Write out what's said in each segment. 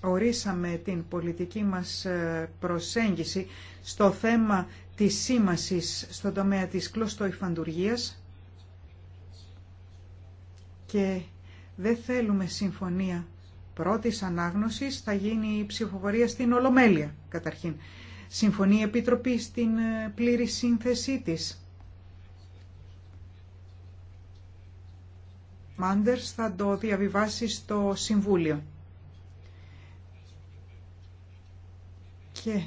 ορίσαμε την πολιτική μας ε, προσέγγιση στο θέμα της σήμασης στον τομέα της κλωστοϊφαντουργίας και δεν θέλουμε συμφωνία πρώτης ανάγνωσης, θα γίνει η ψηφοφορία στην Ολομέλεια καταρχήν. Συμφωνία η Επίτροπη στην ε, πλήρη σύνθεσή της. Μάντερς θα το διαβιβάσει στο Συμβούλιο. και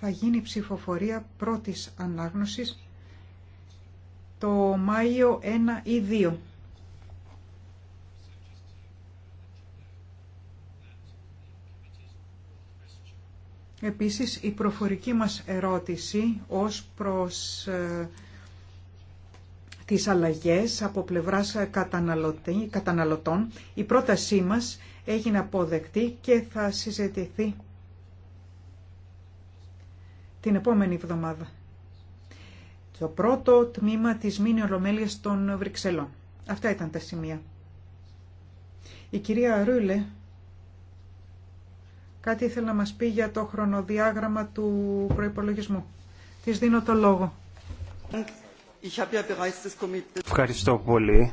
θα γίνει ψηφοφορία πρώτης ανάγνωσης το Μάιο 1 ή 2. Επίσης, η προφορική μας ερώτηση ως προς ε, τις αλλαγές από πλευράς ε, καταναλωτή, καταναλωτών, η πρότασή μας έγινε αποδεκτή και θα συζητηθεί την επόμενη εβδομάδα. Το πρώτο τμήμα της μήνυ ολομέλειας των Βρυξελών. Αυτά ήταν τα σημεία. Η κυρία Ρούλε κάτι ήθελε να μας πει για το χρονοδιάγραμμα του προϋπολογισμού. Της δίνω το λόγο. Ευχαριστώ πολύ.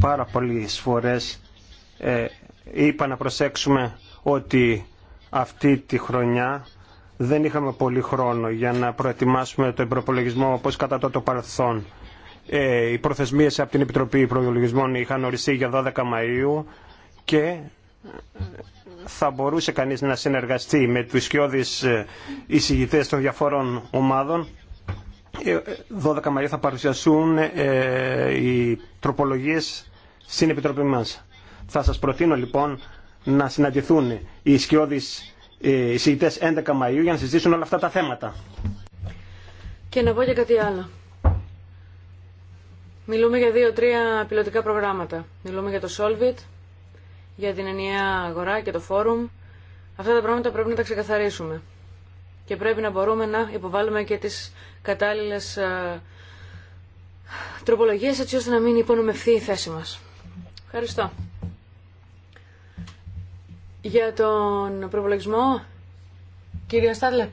Πάρα πολλές φορές ε, είπα να προσέξουμε ότι αυτή τη χρονιά δεν είχαμε πολύ χρόνο για να προετοιμάσουμε τον προπολογισμό όπως κατά το, παρελθόν. Ε, οι προθεσμίες από την Επιτροπή Προπολογισμών είχαν οριστεί για 12 Μαΐου και ε, θα μπορούσε κανείς να συνεργαστεί με τους σκιώδεις ε, εισηγητές των διαφόρων ομάδων. 12 ε, Μαΐου θα παρουσιαστούν οι τροπολογίες στην Επιτροπή μας. Θα σας προτείνω λοιπόν να συναντηθούν οι σκιώδεις ε, εισηγητές 11 Μαΐου για να συζητήσουν όλα αυτά τα θέματα. Και να πω και κάτι άλλο. Μιλούμε για δύο-τρία πιλωτικά προγράμματα. Μιλούμε για το Solvit, για την ενιαία αγορά και το Forum. Αυτά τα πράγματα πρέπει να τα ξεκαθαρίσουμε. Και πρέπει να μπορούμε να υποβάλουμε και τις κατάλληλες ε, τροπολογίες έτσι ώστε να μην υπονομευθεί η θέση μας. Ευχαριστώ. Για τον προπολογισμό, κυρία Στάτλερ,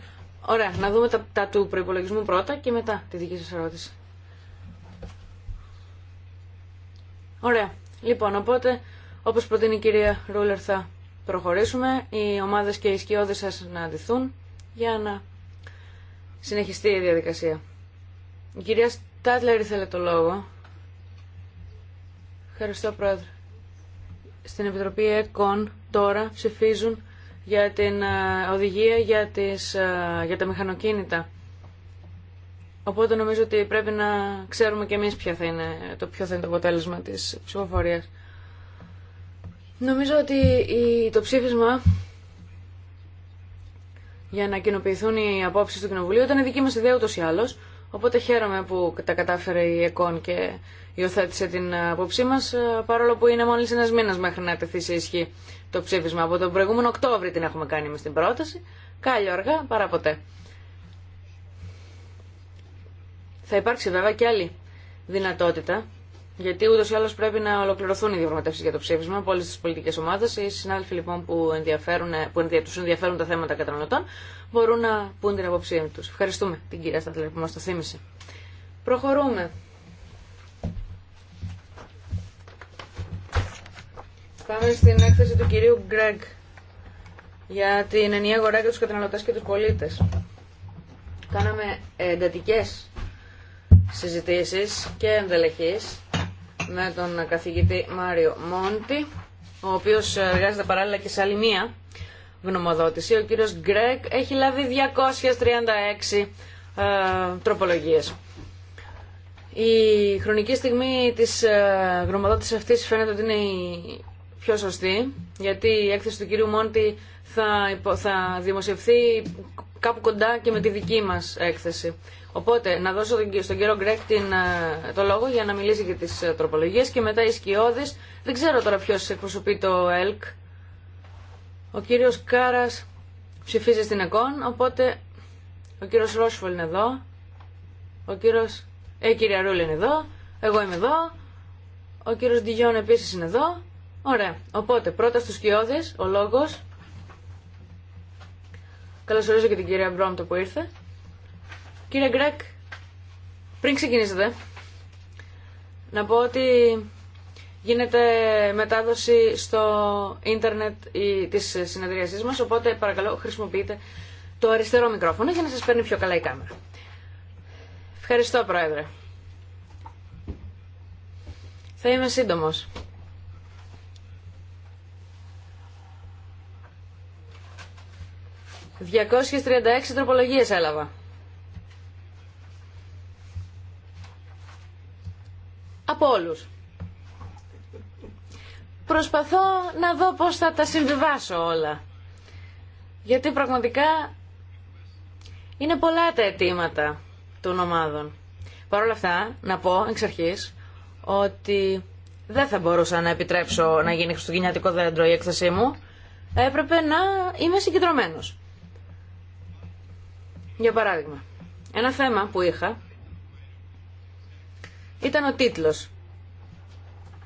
ωραία, να δούμε τα, του προπολογισμού πρώτα και μετά τη δική σας ερώτηση. Ωραία. Λοιπόν, οπότε, όπως προτείνει η κυρία Ρούλερ, θα προχωρήσουμε. Οι ομάδες και οι σκιώδες σας να αντιθούν για να συνεχιστεί η διαδικασία. Η κυρία Στάτλερ ήθελε το λόγο. Ευχαριστώ, Πρόεδρε. Στην Επιτροπή ΕΚΟΝ τώρα ψηφίζουν για την ε, οδηγία για, τις, ε, για τα μηχανοκίνητα. Οπότε νομίζω ότι πρέπει να ξέρουμε και εμείς ποιο θα είναι το, ποιο θα είναι το αποτέλεσμα της ψηφοφορίας. Νομίζω ότι το ψήφισμα για να κοινοποιηθούν οι απόψεις του Κοινοβουλίου ήταν η δική μας ιδέα ούτως ή άλλως. Οπότε χαίρομαι που τα κατάφερε η ΕΚΟΝ και υιοθέτησε την απόψή μας, ε, παρόλο που είναι μόλις ένας μήνας μέχρι να τεθεί σε ισχύ το ψήφισμα. Από τον προηγούμενο Οκτώβρη την έχουμε κάνει με την πρόταση. Κάλλιο αργά παρά ποτέ. Θα υπάρξει βέβαια και άλλη δυνατότητα, γιατί ούτω ή άλλω πρέπει να ολοκληρωθούν οι διαπραγματεύσει για το ψήφισμα από όλε τι πολιτικέ ομάδε. Οι συνάδελφοι λοιπόν που, ενδιαφέρουν, που του ενδιαφέρουν τα θέματα καταναλωτών μπορούν να πούν την απόψη του. Ευχαριστούμε την κυρία Στατλέρ που μα το θύμισε. Προχωρούμε. Πάμε στην έκθεση του κυρίου Γκρέγκ για την ενιαία αγορά για τους καταναλωτές και τους πολίτες. Κάναμε εντατικές συζητήσεις και ενδελεχείς με τον καθηγητή Μάριο Μόντι, ο οποίος εργάζεται παράλληλα και σε άλλη μία γνωμοδότηση. Ο κύριος Γκρέκ έχει λάβει 236 ε, τροπολογίες. Η χρονική στιγμή της ε, γνωμοδότησης αυτής φαίνεται ότι είναι η πιο σωστή, γιατί η έκθεση του κυρίου Μόντι θα, υπο, θα δημοσιευθεί κάπου κοντά και με τη δική μας έκθεση. Οπότε, να δώσω στον κύριο Γκρέκ την, ε, το λόγο για να μιλήσει για τις ε, τροπολογίες και μετά οι σκιώδεις. Δεν ξέρω τώρα ποιος εκπροσωπεί το ΕΛΚ. Ο κύριος Κάρας ψηφίζει στην ΕΚΟΝ, οπότε ο κύριος Ρόσφολ είναι εδώ. Ο κύριος... Ε, η κυρία είναι εδώ. Εγώ είμαι εδώ. Ο κύριος Ντιγιόν επίσης είναι εδώ. Ωραία. Οπότε, πρώτα στους κοιόδες, ο λόγος. Καλωσορίζω και την κυρία Μπρόμπτο που ήρθε. Κύριε Γκρέκ, πριν ξεκινήσετε, να πω ότι γίνεται μετάδοση στο ίντερνετ της συνεδρίασής μας, οπότε παρακαλώ χρησιμοποιείτε το αριστερό μικρόφωνο για να σας παίρνει πιο καλά η κάμερα. Ευχαριστώ, Πρόεδρε. Θα είμαι σύντομος. 236 τροπολογίες έλαβα. Από όλους. Προσπαθώ να δω πώς θα τα συμβιβάσω όλα. Γιατί πραγματικά είναι πολλά τα αιτήματα των ομάδων. Παρ' όλα αυτά, να πω εξ αρχής ότι δεν θα μπορούσα να επιτρέψω να γίνει χριστουγεννιάτικο δέντρο η έκθεσή μου. Έπρεπε να είμαι συγκεντρωμένο για παράδειγμα, ένα θέμα που είχα ήταν ο τίτλος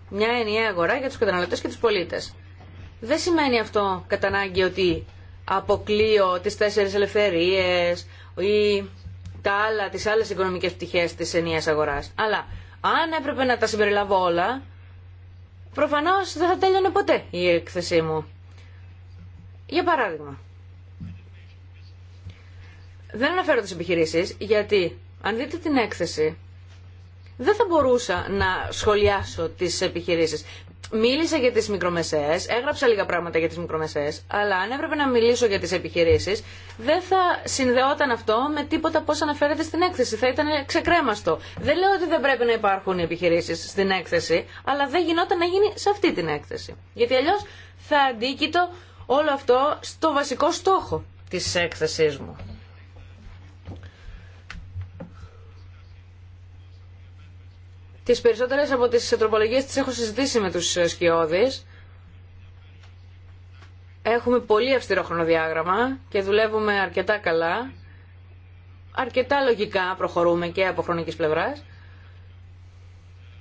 «Μια ενιαία αγορά για τους καταναλωτές και τους πολίτες». Δεν σημαίνει αυτό κατά ανάγκη ότι αποκλείω τις τέσσερις ελευθερίες ή τα άλλα, τις άλλες οικονομικές πτυχές της ενιαίας αγοράς. Αλλά αν έπρεπε να τα συμπεριλάβω όλα, προφανώς δεν θα τέλειωνε ποτέ η έκθεσή μου. Για παράδειγμα, δεν αναφέρω τι επιχειρήσει, γιατί αν δείτε την έκθεση, δεν θα μπορούσα να σχολιάσω τι επιχειρήσει. Μίλησα για τι μικρομεσαίε, έγραψα λίγα πράγματα για τι μικρομεσαίε, αλλά αν έπρεπε να μιλήσω για τι επιχειρήσει, δεν θα συνδεόταν αυτό με τίποτα πώ αναφέρεται στην έκθεση. Θα ήταν ξεκρέμαστο. Δεν λέω ότι δεν πρέπει να υπάρχουν οι επιχειρήσεις στην έκθεση, αλλά δεν γινόταν να γίνει σε αυτή την έκθεση. Γιατί αλλιώ θα αντίκειτο όλο αυτό στο βασικό στόχο τη έκθεσή μου. Τις περισσότερες από τις τροπολογίες τις έχω συζητήσει με τους σκιώδεις. Έχουμε πολύ αυστηρό χρονοδιάγραμμα και δουλεύουμε αρκετά καλά. Αρκετά λογικά προχωρούμε και από χρονικής πλευράς.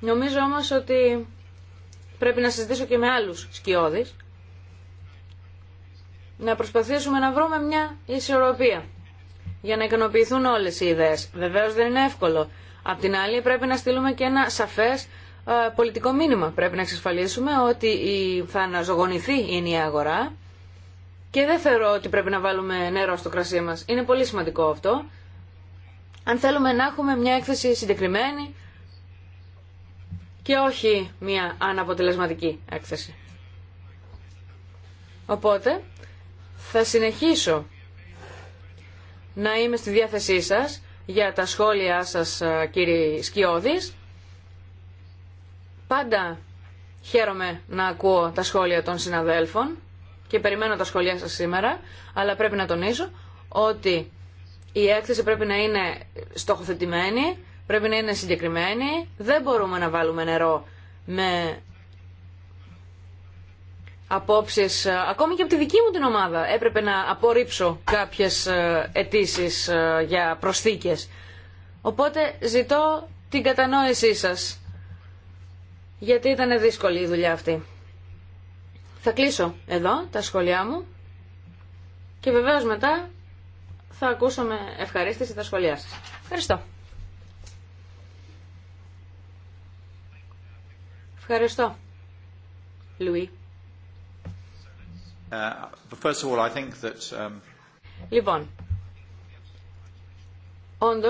Νομίζω όμως ότι πρέπει να συζητήσω και με άλλους σκιώδεις. Να προσπαθήσουμε να βρούμε μια ισορροπία για να ικανοποιηθούν όλες οι ιδέες. Βεβαίως δεν είναι εύκολο. Απ' την άλλη πρέπει να στείλουμε και ένα σαφές ε, πολιτικό μήνυμα. Πρέπει να εξασφαλίσουμε ότι θα αναζωογονηθεί η ενιαία αγορά και δεν θεωρώ ότι πρέπει να βάλουμε νερό στο κρασί μας. Είναι πολύ σημαντικό αυτό. Αν θέλουμε να έχουμε μια έκθεση συγκεκριμένη και όχι μια αναποτελεσματική έκθεση. Οπότε θα συνεχίσω να είμαι στη διάθεσή σας για τα σχόλιά σας ε, κύριε Σκιώδης. Πάντα χαίρομαι να ακούω τα σχόλια των συναδέλφων και περιμένω τα σχόλιά σας σήμερα, αλλά πρέπει να τονίσω ότι η έκθεση πρέπει να είναι στοχοθετημένη, πρέπει να είναι συγκεκριμένη, δεν μπορούμε να βάλουμε νερό με απόψεις, ε, ακόμη και από τη δική μου την ομάδα, έπρεπε να απορρίψω κάποιες ε, αιτήσει ε, για προσθήκε. Οπότε ζητώ την κατανόησή σας, γιατί ήταν δύσκολη η δουλειά αυτή. Θα κλείσω εδώ τα σχόλιά μου και βεβαίως μετά θα ακούσω με ευχαρίστηση τα σχόλιά σας. Ευχαριστώ. Ευχαριστώ. Λουί. Uh, um, λοιπόν, όντω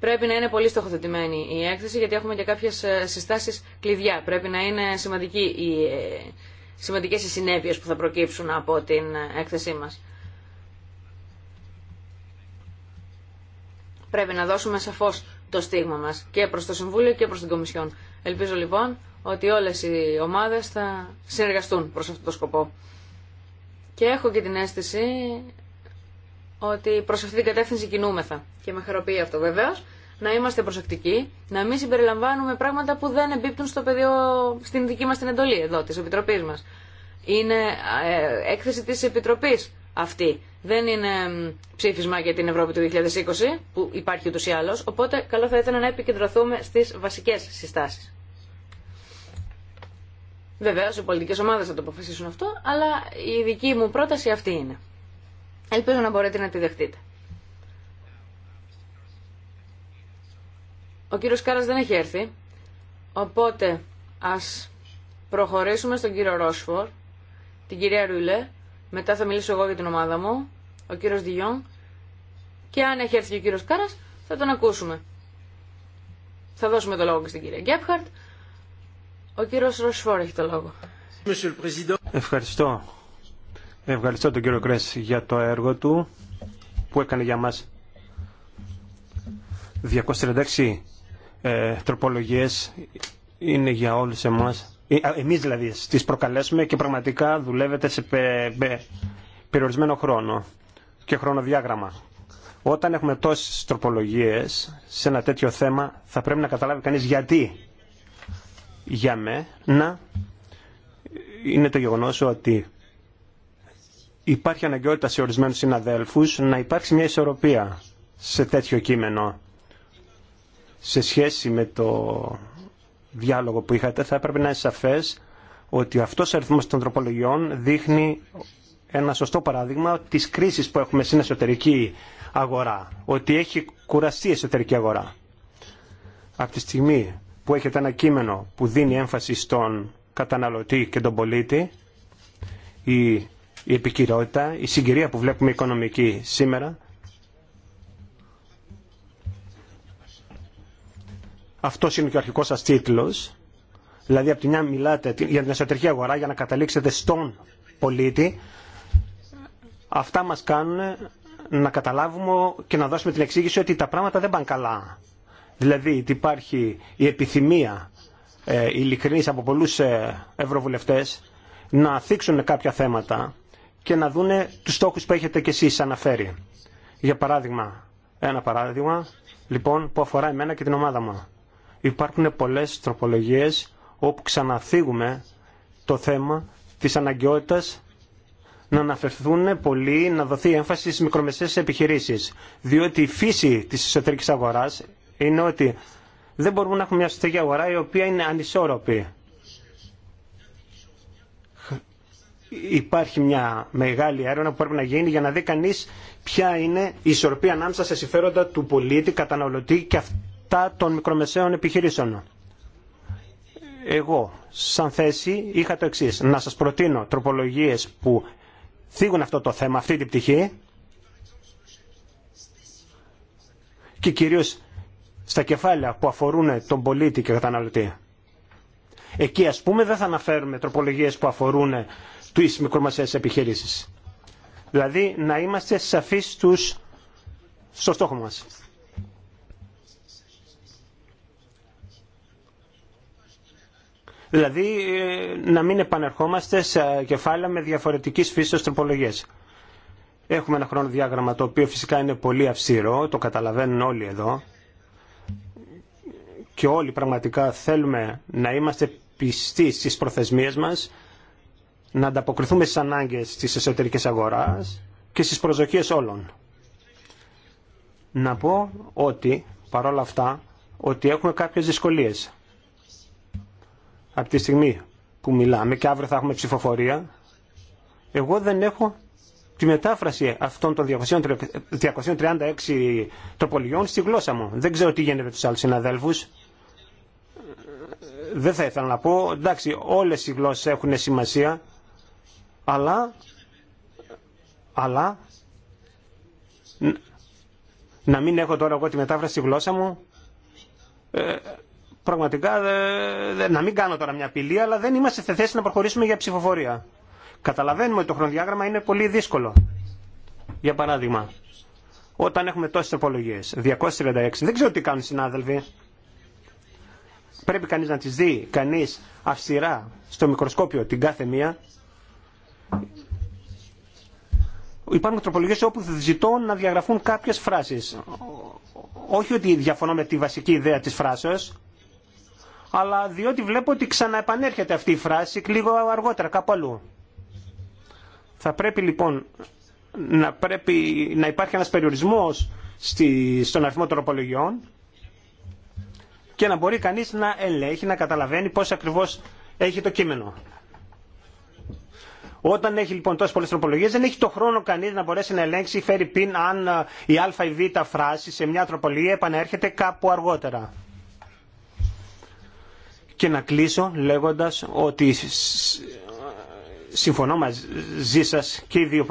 πρέπει να είναι πολύ στοχοθετημένη η έκθεση γιατί έχουμε και κάποιε συστάσει κλειδιά. Πρέπει να είναι σημαντική ε, σημαντικές οι συνέπειες που θα προκύψουν από την ε, έκθεσή μας. Πρέπει να δώσουμε σαφώς το στίγμα μας και προς το Συμβούλιο και προς την Κομισιόν. Ελπίζω λοιπόν ότι όλες οι ομάδες θα συνεργαστούν προς αυτό το σκοπό. Και έχω και την αίσθηση ότι προς αυτή την κατεύθυνση κινούμεθα. Και με χαροποιεί αυτό βεβαίω. Να είμαστε προσεκτικοί, να μην συμπεριλαμβάνουμε πράγματα που δεν εμπίπτουν στο πεδίο, στην δική μας την εντολή εδώ, της Επιτροπής μας. Είναι ε, έκθεση της Επιτροπής αυτή. Δεν είναι ψήφισμα για την Ευρώπη του 2020, που υπάρχει ούτως ή άλλως, οπότε καλό θα ήταν να επικεντρωθούμε στις βασικές συστάσεις. Βέβαια, οι πολιτικέ ομάδε θα το αποφασίσουν αυτό, αλλά η δική μου πρόταση αυτή είναι. Ελπίζω να μπορείτε να τη δεχτείτε. Ο κύριος Κάρας δεν έχει έρθει, οπότε ας προχωρήσουμε στον κύριο Ρόσφορ, την κυρία Ρουλέ, μετά θα μιλήσω εγώ για την ομάδα μου, ο κύριος Διόν, και αν έχει έρθει και ο κύριος Κάρας θα τον ακούσουμε. Θα δώσουμε το λόγο και στην κυρία Γκέπχαρτ ο κύριος Ροσφόρ έχει το λόγο. Ευχαριστώ. Ευχαριστώ τον κύριο Κρέσ για το έργο του που έκανε για μας 236 ε, τροπολογίες είναι για όλους εμάς. Ε, εμείς δηλαδή τις προκαλέσουμε και πραγματικά δουλεύετε σε περιορισμένο χρόνο και χρονοδιάγραμμα. Όταν έχουμε τόσες τροπολογίες σε ένα τέτοιο θέμα θα πρέπει να καταλάβει κανείς γιατί για μένα είναι το γεγονός ότι υπάρχει αναγκαιότητα σε ορισμένους συναδέλφους να υπάρξει μια ισορροπία σε τέτοιο κείμενο. Σε σχέση με το διάλογο που είχατε θα έπρεπε να είναι σαφές ότι αυτός ο αριθμός των τροπολογιών δείχνει ένα σωστό παράδειγμα της κρίσης που έχουμε στην εσωτερική αγορά. Ότι έχει κουραστεί η εσωτερική αγορά. Από τη στιγμή που έχετε ένα κείμενο που δίνει έμφαση στον καταναλωτή και τον πολίτη, η, η επικυρότητα, η συγκυρία που βλέπουμε οικονομική σήμερα, Αυτό είναι και ο αρχικός σας τίτλος. Δηλαδή, από τη μια μιλάτε για την εσωτερική αγορά για να καταλήξετε στον πολίτη. Αυτά μας κάνουν να καταλάβουμε και να δώσουμε την εξήγηση ότι τα πράγματα δεν πάνε καλά δηλαδή ότι υπάρχει η επιθυμία ε, ειλικρινής από πολλούς ε, ευρωβουλευτές να θίξουν κάποια θέματα και να δούνε τους στόχους που έχετε κι εσείς αναφέρει. Για παράδειγμα, ένα παράδειγμα λοιπόν που αφορά εμένα και την ομάδα μου. Υπάρχουν πολλές τροπολογίες όπου ξαναθίγουμε το θέμα της αναγκαιότητας να αναφερθούν πολύ, να δοθεί έμφαση στις μικρομεσαίες επιχειρήσεις. Διότι η φύση της εσωτερικής αγοράς είναι ότι δεν μπορούμε να έχουμε μια εσωτερική αγορά η οποία είναι ανισόρροπη. Υπάρχει μια μεγάλη έρευνα που πρέπει να γίνει για να δει κανεί ποια είναι η ισορροπία ανάμεσα σε συμφέροντα του πολίτη, καταναλωτή και αυτά των μικρομεσαίων επιχειρήσεων. Εγώ, σαν θέση, είχα το εξή. Να σα προτείνω τροπολογίε που θίγουν αυτό το θέμα, αυτή την πτυχή και κυρίως στα κεφάλαια που αφορούν τον πολίτη και καταναλωτή. Εκεί ας πούμε δεν θα αναφέρουμε τροπολογίες που αφορούν τις μικρομεσαίες επιχειρήσεις. Δηλαδή να είμαστε σαφείς τους στο στόχο μας. Δηλαδή ε, να μην επανερχόμαστε σε κεφάλαια με διαφορετικής φύσης τροπολογίες. Έχουμε ένα διάγραμμα το οποίο φυσικά είναι πολύ αυστηρό, το καταλαβαίνουν όλοι εδώ και όλοι πραγματικά θέλουμε να είμαστε πιστοί στις προθεσμίες μας, να ανταποκριθούμε στις ανάγκες της εσωτερικής αγοράς και στις προσδοκίες όλων. Να πω ότι, παρόλα αυτά, ότι έχουμε κάποιες δυσκολίες. Από τη στιγμή που μιλάμε και αύριο θα έχουμε ψηφοφορία, εγώ δεν έχω τη μετάφραση αυτών των 236 τροπολιών στη γλώσσα μου. Δεν ξέρω τι γίνεται με τους άλλους συναδέλφους δεν θα ήθελα να πω, εντάξει όλες οι γλώσσες έχουν σημασία, αλλά, αλλά να μην έχω τώρα εγώ τη μετάφραση στη γλώσσα μου, ε, πραγματικά να μην κάνω τώρα μια απειλή, αλλά δεν είμαστε σε θέση να προχωρήσουμε για ψηφοφορία. Καταλαβαίνουμε ότι το χρονοδιάγραμμα είναι πολύ δύσκολο. Για παράδειγμα, όταν έχουμε τόσες απολογίες, 236, δεν ξέρω τι κάνουν οι συνάδελφοι, πρέπει κανείς να τις δει κανείς αυστηρά στο μικροσκόπιο την κάθε μία. Υπάρχουν τροπολογίες όπου ζητώ να διαγραφούν κάποιες φράσεις. Όχι ότι διαφωνώ με τη βασική ιδέα της φράσεως, αλλά διότι βλέπω ότι ξαναεπανέρχεται αυτή η φράση λίγο αργότερα κάπου αλλού. Θα πρέπει λοιπόν να, πρέπει, να υπάρχει ένας περιορισμός στον αριθμό τροπολογιών και να μπορεί κανείς να ελέγχει, να καταλαβαίνει πώς ακριβώς έχει το κείμενο. Όταν έχει λοιπόν τόσε πολλέ τροπολογίε, δεν έχει το χρόνο κανεί να μπορέσει να ελέγξει, φέρει πίν, αν ε, η α ή β φράση σε μια τροπολογία επανέρχεται κάπου αργότερα. Και να κλείσω λέγοντας ότι συμφωνώ μαζί σας και οι δύο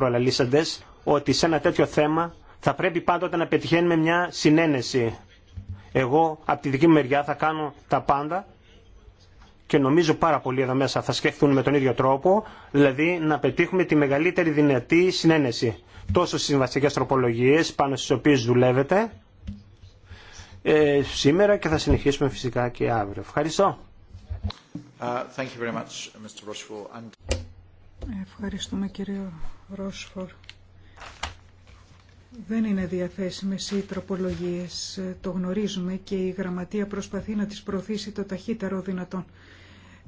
ότι σε ένα τέτοιο θέμα θα πρέπει πάντοτε να πετυχαίνουμε μια συνένεση. Εγώ από τη δική μου μεριά θα κάνω τα πάντα και νομίζω πάρα πολλοί εδώ μέσα θα σκεφτούν με τον ίδιο τρόπο, δηλαδή να πετύχουμε τη μεγαλύτερη δυνατή συνένεση. Τόσο στι συμβαστικέ τροπολογίε πάνω στις οποίες δουλεύετε ε, σήμερα και θα συνεχίσουμε φυσικά και αύριο. Ευχαριστώ. Uh, thank you very much, Mr. Ευχαριστούμε κύριο Ρόσφορ. Δεν είναι διαθέσιμες οι τροπολογίες, το γνωρίζουμε και η Γραμματεία προσπαθεί να τις προωθήσει το ταχύτερο δυνατόν.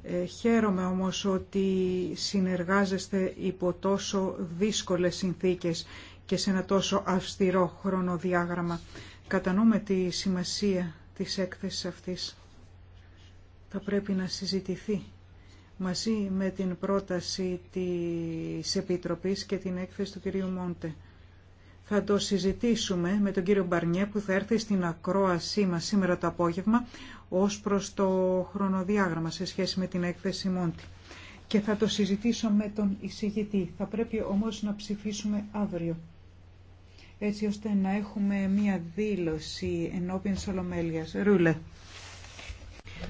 Ε, χαίρομαι όμως ότι συνεργάζεστε υπό τόσο δύσκολες συνθήκες και σε ένα τόσο αυστηρό χρονοδιάγραμμα. Κατανοούμε τη σημασία της έκθεσης αυτής. Θα πρέπει να συζητηθεί μαζί με την πρόταση της Επιτροπής και την έκθεση του κυρίου Μόντε. Θα το συζητήσουμε με τον κύριο Μπαρνιέ που θα έρθει στην ακρόασή μας σήμερα το απόγευμα ως προς το χρονοδιάγραμμα σε σχέση με την έκθεση Μόντι. Και θα το συζητήσω με τον εισηγητή. Θα πρέπει όμως να ψηφίσουμε αύριο έτσι ώστε να έχουμε μία δήλωση ενώπιν Σολομέλιας. Ρούλε.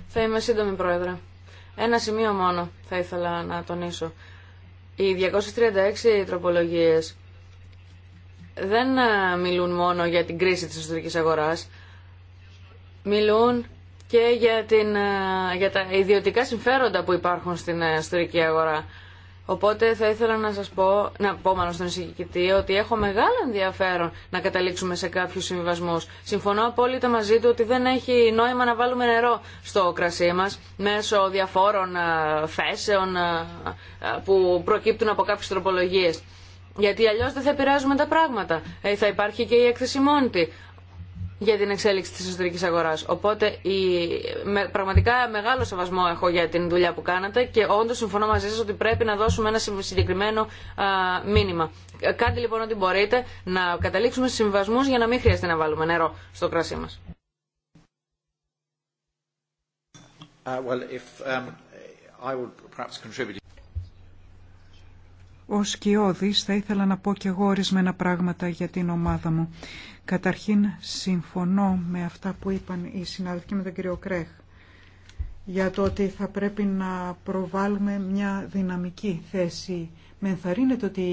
Θα είμαι σύντομη, Πρόεδρε. Ένα σημείο μόνο θα ήθελα να τονίσω. Οι 236 τροπολογίες δεν ε, μιλούν μόνο για την κρίση της εσωτερικής αγοράς, μιλούν και για, την, ε, για τα ιδιωτικά συμφέροντα που υπάρχουν στην ε, εσωτερική αγορά. Οπότε θα ήθελα να σας πω, να πω μάλλον στον εισηγητή, ότι έχω μεγάλο ενδιαφέρον να καταλήξουμε σε κάποιους συμβιβασμούς. Συμφωνώ απόλυτα μαζί του ότι δεν έχει νόημα να βάλουμε νερό στο κρασί μας μέσω διαφόρων φέσεων που προκύπτουν από κάποιες τροπολογίες. Γιατί αλλιώ δεν θα επηρεάζουμε τα πράγματα. Ε, θα υπάρχει και η έκθεση μόνη για την εξέλιξη τη εσωτερική αγορά. Οπότε η, πραγματικά μεγάλο σεβασμό έχω για την δουλειά που κάνατε και όντω συμφωνώ μαζί σα ότι πρέπει να δώσουμε ένα συγκεκριμένο α, μήνυμα. Ε, κάντε λοιπόν ό,τι μπορείτε να καταλήξουμε συμβασμού για να μην χρειαστεί να βάλουμε νερό στο κρασί μα. Uh, well, if, um, I would perhaps contribute... Ω κοιόδη, θα ήθελα να πω και εγώ ορισμένα πράγματα για την ομάδα μου. Καταρχήν συμφωνώ με αυτά που είπαν οι συνάδελφοι με τον κύριο Κρέχ για το ότι θα πρέπει να προβάλλουμε μια δυναμική θέση. Με ενθαρρύνεται ότι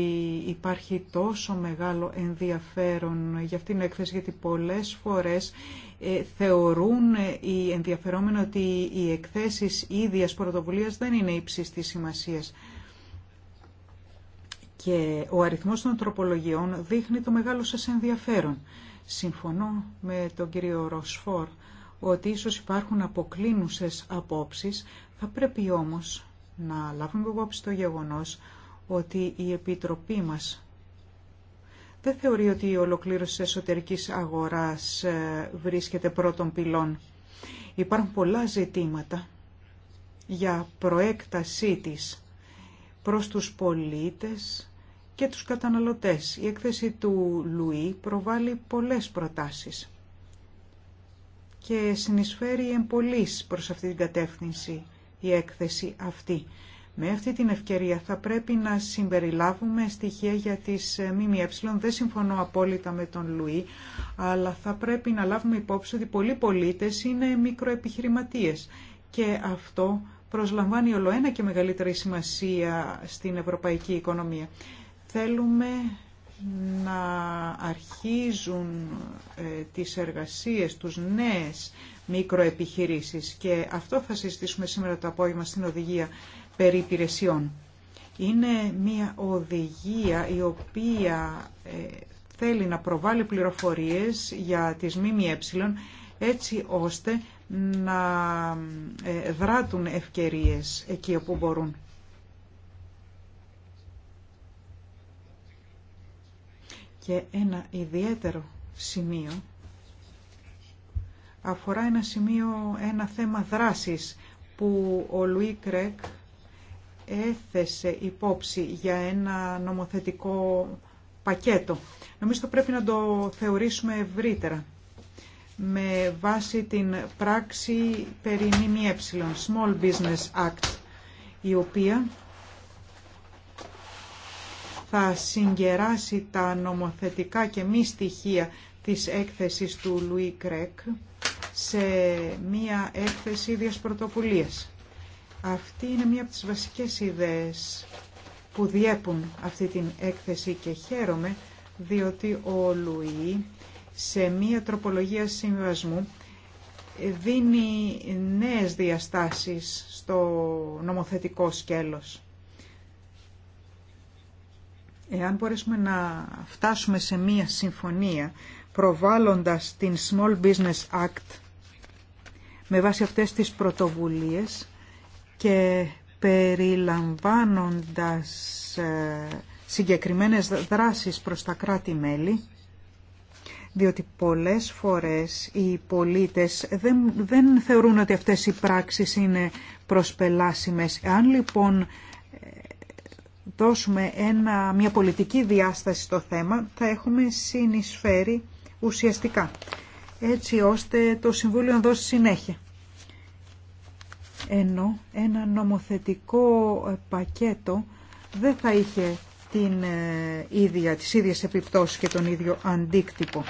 υπάρχει τόσο μεγάλο ενδιαφέρον για αυτήν την έκθεση, γιατί πολλές φορές ε, θεωρούν ε, οι ενδιαφερόμενοι ότι οι εκθέσεις ίδιας πρωτοβουλίας δεν είναι ύψης της σημασίας και ο αριθμός των τροπολογιών δείχνει το μεγάλο σας ενδιαφέρον. Συμφωνώ με τον κύριο Ροσφόρ ότι ίσως υπάρχουν αποκλίνουσες απόψεις, θα πρέπει όμως να λάβουμε υπόψη το γεγονός ότι η Επιτροπή μας δεν θεωρεί ότι η ολοκλήρωση της εσωτερικής αγοράς ε, βρίσκεται πρώτων πυλών. Υπάρχουν πολλά ζητήματα για προέκτασή της προς τους πολίτες, και τους καταναλωτές. Η έκθεση του Λουί προβάλλει πολλές προτάσεις και συνεισφέρει εμπολής προς αυτή την κατεύθυνση η έκθεση αυτή. Με αυτή την ευκαιρία θα πρέπει να συμπεριλάβουμε στοιχεία για τις ε, ΜΜΕ. Δεν συμφωνώ απόλυτα με τον Λουί, αλλά θα πρέπει να λάβουμε υπόψη ότι πολλοί πολίτες είναι μικροεπιχειρηματίες και αυτό προσλαμβάνει ολοένα και μεγαλύτερη σημασία στην ευρωπαϊκή οικονομία. Θέλουμε να αρχίζουν ε, τις εργασίες τους νέες μικροεπιχειρήσεις και αυτό θα συζητήσουμε σήμερα το απόγευμα στην οδηγία περί Είναι μια οδηγία η οποία ε, θέλει να προβάλλει πληροφορίες για τις ΜΜΕ έτσι ώστε να ε, δράτουν ευκαιρίες εκεί όπου μπορούν. Και ένα ιδιαίτερο σημείο αφορά ένα σημείο, ένα θέμα δράσης που ο Λουί Κρέκ έθεσε υπόψη για ένα νομοθετικό πακέτο. Νομίζω ότι πρέπει να το θεωρήσουμε ευρύτερα με βάση την πράξη περί ΜΜΕ, Small Business Act, η οποία θα συγκεράσει τα νομοθετικά και μη στοιχεία της έκθεσης του Λουί Κρέκ σε μία έκθεση ίδιας πρωτοπουλίας. Αυτή είναι μία από τις βασικές ιδέες που διέπουν αυτή την έκθεση και χαίρομαι διότι ο Λουί σε μία τροπολογία συμβασμού δίνει νέες διαστάσεις στο νομοθετικό σκέλος. Εάν μπορέσουμε να φτάσουμε σε μία συμφωνία προβάλλοντας την Small Business Act με βάση αυτές τις πρωτοβουλίες και περιλαμβάνοντας ε, συγκεκριμένες δράσεις προς τα κράτη-μέλη, διότι πολλές φορές οι πολίτες δεν, δεν θεωρούν ότι αυτές οι πράξεις είναι προσπελάσιμες. Αν λοιπόν δώσουμε ένα, μια πολιτική διάσταση στο θέμα, θα έχουμε συνεισφέρει ουσιαστικά, έτσι ώστε το Συμβούλιο να δώσει συνέχεια. Ενώ ένα νομοθετικό ε, πακέτο δεν θα είχε την ε, ίδια, τις ίδιες επιπτώσεις και τον ίδιο αντίκτυπο.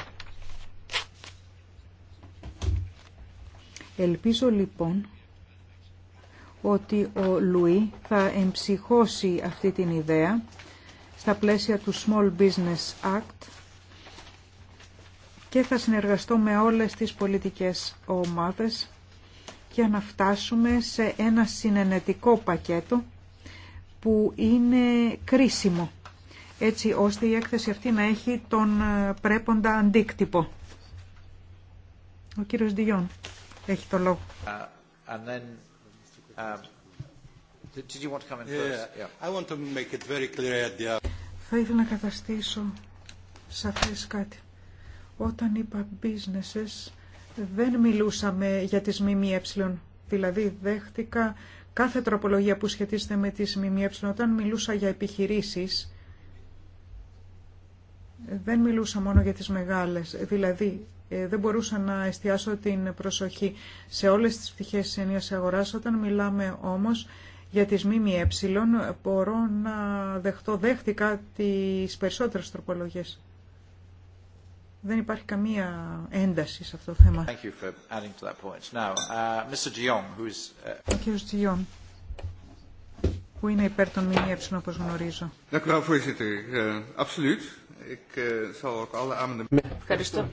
Ελπίζω λοιπόν ότι ο Λουί θα εμψυχώσει αυτή την ιδέα στα πλαίσια του Small Business Act και θα συνεργαστώ με όλες τις πολιτικές ομάδες για να φτάσουμε σε ένα συνενετικό πακέτο που είναι κρίσιμο έτσι ώστε η έκθεση αυτή να έχει τον ε, πρέποντα αντίκτυπο. Ο κύριος Ντιγιόν έχει το λόγο. Uh, θα ήθελα να καταστήσω σαφές κάτι. Όταν είπα businesses, δεν μιλούσαμε για τις ΜΜΕ. Δηλαδή, δέχτηκα κάθε τροπολογία που σχετίζεται με τις ΜΜΕ. Όταν μιλούσα για επιχειρήσεις, δεν μιλούσα μόνο για τις μεγάλες. Δηλαδή, ε, δεν μπορούσα να εστιάσω την προσοχή σε όλες τις πτυχές της ενίας αγοράς. Όταν μιλάμε όμως για τις ΜΜΕ, μπορώ να δεχτώ, δέχτηκα τις περισσότερες τροπολογίες. Δεν υπάρχει καμία ένταση σε αυτό το θέμα. που είναι υπέρ των ΜΜΕ, όπως γνωρίζω. Uh, uh, Ευχαριστώ.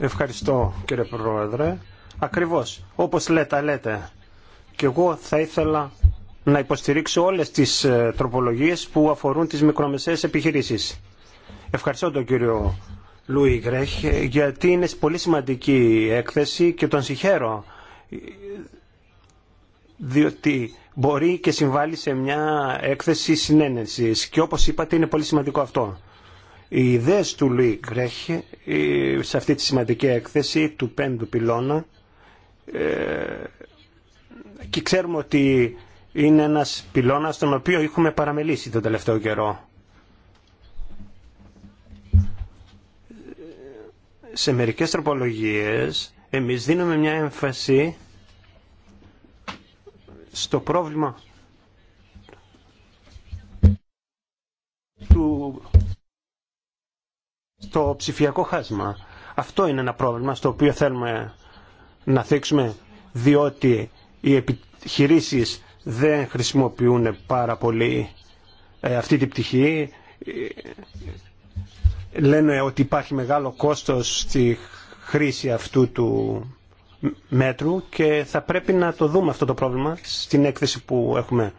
Ευχαριστώ κύριε Πρόεδρε. Ακριβώς, όπως λέτε, λέτε. Και εγώ θα ήθελα να υποστηρίξω όλες τις ε, τροπολογίες που αφορούν τις μικρομεσαίες επιχειρήσεις. Ευχαριστώ τον κύριο Λούι Γκρέχ γιατί είναι πολύ σημαντική έκθεση και τον συγχαίρω διότι μπορεί και συμβάλλει σε μια έκθεση συνένεσης και όπως είπατε είναι πολύ σημαντικό αυτό. Οι ιδέες του Λουί Γκρέχ ε, σε αυτή τη σημαντική έκθεση του πέμπτου πυλώνα ε, και ξέρουμε ότι είναι ένας πυλώνας τον οποίο έχουμε παραμελήσει τον τελευταίο καιρό. Σε μερικές τροπολογίες εμείς δίνουμε μια έμφαση στο πρόβλημα του στο ψηφιακό χάσμα. Αυτό είναι ένα πρόβλημα στο οποίο θέλουμε να θίξουμε διότι οι επιχειρήσεις δεν χρησιμοποιούν πάρα πολύ ε, αυτή την πτυχή. Ε, λένε ότι υπάρχει μεγάλο κόστος στη χρήση αυτού του μέτρου και θα πρέπει να το δούμε αυτό το πρόβλημα στην έκθεση που έχουμε.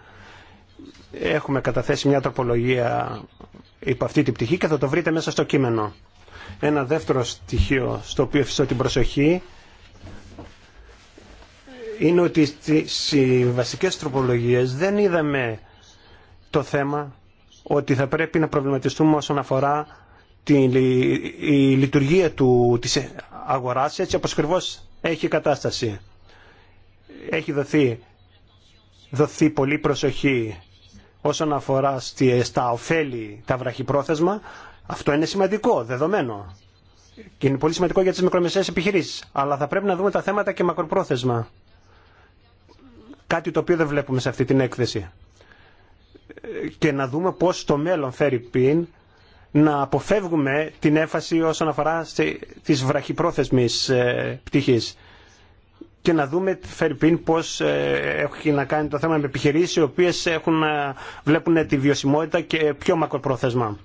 Έχουμε καταθέσει μια τροπολογία Υπό αυτή την πτυχή και θα το βρείτε μέσα στο κείμενο. Ένα δεύτερο στοιχείο στο οποίο εφιστώ την προσοχή είναι ότι στις βασικές τροπολογίες δεν είδαμε το θέμα ότι θα πρέπει να προβληματιστούμε όσον αφορά τη, η λειτουργία του, της αγοράς έτσι όπως ακριβώ έχει κατάσταση. Έχει δοθεί, δοθεί πολύ προσοχή όσον αφορά στα ωφέλη τα βραχυπρόθεσμα, αυτό είναι σημαντικό, δεδομένο. Και είναι πολύ σημαντικό για τις μικρομεσαίες επιχειρήσεις. Αλλά θα πρέπει να δούμε τα θέματα και μακροπρόθεσμα. Κάτι το οποίο δεν βλέπουμε σε αυτή την έκθεση. Και να δούμε πώς το μέλλον φέρει πίν να αποφεύγουμε την έμφαση όσον αφορά τη βραχυπρόθεσμες ε, πτυχή και να δούμε φερπίν πώς ε, έχει να κάνει το θέμα με επιχειρήσει, οι οποίε έχουν, ε, βλέπουν τη βιωσιμότητα και πιο μακροπρόθεσμα.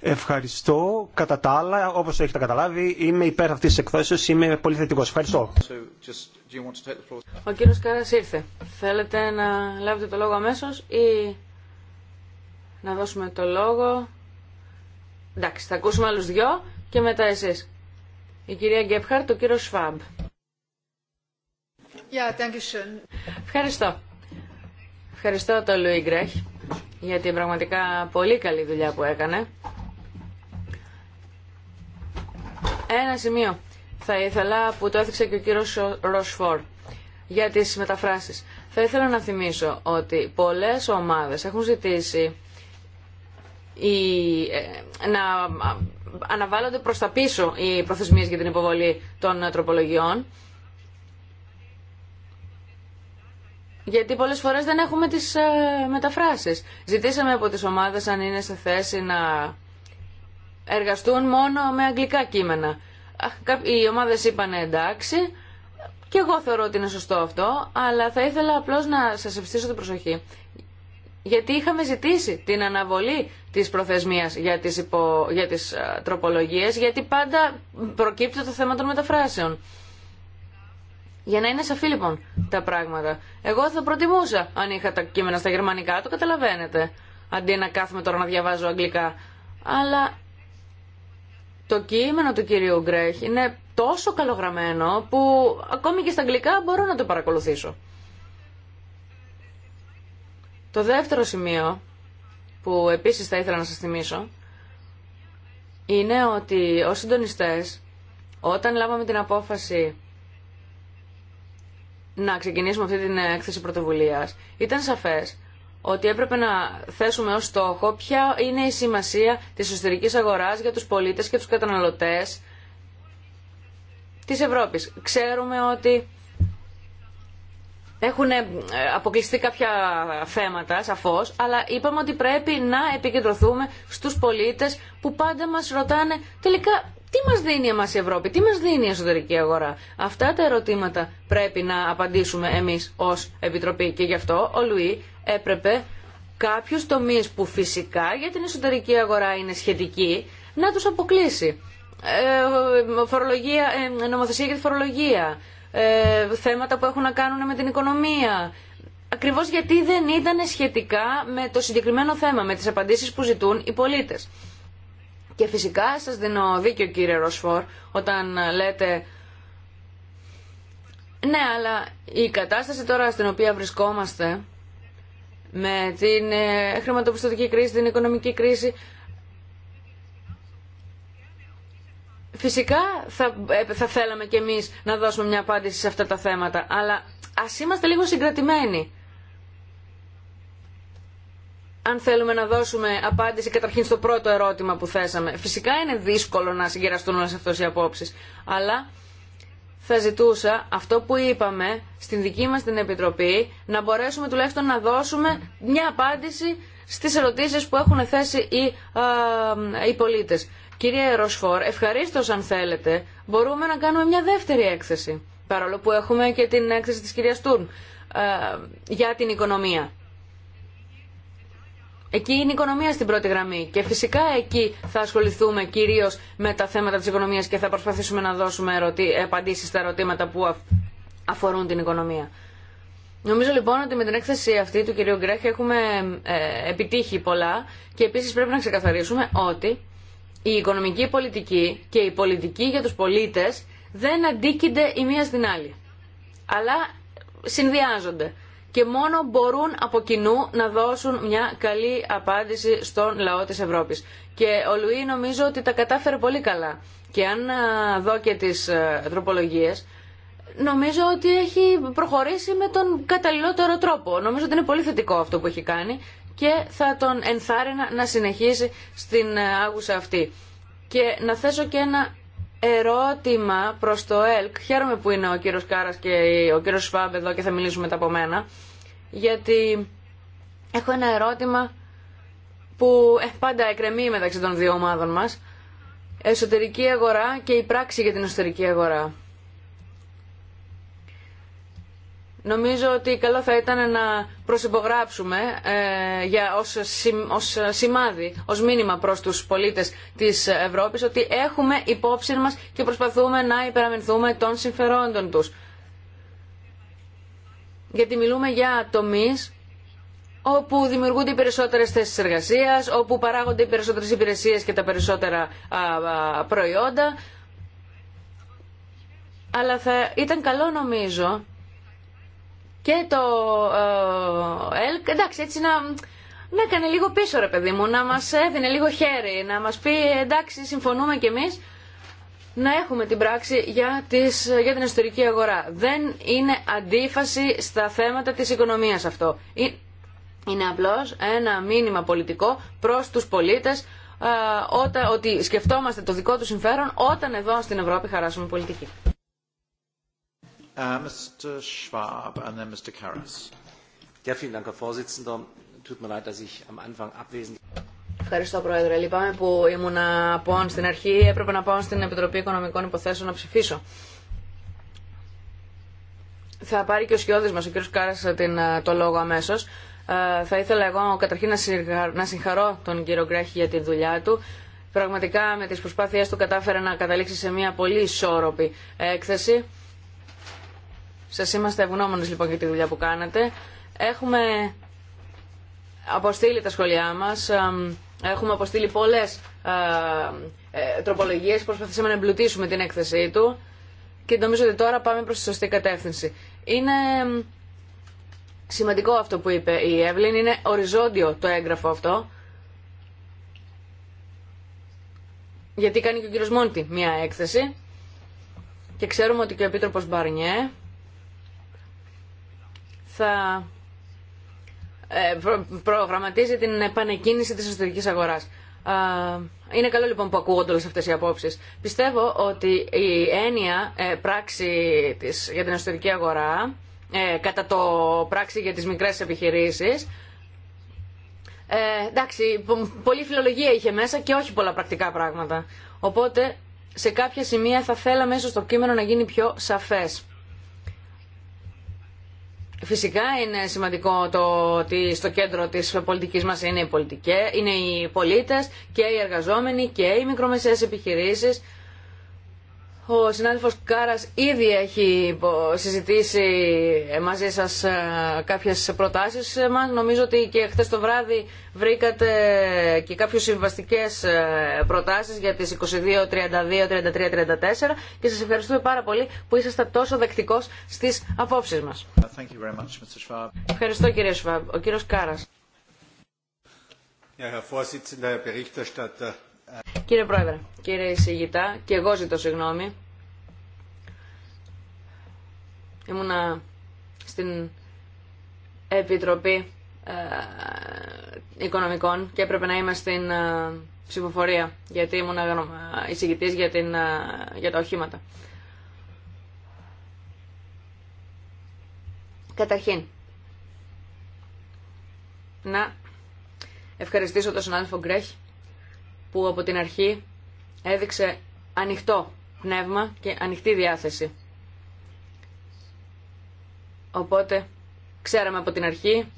Ευχαριστώ. Κατά τα άλλα, όπως έχετε καταλάβει, είμαι υπέρ αυτής τη εκθέσεω. είμαι πολύ θετικό. Ευχαριστώ. Ο κύριο Κάρα ήρθε. Θέλετε να λάβετε το λόγο αμέσως ή να δώσουμε το λόγο. Εντάξει, θα ακούσουμε αλλου δυο και μετά εσει Η κυρία Γκέπχαρτ, ο κυριο Σφάμπ. Ευχαριστώ. Ευχαριστώ τον Λουί για την πραγματικά πολύ καλή δουλειά που έκανε. Ένα σημείο θα ήθελα που το έθιξε και ο κύριος Ροσφόρ για τις μεταφράσεις. Θα ήθελα να θυμίσω ότι πολλές ομάδες έχουν ζητήσει η, ε, να αναβάλλονται προς τα πίσω οι προθεσμίες για την υποβολή των τροπολογιών γιατί πολλές φορές δεν έχουμε τις ε, μεταφράσεις. Ζητήσαμε από τις ομάδες αν είναι σε θέση να εργαστούν μόνο με αγγλικά κείμενα. Οι ομάδες είπαν εντάξει και εγώ θεωρώ ότι είναι σωστό αυτό, αλλά θα ήθελα απλώς να σας ευστήσω την προσοχή. Γιατί είχαμε ζητήσει την αναβολή της προθεσμίας για τις, υπο... για τις ε, τροπολογίες, γιατί πάντα προκύπτει το θέμα των μεταφράσεων. Για να είναι σαφή λοιπόν τα πράγματα. Εγώ θα προτιμούσα αν είχα τα κείμενα στα γερμανικά, το καταλαβαίνετε. Αντί να κάθομαι τώρα να διαβάζω αγγλικά. Αλλά το κείμενο του κυρίου Γκρέχ είναι τόσο καλογραμμένο που ακόμη και στα αγγλικά μπορώ να το παρακολουθήσω. Το δεύτερο σημείο που επίσης θα ήθελα να σας θυμίσω είναι ότι ως συντονιστές όταν λάβαμε την απόφαση να ξεκινήσουμε αυτή την έκθεση πρωτοβουλία. ήταν σαφές ότι έπρεπε να θέσουμε ω στόχο ποια είναι η σημασία της εσωτερική αγοράς για τους πολίτες και τους καταναλωτές της Ευρώπης. Ξέρουμε ότι έχουν ε, αποκλειστεί κάποια θέματα, σαφώ, αλλά είπαμε ότι πρέπει να επικεντρωθούμε στους πολίτες που πάντα μα ρωτάνε τελικά τι μας δίνει εμάς η Ευρώπη, τι μας δίνει η εσωτερική αγορά. Αυτά τα ερωτήματα πρέπει να απαντήσουμε εμείς ως Επιτροπή και γι' αυτό ο Λουί έπρεπε κάποιους τομεί που φυσικά για την εσωτερική αγορά είναι σχετική, να τους αποκλείσει. Ε, φορολογία, ε, νομοθεσία για τη φορολογία, ε, θέματα που έχουν να κάνουν με την οικονομία, Ακριβώς γιατί δεν ήταν σχετικά με το συγκεκριμένο θέμα, με τις απαντήσεις που ζητούν οι πολίτες. Και φυσικά σας δίνω δίκιο κύριε Ροσφόρ όταν λέτε ναι αλλά η κατάσταση τώρα στην οποία βρισκόμαστε με την ε, χρηματοπιστωτική κρίση, την οικονομική κρίση Φυσικά θα, ε, θα θέλαμε κι εμείς να δώσουμε μια απάντηση σε αυτά τα θέματα, αλλά ας είμαστε λίγο συγκρατημένοι αν θέλουμε να δώσουμε απάντηση καταρχήν στο πρώτο ερώτημα που θέσαμε. Φυσικά είναι δύσκολο να συγκεραστούν όλες αυτές οι απόψεις, αλλά θα ζητούσα αυτό που είπαμε στην δική μας την Επιτροπή να μπορέσουμε τουλάχιστον να δώσουμε μια απάντηση στις ερωτήσεις που έχουν θέσει οι, α, οι πολίτες. Κύριε Ροσφόρ, ευχαρίστω αν θέλετε μπορούμε να κάνουμε μια δεύτερη έκθεση, παρόλο που έχουμε και την έκθεση της κυρίας Τούρν, ε, για την οικονομία. Εκεί είναι η οικονομία στην πρώτη γραμμή και φυσικά εκεί θα ασχοληθούμε κυρίω με τα θέματα τη οικονομία και θα προσπαθήσουμε να δώσουμε ερωτη... απαντήσει στα ερωτήματα που αφορούν την οικονομία. Νομίζω λοιπόν ότι με την έκθεση αυτή του κυρίου Γκρέχ έχουμε ε, επιτύχει πολλά και επίση πρέπει να ξεκαθαρίσουμε ότι η οικονομική πολιτική και η πολιτική για του πολίτε δεν αντίκεινται η μία στην άλλη. Αλλά συνδυάζονται και μόνο μπορούν από κοινού να δώσουν μια καλή απάντηση στον λαό της Ευρώπης. Και ο Λουί νομίζω ότι τα κατάφερε πολύ καλά. Και αν δω και τις τροπολογίες, νομίζω ότι έχει προχωρήσει με τον καταλληλότερο τρόπο. Νομίζω ότι είναι πολύ θετικό αυτό που έχει κάνει και θα τον ενθάρρυνα να συνεχίσει στην άγουσα αυτή. Και να θέσω και ένα ερώτημα προς το ΕΛΚ. Χαίρομαι που είναι ο κύριο Κάρας και ο κύριο Σφάμπ εδώ και θα μιλήσουμε μετά από μένα. Γιατί έχω ένα ερώτημα που ε, πάντα εκρεμεί μεταξύ των δύο ομάδων μας. Εσωτερική αγορά και η πράξη για την εσωτερική αγορά. Νομίζω ότι καλό θα ήταν να προσυπογράψουμε ε, για, ως, ως σημάδι, ως μήνυμα προς τους πολίτες της Ευρώπης ότι έχουμε υπόψη μας και προσπαθούμε να υπεραμενθούμε των συμφερόντων τους. Γιατί μιλούμε για τομείς όπου δημιουργούνται οι περισσότερες θέσεις εργασίας, όπου παράγονται οι περισσότερες υπηρεσίες και τα περισσότερα προϊόντα. Αλλά ήταν καλό νομίζω και το ΕΛΚ. Εντάξει, έτσι να, να έκανε λίγο πίσω ρε παιδί μου, να μας έδινε λίγο χέρι, να μας πει εντάξει συμφωνούμε κι εμείς να έχουμε την πράξη για, τις, για την εσωτερική αγορά. Δεν είναι αντίφαση στα θέματα της οικονομίας αυτό. Ε, είναι απλώς ένα μήνυμα πολιτικό προς τους πολίτες ε, ότι σκεφτόμαστε το δικό του συμφέρον όταν εδώ στην Ευρώπη χαράσουμε πολιτική. Ευχαριστώ, Πρόεδρε. Λυπάμαι που ήμουν απόν στην αρχή. Έπρεπε να πάω στην Επιτροπή Οικονομικών Υποθέσεων να ψηφίσω. Θα πάρει και ο σκιώδης μας, ο κ. Κάρας, την, ε, το λόγο αμέσως. Ε, θα ήθελα εγώ καταρχήν να συγχαρώ τον κύριο Γκρέχη για τη δουλειά του. Πραγματικά με τις προσπάθειές του κατάφερε να καταλήξει σε μια πολύ ισόρροπη έκθεση. Σας είμαστε ευγνώμονες λοιπόν για τη δουλειά που κάνετε Έχουμε αποστείλει τα σχόλιά μας, έχουμε αποστείλει πολλές ε, τροπολογίες, προσπαθήσαμε να εμπλουτίσουμε την έκθεσή του και νομίζω ότι τώρα πάμε προς τη σωστή κατεύθυνση. Είναι σημαντικό αυτό που είπε η Εύλην, είναι οριζόντιο το έγγραφο αυτό. Γιατί κάνει και ο κύριος Μόντι μία έκθεση και ξέρουμε ότι και ο Επίτροπος Μπαρνιέ θα ε, προγραμματίζει την επανεκκίνηση της εσωτερικής αγοράς. Είναι καλό λοιπόν που ακούγονται όλε αυτέ οι απόψει. Πιστεύω ότι η έννοια ε, πράξη της, για την εσωτερική αγορά, ε, κατά το πράξη για τις μικρές επιχειρήσεις, ε, εντάξει, πολλή φιλολογία είχε μέσα και όχι πολλά πρακτικά πράγματα. Οπότε, σε κάποια σημεία θα θέλαμε ίσως το κείμενο να γίνει πιο σαφές. Φυσικά είναι σημαντικό το ότι στο κέντρο της πολιτικής μας είναι οι, πολιτικές, είναι οι πολίτες και οι εργαζόμενοι και οι μικρομεσαίες επιχειρήσεις ο συνάδελφος Κάρα ήδη έχει συζητήσει μαζί σα ε, κάποιε προτάσει μα. Νομίζω ότι και χθε το βράδυ βρήκατε και κάποιε συμβαστικέ ε, προτάσει για τι 22, 32, 33, 34 και σα ευχαριστούμε πάρα πολύ που ήσασταν τόσο δεκτικός στι απόψει μα. Ευχαριστώ κύριε Σουβάμπ. Ο κύριο Κάρα. Herr Κύριε Πρόεδρε, κύριε Συγητά, και εγώ ζητώ συγγνώμη. Ήμουνα στην Επιτροπή ε, Οικονομικών και έπρεπε να είμαι στην ε, ψηφοφορία, γιατί ήμουνα εισηγητής για, την, ε, για τα οχήματα. Καταρχήν, να ευχαριστήσω τον συνάδελφο Γκρέχ που από την αρχή έδειξε ανοιχτό πνεύμα και ανοιχτή διάθεση. Οπότε ξέραμε από την αρχή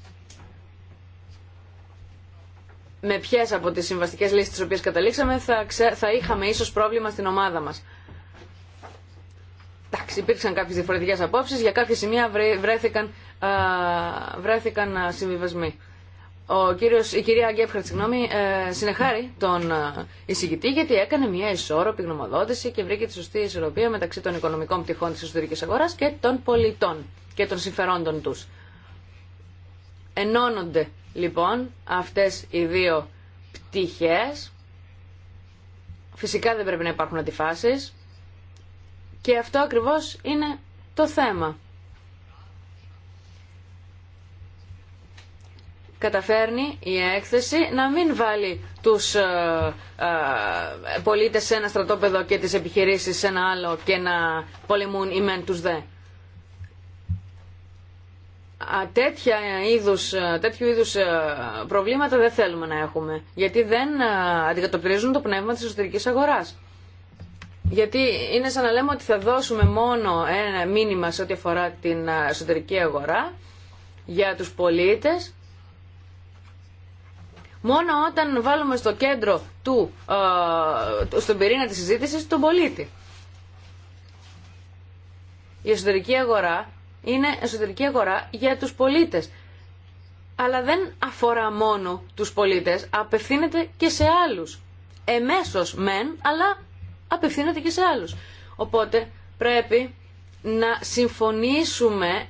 με ποιε από τι συμβαστικέ λύσει τι οποίε καταλήξαμε θα, θα είχαμε ίσω πρόβλημα στην ομάδα μα. Εντάξει, υπήρξαν κάποιε διαφορετικέ απόψει, για κάποια σημεία βρέθηκαν, α... βρέθηκαν συμβιβασμοί ο κύριος, η κυρία Γκέφχαρτ, συγγνώμη, ε, συνεχάρει τον ε, εισηγητή γιατί έκανε μια ισόρροπη γνωμοδότηση και βρήκε τη σωστή ισορροπία μεταξύ των οικονομικών πτυχών της εσωτερικής αγοράς και των πολιτών και των συμφερόντων τους. Ενώνονται λοιπόν αυτές οι δύο πτυχές. Φυσικά δεν πρέπει να υπάρχουν αντιφάσεις και αυτό ακριβώς είναι το θέμα. καταφέρνει η έκθεση να μην βάλει τους ε, ε, πολίτες σε ένα στρατόπεδο και τις επιχειρήσεις σε ένα άλλο και να πολεμούν οι μεν τους δε. Α, ε, τέτοιου είδους ε, προβλήματα δεν θέλουμε να έχουμε, γιατί δεν αντικατοπτρίζουν το πνεύμα της εσωτερικής αγοράς. Γιατί είναι σαν να λέμε ότι θα δώσουμε μόνο ένα μήνυμα σε ό,τι αφορά την εσωτερική αγορά για τους πολίτες Μόνο όταν βάλουμε στο κέντρο του, στον πυρήνα της συζήτησης, τον πολίτη. Η εσωτερική αγορά είναι εσωτερική αγορά για τους πολίτες. Αλλά δεν αφορά μόνο τους πολίτες, απευθύνεται και σε άλλους. Εμέσως μεν, αλλά απευθύνεται και σε άλλους. Οπότε πρέπει να συμφωνήσουμε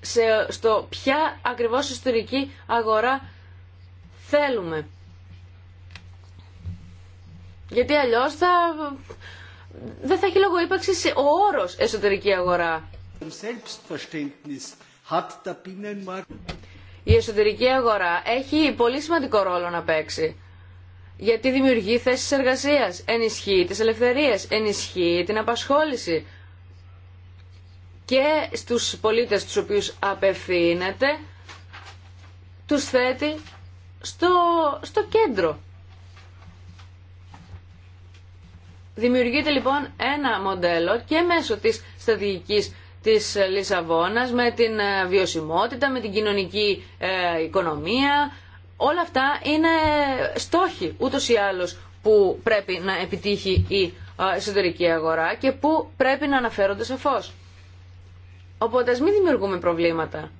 σε, στο ποια ακριβώς ιστορική αγορά θέλουμε. Γιατί αλλιώς θα... δεν θα έχει λόγο ύπαρξη ο όρος εσωτερική αγορά. Η εσωτερική αγορά έχει πολύ σημαντικό ρόλο να παίξει. Γιατί δημιουργεί θέσεις εργασίας, ενισχύει τις ελευθερίες, ενισχύει την απασχόληση. Και στους πολίτες τους οποίους απευθύνεται, τους θέτει στο, στο κέντρο. Δημιουργείται λοιπόν ένα μοντέλο και μέσω της στρατηγικής της Λισαβόνας με την ε, βιωσιμότητα, με την κοινωνική ε, οικονομία. Όλα αυτά είναι στόχοι ούτως ή άλλως που πρέπει να επιτύχει η ε, εσωτερική αγορά και που πρέπει να αναφέρονται σαφώς. Οπότε ας μην δημιουργούμε προβλήματα.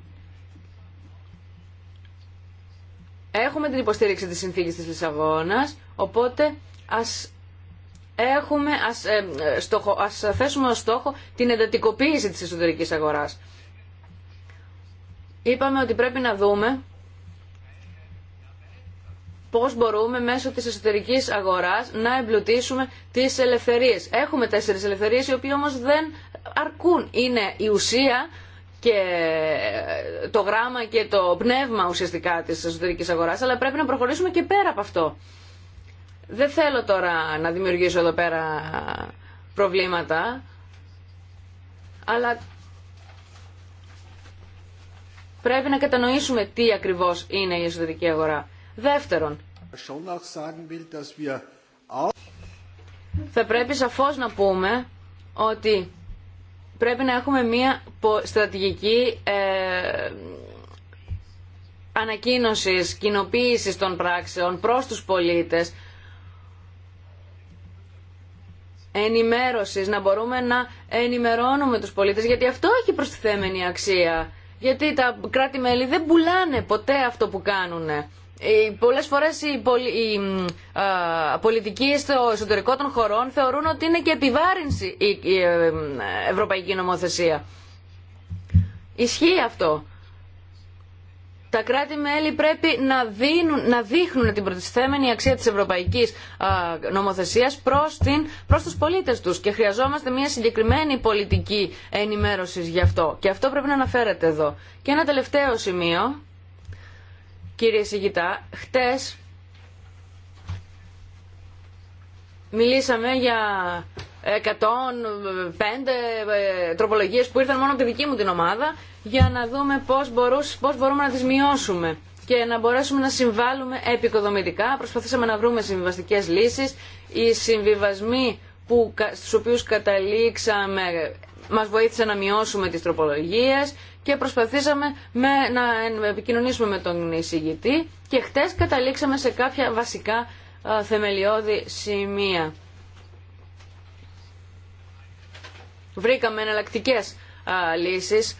Έχουμε την υποστήριξη της συνθήκης της Λισαβόνας, οπότε ας, έχουμε, ας, ε, ε, στόχο, ας θέσουμε ως στόχο την εντατικοποίηση της εσωτερικής αγοράς. Είπαμε ότι πρέπει να δούμε πώς μπορούμε μέσω της εσωτερικής αγοράς να εμπλουτίσουμε τις ελευθερίες. Έχουμε τέσσερις ελευθερίες οι οποίες όμως δεν αρκούν. Είναι η ουσία και ε, το γράμμα και το πνεύμα ουσιαστικά της εσωτερικής αγοράς, αλλά πρέπει να προχωρήσουμε και πέρα από αυτό. Δεν θέλω τώρα να δημιουργήσω εδώ πέρα προβλήματα, αλλά πρέπει να κατανοήσουμε τι ακριβώς είναι η εσωτερική αγορά. Δεύτερον, θα πρέπει σαφώς να πούμε ότι πρέπει να έχουμε μία στρατηγική ε, ανακοίνωσης, κοινοποίησης των πράξεων προς τους πολίτες, ενημέρωσης, να μπορούμε να ενημερώνουμε τους πολίτες, γιατί αυτό έχει προστιθέμενη αξία. Γιατί τα κράτη-μέλη δεν πουλάνε ποτέ αυτό που κάνουν. Ε, πολλές φορές οι, οι πολιτικοί στο εσωτερικό των χωρών θεωρούν ότι είναι και επιβάρυνση η ε, ευρωπαϊκή νομοθεσία. Ισχύει αυτό. Τα κράτη-μέλη πρέπει να, δίνουν, να δείχνουν την προτιθέμενη αξία της ευρωπαϊκής νομοθεσίας προς, την, προς τους πολίτες τους και χρειαζόμαστε μια συγκεκριμένη πολιτική ενημέρωση γι' αυτό. Και αυτό πρέπει να αναφέρεται εδώ. Και ένα τελευταίο σημείο κύριε Σιγητά, χτες μιλήσαμε για 105 ε, τροπολογίες που ήρθαν μόνο από τη δική μου την ομάδα για να δούμε πώς, μπορούμε να τις μειώσουμε και να μπορέσουμε να συμβάλλουμε επικοδομητικά. Προσπαθήσαμε να βρούμε συμβιβαστικές λύσεις. Οι συμβιβασμοί που, στους οποίους καταλήξαμε μας βοήθησε να μειώσουμε τις τροπολογίες και προσπαθήσαμε με, να επικοινωνήσουμε με τον εισηγητή και χτες καταλήξαμε σε κάποια βασικά θεμελιώδη σημεία. Βρήκαμε εναλλακτικέ λύσεις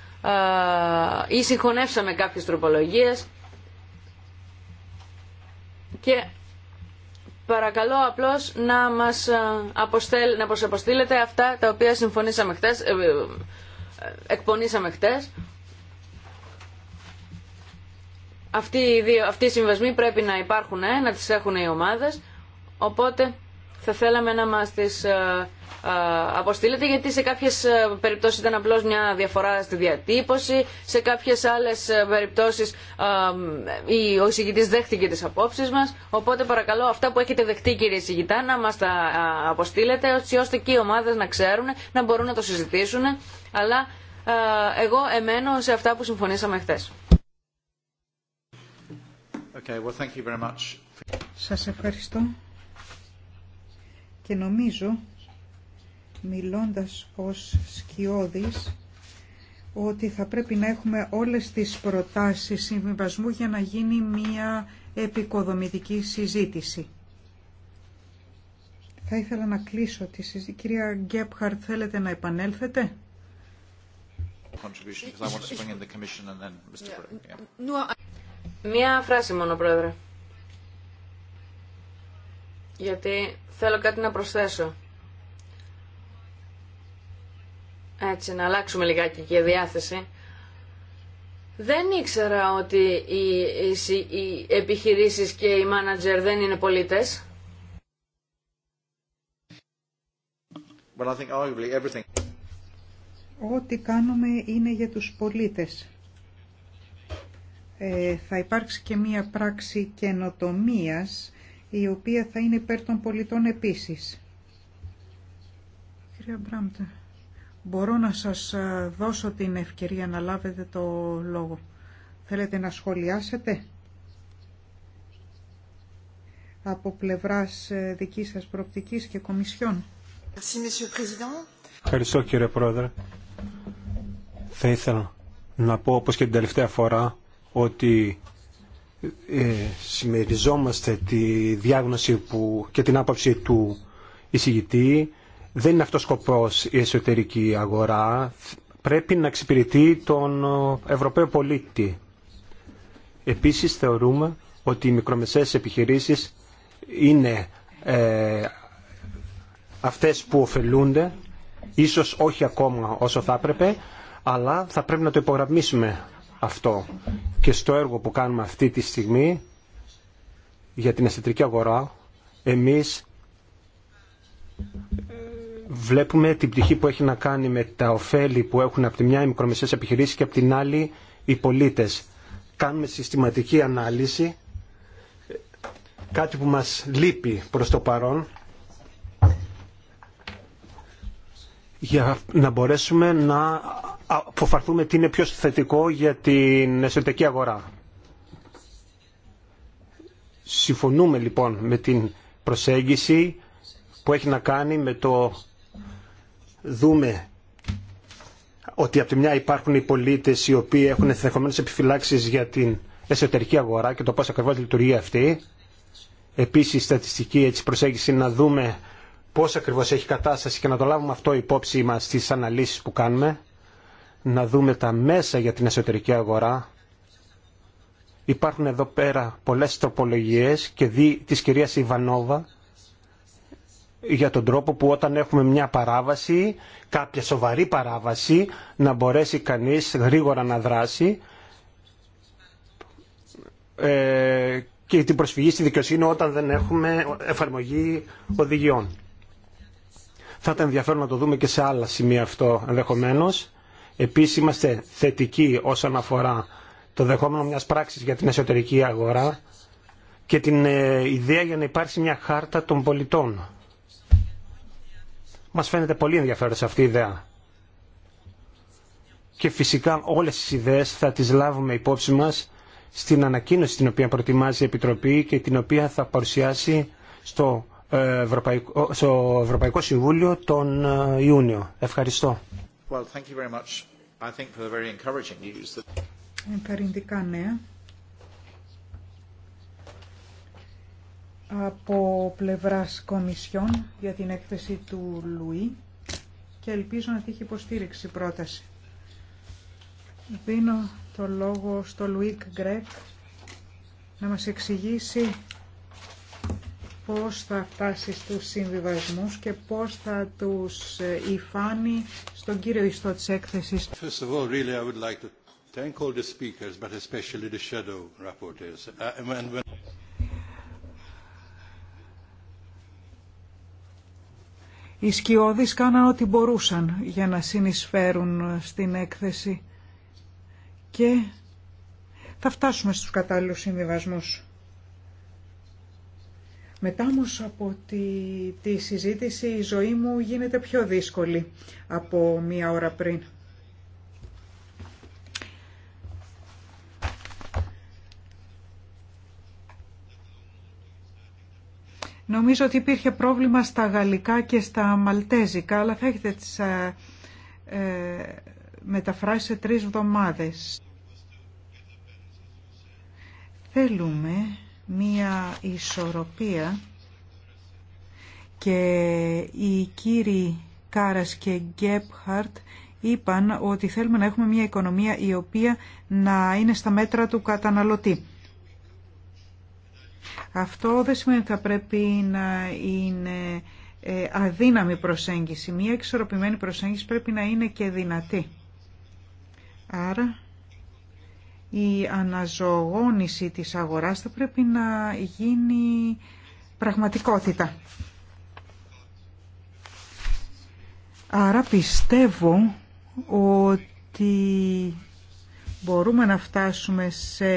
ή συγχωνεύσαμε κάποιες τροπολογίες και Παρακαλώ απλώς ε, να μας, αποστείλετε αυτά τα οποία συμφωνήσαμε χτες, ε, ε, εκπονήσαμε χτες. Αυτοί οι, δύο, αυτοί οι συμβασμοί πρέπει να υπάρχουν, ε, να τις έχουν οι ομάδες, οπότε θα θέλαμε να μας τις αποστείλετε γιατί σε κάποιες ε, περιπτώσεις ήταν απλώ μια διαφορά στη διατύπωση, σε κάποιες άλλες ε, περιπτώσεις ο εισηγητή δέχτηκε τι απόψεις μας, οπότε παρακαλώ αυτά που έχετε δεχτεί κύριε εισηγητά να μας τα αποστείλετε έτσι ώστε και οι ομάδε να ξέρουν, να μπορούν να το συζητήσουν, αλλά εγώ εμένω σε αυτά που συμφωνήσαμε χθε. Okay, well, thank you very much. Σας ευχαριστώ και νομίζω μιλώντας ως σκιώδης ότι θα πρέπει να έχουμε όλες τις προτάσεις συμβιβασμού για να γίνει μια επικοδομητική συζήτηση. Θα ήθελα να κλείσω τη συζήτηση. Κυρία Γκέπχαρτ, θέλετε να επανέλθετε. Μία φράση μόνο, Πρόεδρε. Γιατί θέλω κάτι να προσθέσω. έτσι να αλλάξουμε λιγάκι και διάθεση. Δεν ήξερα ότι οι, οι, επιχειρήσεις και οι μάνατζερ δεν είναι πολίτες. Ό,τι κάνουμε είναι για τους πολίτες. Ε, θα υπάρξει και μία πράξη καινοτομίας, η οποία θα είναι υπέρ των πολιτών επίσης. Κυρία Μπράμπτα. Μπορώ να σας ε, δώσω την ευκαιρία να λάβετε το λόγο. Θέλετε να σχολιάσετε από πλευράς ε, δικής σας προοπτικής και κομισιόν. Ευχαριστώ κύριε Πρόεδρε. Θα ήθελα να πω όπως και την τελευταία φορά ότι ε, συμμεριζόμαστε τη διάγνωση που, και την άποψη του εισηγητή δεν είναι αυτός σκοπός η εσωτερική αγορά. Πρέπει να εξυπηρετεί τον Ευρωπαίο πολίτη. Επίσης θεωρούμε ότι οι μικρομεσαίες επιχειρήσεις είναι ε, αυτές που ωφελούνται, ίσως όχι ακόμα όσο θα έπρεπε, αλλά θα πρέπει να το υπογραμμίσουμε αυτό. Και στο έργο που κάνουμε αυτή τη στιγμή για την εσωτερική αγορά, εμείς βλέπουμε την πτυχή που έχει να κάνει με τα ωφέλη που έχουν από τη μια οι μικρομεσαίες επιχειρήσεις και από την άλλη οι πολίτες. Κάνουμε συστηματική ανάλυση, κάτι που μας λείπει προς το παρόν, για να μπορέσουμε να αποφαρθούμε τι είναι πιο θετικό για την εσωτερική αγορά. Συμφωνούμε λοιπόν με την προσέγγιση που έχει να κάνει με το δούμε ότι από τη μια υπάρχουν οι πολίτε οι οποίοι έχουν ενδεχομένω επιφυλάξει για την εσωτερική αγορά και το πώ ακριβώ λειτουργεί αυτή. Επίσης, η στατιστική έτσι, προσέγγιση να δούμε πώ ακριβώ έχει κατάσταση και να το λάβουμε αυτό υπόψη μα στι αναλύσεις που κάνουμε. Να δούμε τα μέσα για την εσωτερική αγορά. Υπάρχουν εδώ πέρα πολλέ τροπολογίε και δι της κυρία Ιβανόβα για τον τρόπο που όταν έχουμε μια παράβαση, κάποια σοβαρή παράβαση, να μπορέσει κανείς γρήγορα να δράσει ε, και την προσφυγή στη δικαιοσύνη όταν δεν έχουμε εφαρμογή οδηγιών. Θα ήταν ενδιαφέρον να το δούμε και σε άλλα σημεία αυτό ενδεχομένω. Επίσης είμαστε θετικοί όσον αφορά το δεχόμενο μιας πράξης για την εσωτερική αγορά και την ε, ιδέα για να υπάρξει μια χάρτα των πολιτών μας φαίνεται πολύ ενδιαφέρον σε αυτή η ιδέα. Και φυσικά όλες τις ιδέες θα τις λάβουμε υπόψη μας στην ανακοίνωση την οποία προετοιμάζει η Επιτροπή και την οποία θα παρουσιάσει στο ε, Ευρωπαϊκό, στο Ευρωπαϊκό Συμβούλιο τον ε, Ιούνιο. Ευχαριστώ. από πλευράς Κομισιόν για την έκθεση του Λουί και ελπίζω να τύχει υποστήριξη πρόταση. Δίνω το λόγο στο Λουίκ Γκρέκ να μας εξηγήσει πώς θα φτάσει στους συμβιβασμούς και πώς θα τους ε, υφάνει στον κύριο ιστό της έκθεσης. οι σκιώδεις κάναν ό,τι μπορούσαν για να συνεισφέρουν στην έκθεση και θα φτάσουμε στους κατάλληλους συμβιβασμούς. Μετά όμω από τη, τη συζήτηση η ζωή μου γίνεται πιο δύσκολη από μία ώρα πριν. Νομίζω ότι υπήρχε πρόβλημα στα γαλλικά και στα μαλτέζικα, αλλά θα έχετε τις ε, ε μεταφράσει σε τρεις εβδομάδες. Θέλουμε μία ισορροπία και οι κύριοι Κάρας και Γκέπχαρτ είπαν ότι θέλουμε να έχουμε μια οικονομία η οποία να είναι στα μέτρα του καταναλωτή. Αυτό δεν σημαίνει ότι θα πρέπει να είναι ε, αδύναμη προσέγγιση. Μία εξορροπημένη προσέγγιση πρέπει να είναι και δυνατή. Άρα η αναζωογόνηση της αγοράς θα πρέπει να γίνει πραγματικότητα. Άρα πιστεύω ότι μπορούμε να φτάσουμε σε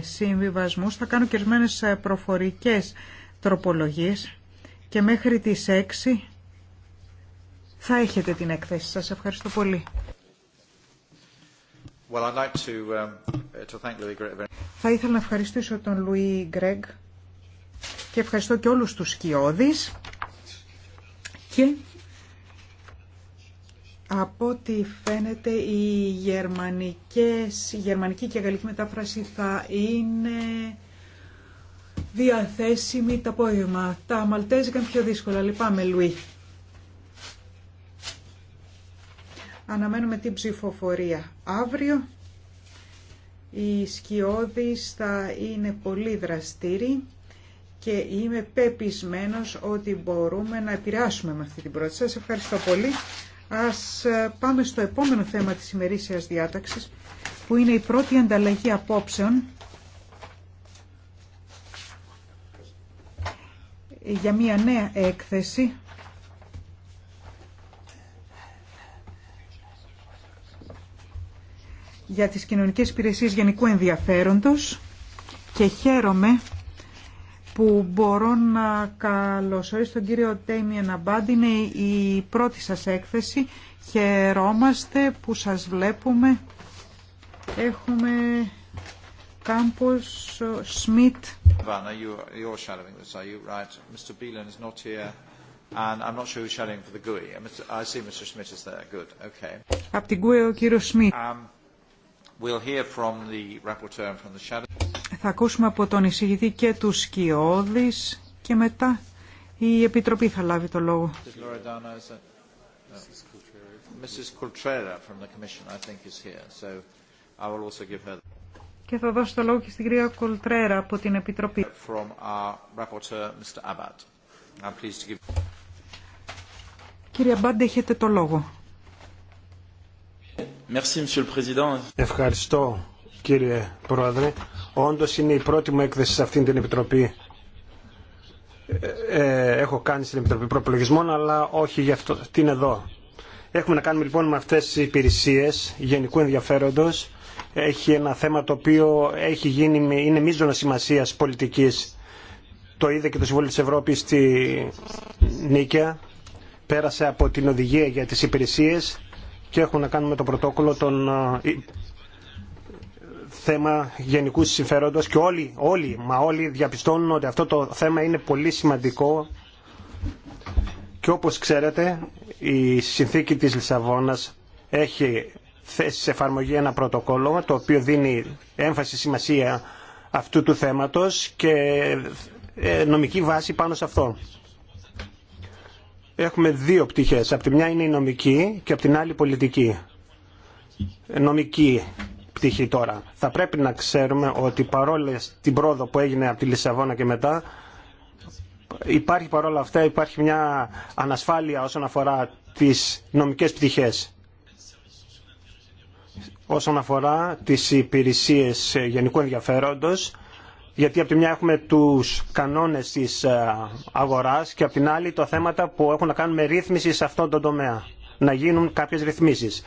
συμβιβασμούς. Θα κάνω και ορισμένες ε, προφορικές τροπολογίες και μέχρι τις 6 θα έχετε την έκθεση. Σας ευχαριστώ πολύ. Well, I'd like to, um, to thank θα ήθελα να ευχαριστήσω τον Λουί Γκρέγ και ευχαριστώ και όλους τους σκιώδεις και από ό,τι φαίνεται η γερμανική και η γαλλική μετάφραση θα είναι διαθέσιμη το απόγευμα. Τα μαλτέζικα είναι πιο δύσκολα. Λυπάμαι, Λουί. Αναμένουμε την ψηφοφορία αύριο. Οι σκιώδεις θα είναι πολύ δραστήριοι και είμαι πεπισμένος ότι μπορούμε να επηρεάσουμε με αυτή την πρόταση. Σας ευχαριστώ πολύ. Ας ε, πάμε στο επόμενο θέμα της ημερήσιας διάταξης, που είναι η πρώτη ανταλλαγή απόψεων για μια νέα έκθεση για τις κοινωνικές υπηρεσίες γενικού ενδιαφέροντος και χαίρομαι που μπορώ να καλωσορίσω τον κύριο Τέιμιεν Αμπάντ. Είναι η πρώτη σας έκθεση. Χαιρόμαστε που σας βλέπουμε. Έχουμε Κάμπος Σμιτ. Από την ΚΟΕ e, ο κύριος Σμιτ. Θα ακούσουμε από τον εισηγητή και του Σκιώδης και μετά η Επιτροπή θα λάβει το λόγο. Και θα δώσω το λόγο και στην κυρία Κολτρέρα από την Επιτροπή. Κύριε Μπάντε, έχετε το λόγο. Ευχαριστώ, κύριε Πρόεδρε. Όντω είναι η πρώτη μου έκθεση σε αυτήν την Επιτροπή. Ε, ε, έχω κάνει στην Επιτροπή Προπολογισμών, αλλά όχι για αυτό. Τι εδώ. Έχουμε να κάνουμε λοιπόν με αυτέ τι υπηρεσίε γενικού ενδιαφέροντο, Έχει ένα θέμα το οποίο έχει γίνει, είναι μείζωνα σημασία πολιτική. Το είδε και το Συμβούλιο τη Ευρώπη στη Νίκαια. Πέρασε από την οδηγία για τι υπηρεσίε και έχουμε να κάνουμε το πρωτόκολλο των ε, θέμα γενικού συμφέροντος και όλοι, όλοι, μα όλοι διαπιστώνουν ότι αυτό το θέμα είναι πολύ σημαντικό και όπως ξέρετε η συνθήκη της Λισαβόνας έχει θέσει σε εφαρμογή ένα πρωτοκόλλο το οποίο δίνει έμφαση σημασία αυτού του θέματος και ε, νομική βάση πάνω σε αυτό. Έχουμε δύο πτυχές. Από τη μια είναι η νομική και από την άλλη η πολιτική. Νομική τώρα. Θα πρέπει να ξέρουμε ότι παρόλες την πρόοδο που έγινε από τη Λισαβόνα και μετά, υπάρχει παρόλα αυτά υπάρχει μια ανασφάλεια όσον αφορά τις νομικές πτυχές. Όσον αφορά τις υπηρεσίες γενικού ενδιαφέροντος, γιατί από τη μια έχουμε τους κανόνες της ε, αγοράς και από την άλλη τα θέματα που έχουν να κάνουν με ρύθμιση σε αυτόν τον τομέα. Να γίνουν κάποιες ρυθμίσεις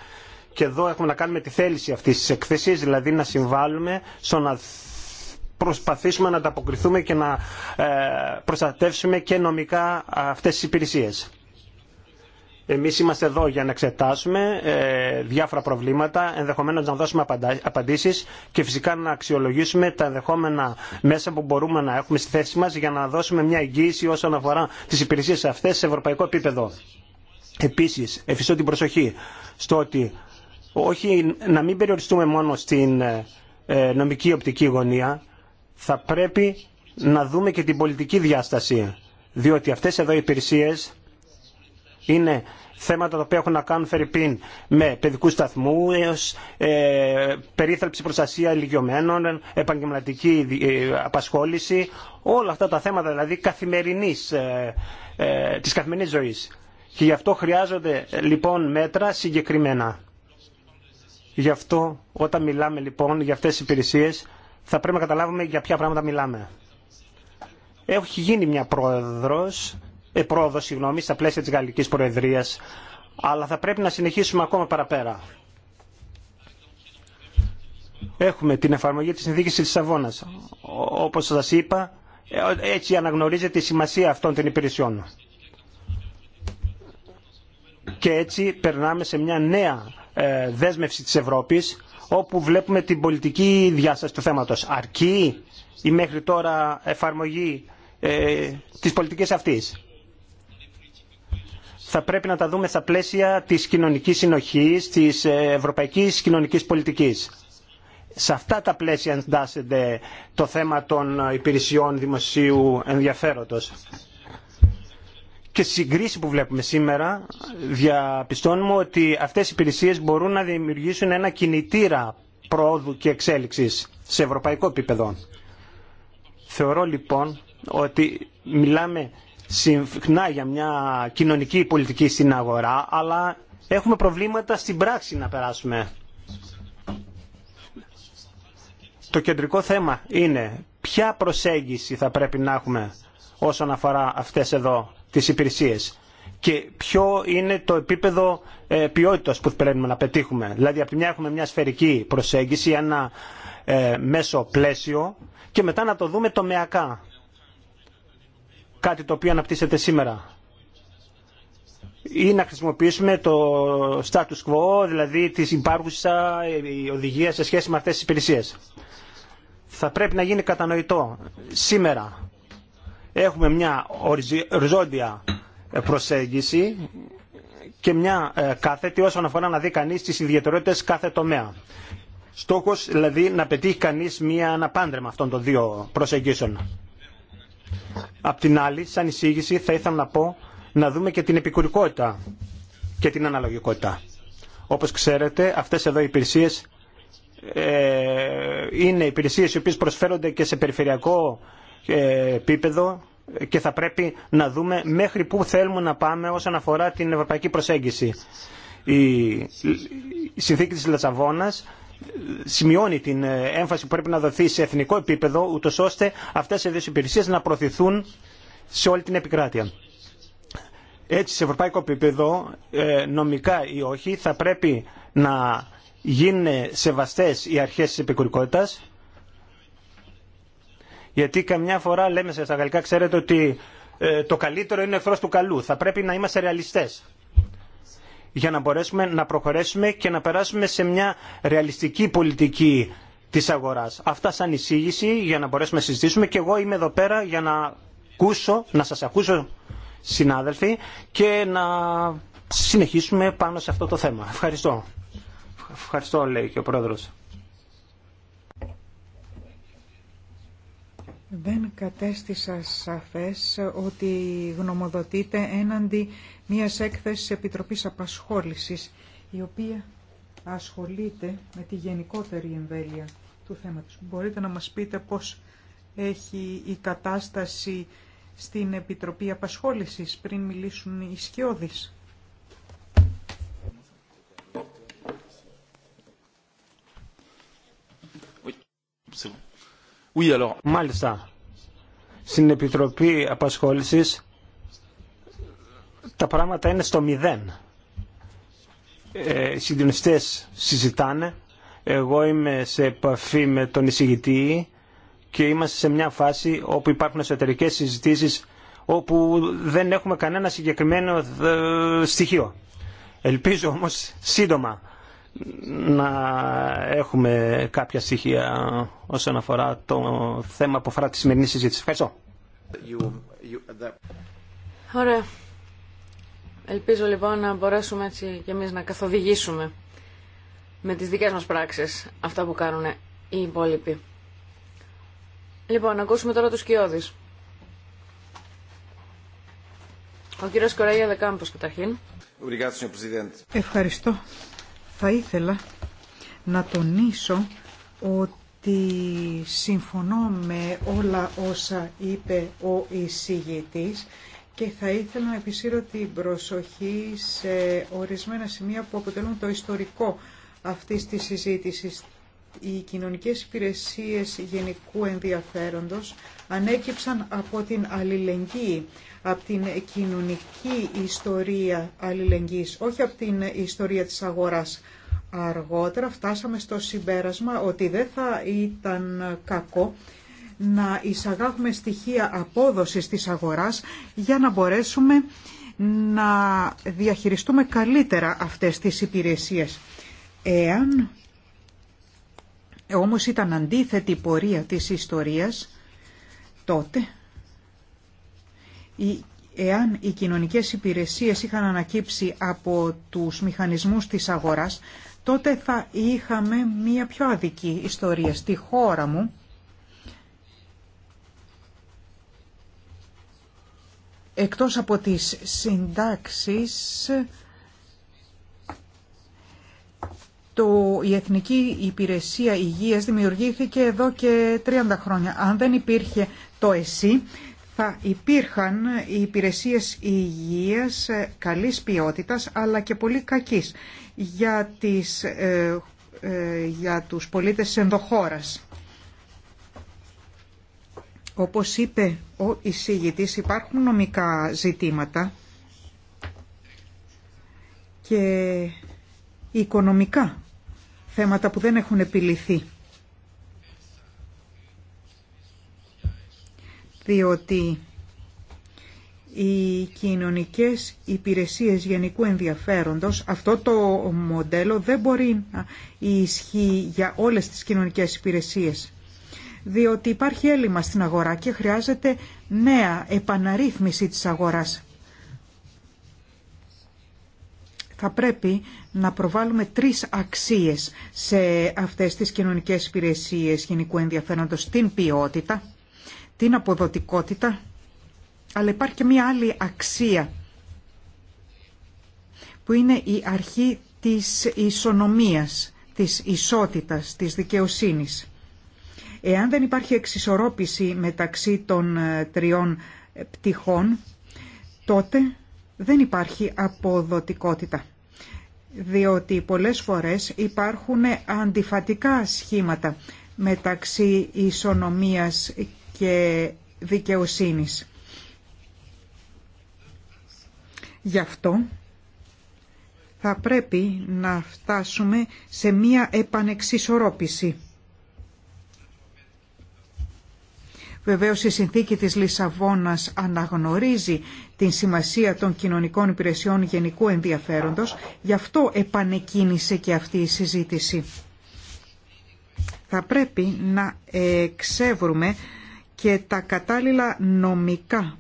και εδώ έχουμε να κάνουμε τη θέληση αυτή τη εκθεσής, δηλαδή να συμβάλλουμε στο να προσπαθήσουμε να ανταποκριθούμε και να ε, προστατεύσουμε και νομικά αυτές τις υπηρεσίες. Εμείς είμαστε εδώ για να εξετάσουμε ε, διάφορα προβλήματα, ενδεχομένως να δώσουμε απαντήσεις και φυσικά να αξιολογήσουμε τα ενδεχόμενα μέσα που μπορούμε να έχουμε στη θέση μας για να δώσουμε μια εγγύηση όσον αφορά τις υπηρεσίες αυτές σε ευρωπαϊκό επίπεδο. Επίσης, εφιστώ την προσοχή στο ότι όχι, να μην περιοριστούμε μόνο στην ε, ε, νομική οπτική γωνία, θα πρέπει να δούμε και την πολιτική διάσταση. Διότι αυτές εδώ οι υπηρεσίες είναι θέματα τα οποία έχουν να κάνουν φερρυπίν με παιδικούς σταθμούς, ε, περίθαλψη προστασία ηλικιωμένων, επαγγελματική ε, απασχόληση, όλα αυτά τα θέματα δηλαδή καθημερινής, της καθημερινής ζωής. Και γι' αυτό χρειάζονται λοιπόν μέτρα συγκεκριμένα. Γι' αυτό όταν μιλάμε λοιπόν για αυτές τις υπηρεσίες θα πρέπει να καταλάβουμε για ποια πράγματα μιλάμε. Έχει γίνει μια πρόεδρος, ε, πρόοδος στα πλαίσια της Γαλλικής Προεδρίας, αλλά θα πρέπει να συνεχίσουμε ακόμα παραπέρα. Έχουμε την εφαρμογή της συνθήκης της Σαββόνας. Όπως σας είπα, ε, έτσι αναγνωρίζεται η σημασία αυτών των υπηρεσιών. Και έτσι περνάμε σε μια νέα ε, δέσμευση της Ευρώπης όπου βλέπουμε την πολιτική διάσταση του θέματος. Αρκεί η μέχρι τώρα εφαρμογή ε, της πολιτικής αυτής. Θα πρέπει να τα δούμε στα πλαίσια της κοινωνικής συνοχής, της ευρωπαϊκής κοινωνικής πολιτικής. Σε αυτά τα πλαίσια εντάσσεται το θέμα των υπηρεσιών δημοσίου ενδιαφέροντος και στην κρίση που βλέπουμε σήμερα διαπιστώνουμε ότι αυτές οι υπηρεσίες μπορούν να δημιουργήσουν ένα κινητήρα πρόοδου και εξέλιξης σε ευρωπαϊκό επίπεδο. Θεωρώ λοιπόν ότι μιλάμε συχνά για μια κοινωνική πολιτική στην αγορά, αλλά έχουμε προβλήματα στην πράξη να περάσουμε. Το κεντρικό θέμα είναι ποια προσέγγιση θα πρέπει να έχουμε όσον αφορά αυτές εδώ τις υπηρεσίες και ποιο είναι το επίπεδο ε, ποιότητας που πρέπει να πετύχουμε. Δηλαδή από τη μια έχουμε μια σφαιρική προσέγγιση, ένα ε, μέσο πλαίσιο και μετά να το δούμε τομεακά. Κάτι το οποίο αναπτύσσεται σήμερα ή να χρησιμοποιήσουμε το status quo, δηλαδή τη υπάρχουσα ε, οδηγία σε σχέση με αυτές τις υπηρεσίες. Θα πρέπει να γίνει κατανοητό σήμερα έχουμε μια οριζόντια ε, προσέγγιση και μια ε, κάθετη όσον αφορά να δει κανείς τις ιδιαιτερότητες κάθε τομέα. Στόχος δηλαδή να πετύχει κανείς μια αναπάντρεμα αυτών των δύο προσεγγίσεων. Απ' την άλλη, σαν εισήγηση, θα ήθελα να πω να δούμε και την επικουρικότητα και την αναλογικότητα. Όπως ξέρετε, αυτές εδώ οι υπηρεσίες ε, είναι υπηρεσίες οι οποίες προσφέρονται και σε περιφερειακό επίπεδο και θα πρέπει να δούμε μέχρι πού θέλουμε να πάμε όσον αφορά την ευρωπαϊκή προσέγγιση. Η συνθήκη της Λατσαβόνας σημειώνει την έμφαση που πρέπει να δοθεί σε εθνικό επίπεδο ούτως ώστε αυτές οι δύο υπηρεσίες να προωθηθούν σε όλη την επικράτεια. Έτσι σε ευρωπαϊκό επίπεδο, ε, νομικά ή όχι, θα πρέπει να γίνουν σεβαστές οι αρχές της επικουρικότητας γιατί καμιά φορά λέμε στα γαλλικά, ξέρετε ότι ε, το καλύτερο είναι εχθρό του καλού. Θα πρέπει να είμαστε ρεαλιστέ για να μπορέσουμε να προχωρήσουμε και να περάσουμε σε μια ρεαλιστική πολιτική της αγοράς. Αυτά σαν εισήγηση για να μπορέσουμε να συζητήσουμε και εγώ είμαι εδώ πέρα για να ακούσω, να σας ακούσω συνάδελφοι και να συνεχίσουμε πάνω σε αυτό το θέμα. Ευχαριστώ. Ευχαριστώ λέει και ο πρόεδρος. Δεν κατέστησα σαφές ότι γνωμοδοτείτε έναντι μιας έκθεσης Επιτροπής Απασχόλησης, η οποία ασχολείται με τη γενικότερη εμβέλεια του θέματος. Μπορείτε να μας πείτε πώς έχει η κατάσταση στην Επιτροπή Απασχόλησης πριν μιλήσουν οι σκιώδεις. Μάλιστα. Στην Επιτροπή Απασχόλησης τα πράγματα είναι στο μηδέν. Ε, οι συζητάνε. Εγώ είμαι σε επαφή με τον εισηγητή και είμαστε σε μια φάση όπου υπάρχουν εσωτερικές συζητήσεις όπου δεν έχουμε κανένα συγκεκριμένο ε, στοιχείο. Ελπίζω όμως σύντομα να έχουμε κάποια στοιχεία όσον αφορά το θέμα που αφορά τη σημερινή συζήτηση. Ευχαριστώ. Ωραία. Ελπίζω λοιπόν να μπορέσουμε έτσι και εμείς να καθοδηγήσουμε με τις δικές μας πράξεις αυτά που κάνουν οι υπόλοιποι. Λοιπόν, ακούσουμε τώρα τους Κιώδης. Ο κύριος Κοραγία Δεκάμπος καταρχήν. Ευχαριστώ θα ήθελα να τονίσω ότι συμφωνώ με όλα όσα είπε ο εισηγητής και θα ήθελα να επισύρω την προσοχή σε ορισμένα σημεία που αποτελούν το ιστορικό αυτής της συζήτησης οι κοινωνικές υπηρεσίες γενικού ενδιαφέροντος ανέκυψαν από την αλληλεγγύη, από την κοινωνική ιστορία αλληλεγγύης, όχι από την ιστορία της αγοράς. Αργότερα φτάσαμε στο συμπέρασμα ότι δεν θα ήταν κακό να εισαγάγουμε στοιχεία απόδοσης της αγοράς για να μπορέσουμε να διαχειριστούμε καλύτερα αυτές τις υπηρεσίες. Εάν όμως ήταν αντίθετη πορεία της ιστορίας τότε. Εάν οι κοινωνικές υπηρεσίες είχαν ανακύψει από τους μηχανισμούς της αγοράς, τότε θα είχαμε μία πιο αδική ιστορία. Στη χώρα μου, εκτός από τις συντάξεις το, η Εθνική Υπηρεσία Υγείας δημιουργήθηκε εδώ και 30 χρόνια. Αν δεν υπήρχε το ΕΣΥ, θα υπήρχαν οι υπηρεσίες υγείας ε, καλής ποιότητας, αλλά και πολύ κακής για, τις, ε, ε, για τους πολίτες ενδοχώρας. Όπως είπε ο εισηγητής, υπάρχουν νομικά ζητήματα και οικονομικά θέματα που δεν έχουν επιληθεί. Διότι οι κοινωνικές υπηρεσίες γενικού ενδιαφέροντος, αυτό το μοντέλο δεν μπορεί να ισχύει για όλες τις κοινωνικές υπηρεσίες. Διότι υπάρχει έλλειμμα στην αγορά και χρειάζεται νέα επαναρρύθμιση της αγοράς. θα πρέπει να προβάλλουμε τρεις αξίες σε αυτές τις κοινωνικές υπηρεσίες γενικού ενδιαφέροντος, την ποιότητα, την αποδοτικότητα, αλλά υπάρχει και μία άλλη αξία που είναι η αρχή της ισονομίας, της ισότητας, της δικαιοσύνης. Εάν δεν υπάρχει εξισορρόπηση μεταξύ των ε, τριών ε, πτυχών, τότε δεν υπάρχει αποδοτικότητα διότι πολλές φορές υπάρχουν αντιφατικά σχήματα μεταξύ ισονομίας και δικαιοσύνης. Γι' αυτό θα πρέπει να φτάσουμε σε μία επανεξισορρόπηση. Βεβαίως η συνθήκη της Λισαβόνας αναγνωρίζει την σημασία των κοινωνικών υπηρεσιών γενικού ενδιαφέροντος, γι' αυτό επανεκκίνησε και αυτή η συζήτηση. Θα πρέπει να εξεύρουμε και τα κατάλληλα νομικά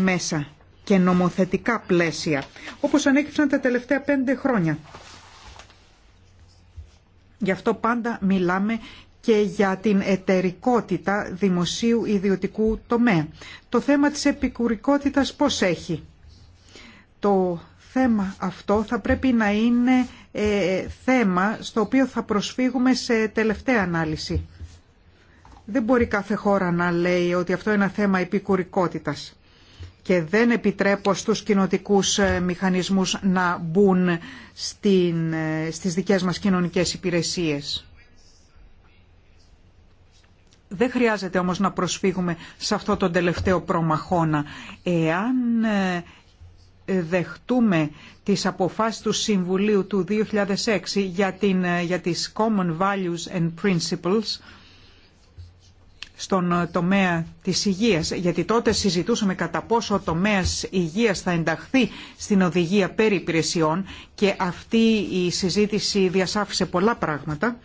μέσα και νομοθετικά πλαίσια, όπως ανέκυψαν τα τελευταία πέντε χρόνια. Γι' αυτό πάντα μιλάμε και για την εταιρικότητα δημοσίου ιδιωτικού τομέα. Το θέμα της επικουρικότητας πώς έχει. Το θέμα αυτό θα πρέπει να είναι ε, θέμα στο οποίο θα προσφύγουμε σε τελευταία ανάλυση. Δεν μπορεί κάθε χώρα να λέει ότι αυτό είναι ένα θέμα επικουρικότητας και δεν επιτρέπω στους κοινοτικούς ε, μηχανισμούς να μπουν στην, ε, στις δικές μας κοινωνικές υπηρεσίες. Δεν χρειάζεται όμως να προσφύγουμε σε αυτό το τελευταίο προμαχώνα. Εάν ε, δεχτούμε τις αποφάσεις του Συμβουλίου του 2006 για, την, ε, για τις Common Values and Principles στον ε, τομέα της υγείας, γιατί τότε συζητούσαμε κατά πόσο ο τομέας υγείας θα ενταχθεί στην οδηγία περί και αυτή η συζήτηση διασάφησε πολλά πράγματα.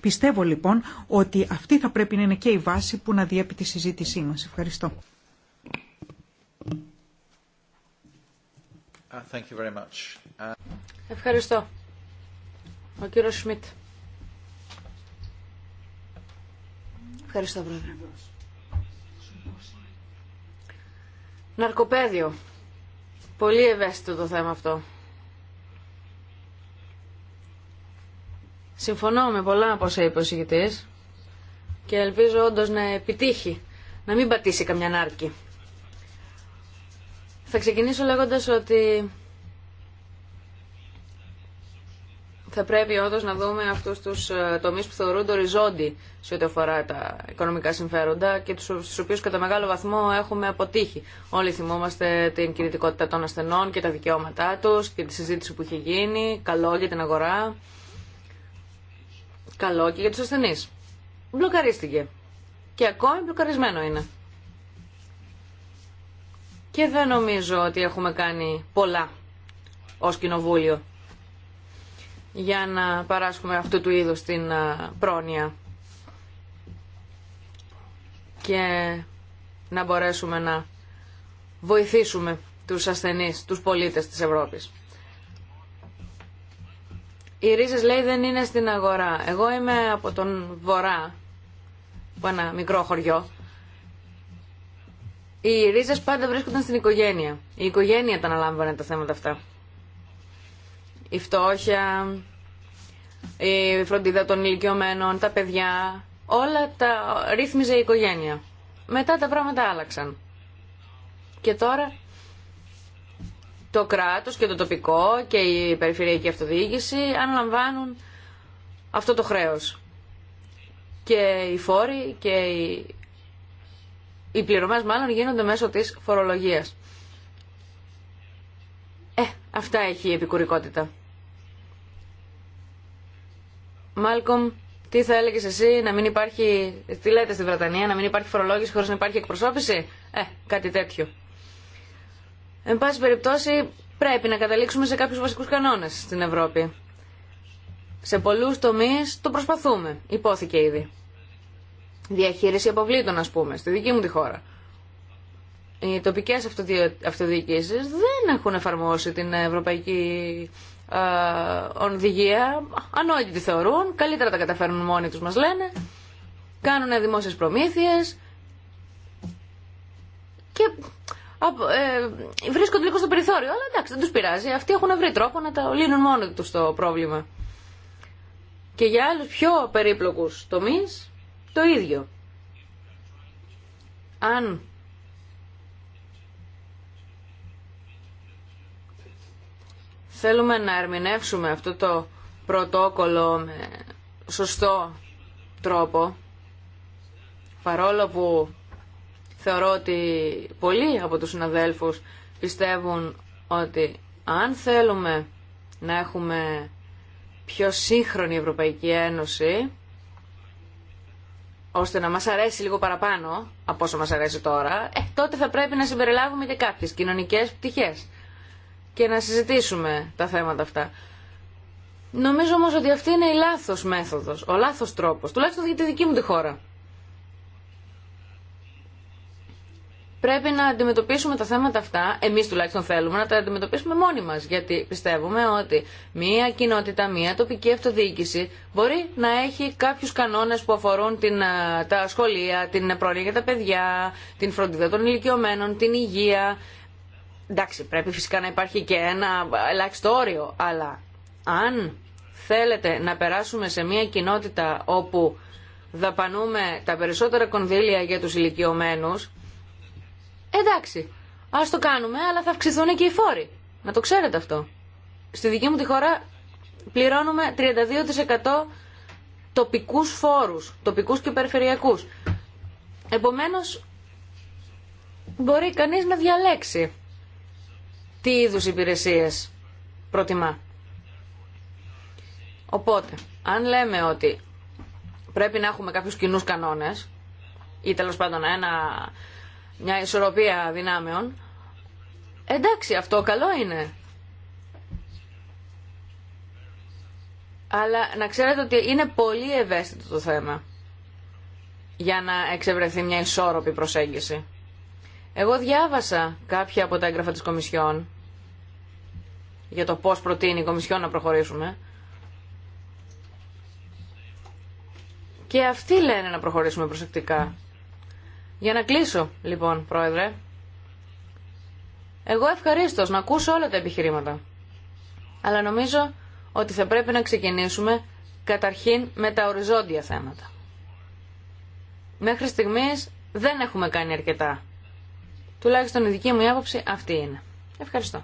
Πιστεύω λοιπόν ότι αυτή θα πρέπει να είναι και η βάση που να διέπει τη συζήτησή μας. Ευχαριστώ. Uh, uh, Ευχαριστώ. Ο κύριος Σμιτ. Ευχαριστώ, Πρόεδρε. Ναρκοπέδιο. Πολύ ευαίσθητο το θέμα αυτό. Συμφωνώ με πολλά από όσα είπε ο και ελπίζω όντως να επιτύχει, να μην πατήσει καμιά νάρκη. Θα ξεκινήσω λέγοντας ότι θα πρέπει όντω να δούμε αυτού τους ε, τομεί που θεωρούνται οριζόντι σε ό,τι αφορά τα οικονομικά συμφέροντα και στους οποίους κατά μεγάλο βαθμό έχουμε αποτύχει. Όλοι θυμόμαστε την κινητικότητα των ασθενών και τα δικαιώματά τους και τη συζήτηση που είχε γίνει. Καλό για την αγορά καλό και για τους ασθενεί. Μπλοκαρίστηκε. Και ακόμη μπλοκαρισμένο είναι. Και δεν νομίζω ότι έχουμε κάνει πολλά ως κοινοβούλιο για να παράσχουμε αυτού του είδους την πρόνοια και να μπορέσουμε να βοηθήσουμε τους ασθενείς, τους πολίτες της Ευρώπης οι ρίζε λέει δεν είναι στην αγορά. Εγώ είμαι από τον Βορρά, από ένα μικρό χωριό. Οι ρίζε πάντα βρίσκονταν στην οικογένεια. Η οικογένεια τα αναλάμβανε τα θέματα αυτά. Η φτώχεια, η φροντίδα των ηλικιωμένων, τα παιδιά, όλα τα ρύθμιζε η οικογένεια. Μετά τα πράγματα άλλαξαν. Και τώρα το κράτος και το τοπικό και η περιφερειακή αυτοδιοίκηση αναλαμβάνουν αυτό το χρέος. Και οι φόροι και οι, οι πληρωμές μάλλον γίνονται μέσω της φορολογίας. Ε, αυτά έχει η επικουρικότητα. Μάλκομ, τι θα έλεγες εσύ να μην υπάρχει, τι λέτε στη Βρετανία, να μην υπάρχει φορολόγηση χωρίς να υπάρχει εκπροσώπηση. Ε, κάτι τέτοιο. Εν πάση περιπτώσει πρέπει να καταλήξουμε σε κάποιους βασικούς κανόνες στην Ευρώπη. Σε πολλούς τομείς το προσπαθούμε, υπόθηκε ήδη. Διαχείριση αποβλήτων ας πούμε, στη δική μου τη χώρα. Οι τοπικές αυτοδιοικήσεις δεν έχουν εφαρμόσει την ευρωπαϊκή οδηγία, όχι τη θεωρούν, καλύτερα τα καταφέρνουν μόνοι τους μας λένε, κάνουν δημόσιες προμήθειες και ε, βρίσκονται λίγο στο περιθώριο. Αλλά εντάξει, δεν του πειράζει. Αυτοί έχουν βρει τρόπο να τα λύνουν μόνο του το πρόβλημα. Και για άλλου πιο περίπλοκου τομεί το ίδιο. Αν θέλουμε να ερμηνεύσουμε αυτό το πρωτόκολλο με σωστό τρόπο, παρόλο που Θεωρώ ότι πολλοί από τους συναδέλφους πιστεύουν ότι αν θέλουμε να έχουμε πιο σύγχρονη Ευρωπαϊκή Ένωση, ώστε να μας αρέσει λίγο παραπάνω από όσο μας αρέσει τώρα, ε, τότε θα πρέπει να συμπεριλάβουμε και κάποιες κοινωνικές πτυχές και να συζητήσουμε τα θέματα αυτά. Νομίζω όμως ότι αυτή είναι η λάθος μέθοδος, ο λάθος τρόπος, τουλάχιστον για τη δική μου τη χώρα. πρέπει να αντιμετωπίσουμε τα θέματα αυτά, εμείς τουλάχιστον θέλουμε να τα αντιμετωπίσουμε μόνοι μας, γιατί πιστεύουμε ότι μία κοινότητα, μία τοπική αυτοδιοίκηση μπορεί να έχει κάποιους κανόνες που αφορούν την, τα σχολεία, την προορία για τα παιδιά, την φροντίδα των ηλικιωμένων, την υγεία. Εντάξει, πρέπει φυσικά να υπάρχει και ένα ελάχιστο όριο, αλλά αν θέλετε να περάσουμε σε μία κοινότητα όπου δαπανούμε τα περισσότερα κονδύλια για τους ηλικιωμένους, Εντάξει, α το κάνουμε, αλλά θα αυξηθούν και οι φόροι. Να το ξέρετε αυτό. Στη δική μου τη χώρα πληρώνουμε 32% τοπικούς φόρους, τοπικούς και περιφερειακούς. Επομένως, μπορεί κανείς να διαλέξει τι είδους υπηρεσίες προτιμά. Οπότε, αν λέμε ότι πρέπει να έχουμε κάποιους κοινούς κανόνες ή τέλος πάντων ένα μια ισορροπία δυνάμεων. Εντάξει, αυτό καλό είναι. Αλλά να ξέρετε ότι είναι πολύ ευαίσθητο το θέμα για να εξευρεθεί μια ισόρροπη προσέγγιση. Εγώ διάβασα κάποια από τα έγγραφα της Κομισιόν για το πώς προτείνει η Κομισιόν να προχωρήσουμε. Και αυτοί λένε να προχωρήσουμε προσεκτικά. Για να κλείσω, λοιπόν, Πρόεδρε, εγώ ευχαρίστω να ακούσω όλα τα επιχειρήματα. Αλλά νομίζω ότι θα πρέπει να ξεκινήσουμε καταρχήν με τα οριζόντια θέματα. Μέχρι στιγμής δεν έχουμε κάνει αρκετά. Τουλάχιστον η δική μου άποψη αυτή είναι. Ευχαριστώ.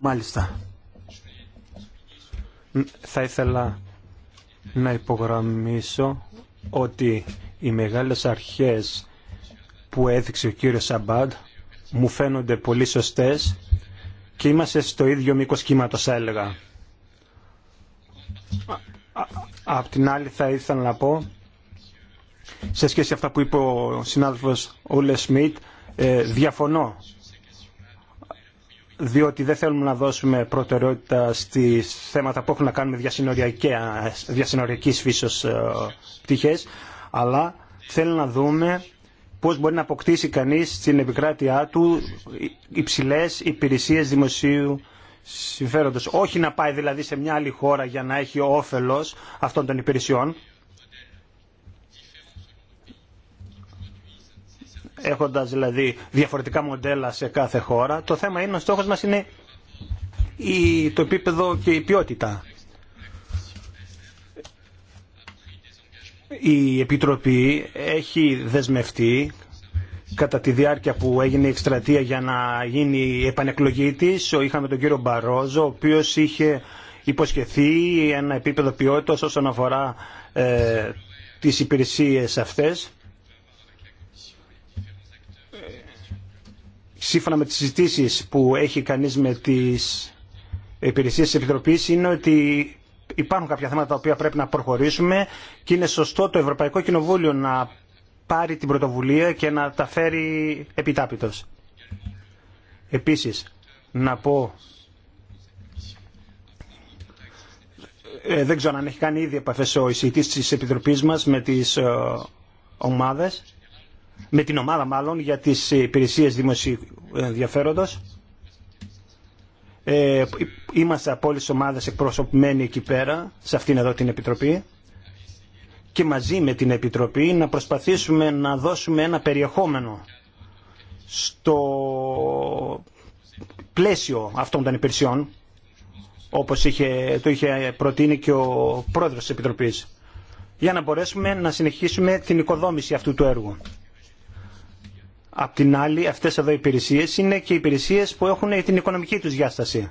Μάλιστα. Θα ήθελα να υπογραμμίσω ότι οι μεγάλες αρχές που έδειξε ο κύριος Σαμπάντ μου φαίνονται πολύ σωστές και είμαστε στο ίδιο μήκος κύματος έλεγα. Απ' την άλλη θα ήθελα να πω σε σχέση με αυτά που είπε ο συνάδελφος Ούλε Σμιτ ε, διαφωνώ διότι δεν θέλουμε να δώσουμε προτεραιότητα στι θέματα που έχουν να κάνουν με διασυνοριακής φύσεω ε, πτυχέ, αλλά θέλουμε να δούμε πώς μπορεί να αποκτήσει κανείς στην επικράτειά του υψηλέ υπηρεσίες δημοσίου συμφέροντος. Όχι να πάει δηλαδή σε μια άλλη χώρα για να έχει όφελος αυτών των υπηρεσιών, έχοντας δηλαδή διαφορετικά μοντέλα σε κάθε χώρα. Το θέμα είναι, ο στόχος μας είναι η, το επίπεδο και η ποιότητα. Η Επιτροπή έχει δεσμευτεί κατά τη διάρκεια που έγινε η εκστρατεία για να γίνει η επανεκλογή της. Είχαμε τον κύριο Μπαρόζο, ο οποίος είχε υποσχεθεί ένα επίπεδο ποιότητας όσον αφορά ε, τις υπηρεσίες αυτές σύμφωνα με τις συζητήσεις που έχει κανείς με τις υπηρεσίες της Επιτροπής είναι ότι υπάρχουν κάποια θέματα τα οποία πρέπει να προχωρήσουμε και είναι σωστό το Ευρωπαϊκό Κοινοβούλιο να πάρει την πρωτοβουλία και να τα φέρει επιτάπητος. Επίσης, να πω... Ε, δεν ξέρω αν έχει κάνει ήδη επαφές ο εισηγητής της Επιτροπής μας με τις ε, ομάδες με την ομάδα μάλλον για τις υπηρεσίες δημοσίου ενδιαφέροντος. Ε, είμαστε από όλες τις ομάδες εκπροσωπημένοι εκεί πέρα, σε αυτήν εδώ την Επιτροπή και μαζί με την Επιτροπή να προσπαθήσουμε να δώσουμε ένα περιεχόμενο στο πλαίσιο αυτών των υπηρεσιών όπως είχε, το είχε προτείνει και ο πρόεδρος της Επιτροπής για να μπορέσουμε να συνεχίσουμε την οικοδόμηση αυτού του έργου. Απ' την άλλη, αυτές εδώ οι υπηρεσίες είναι και οι υπηρεσίες που έχουν την οικονομική τους διάσταση.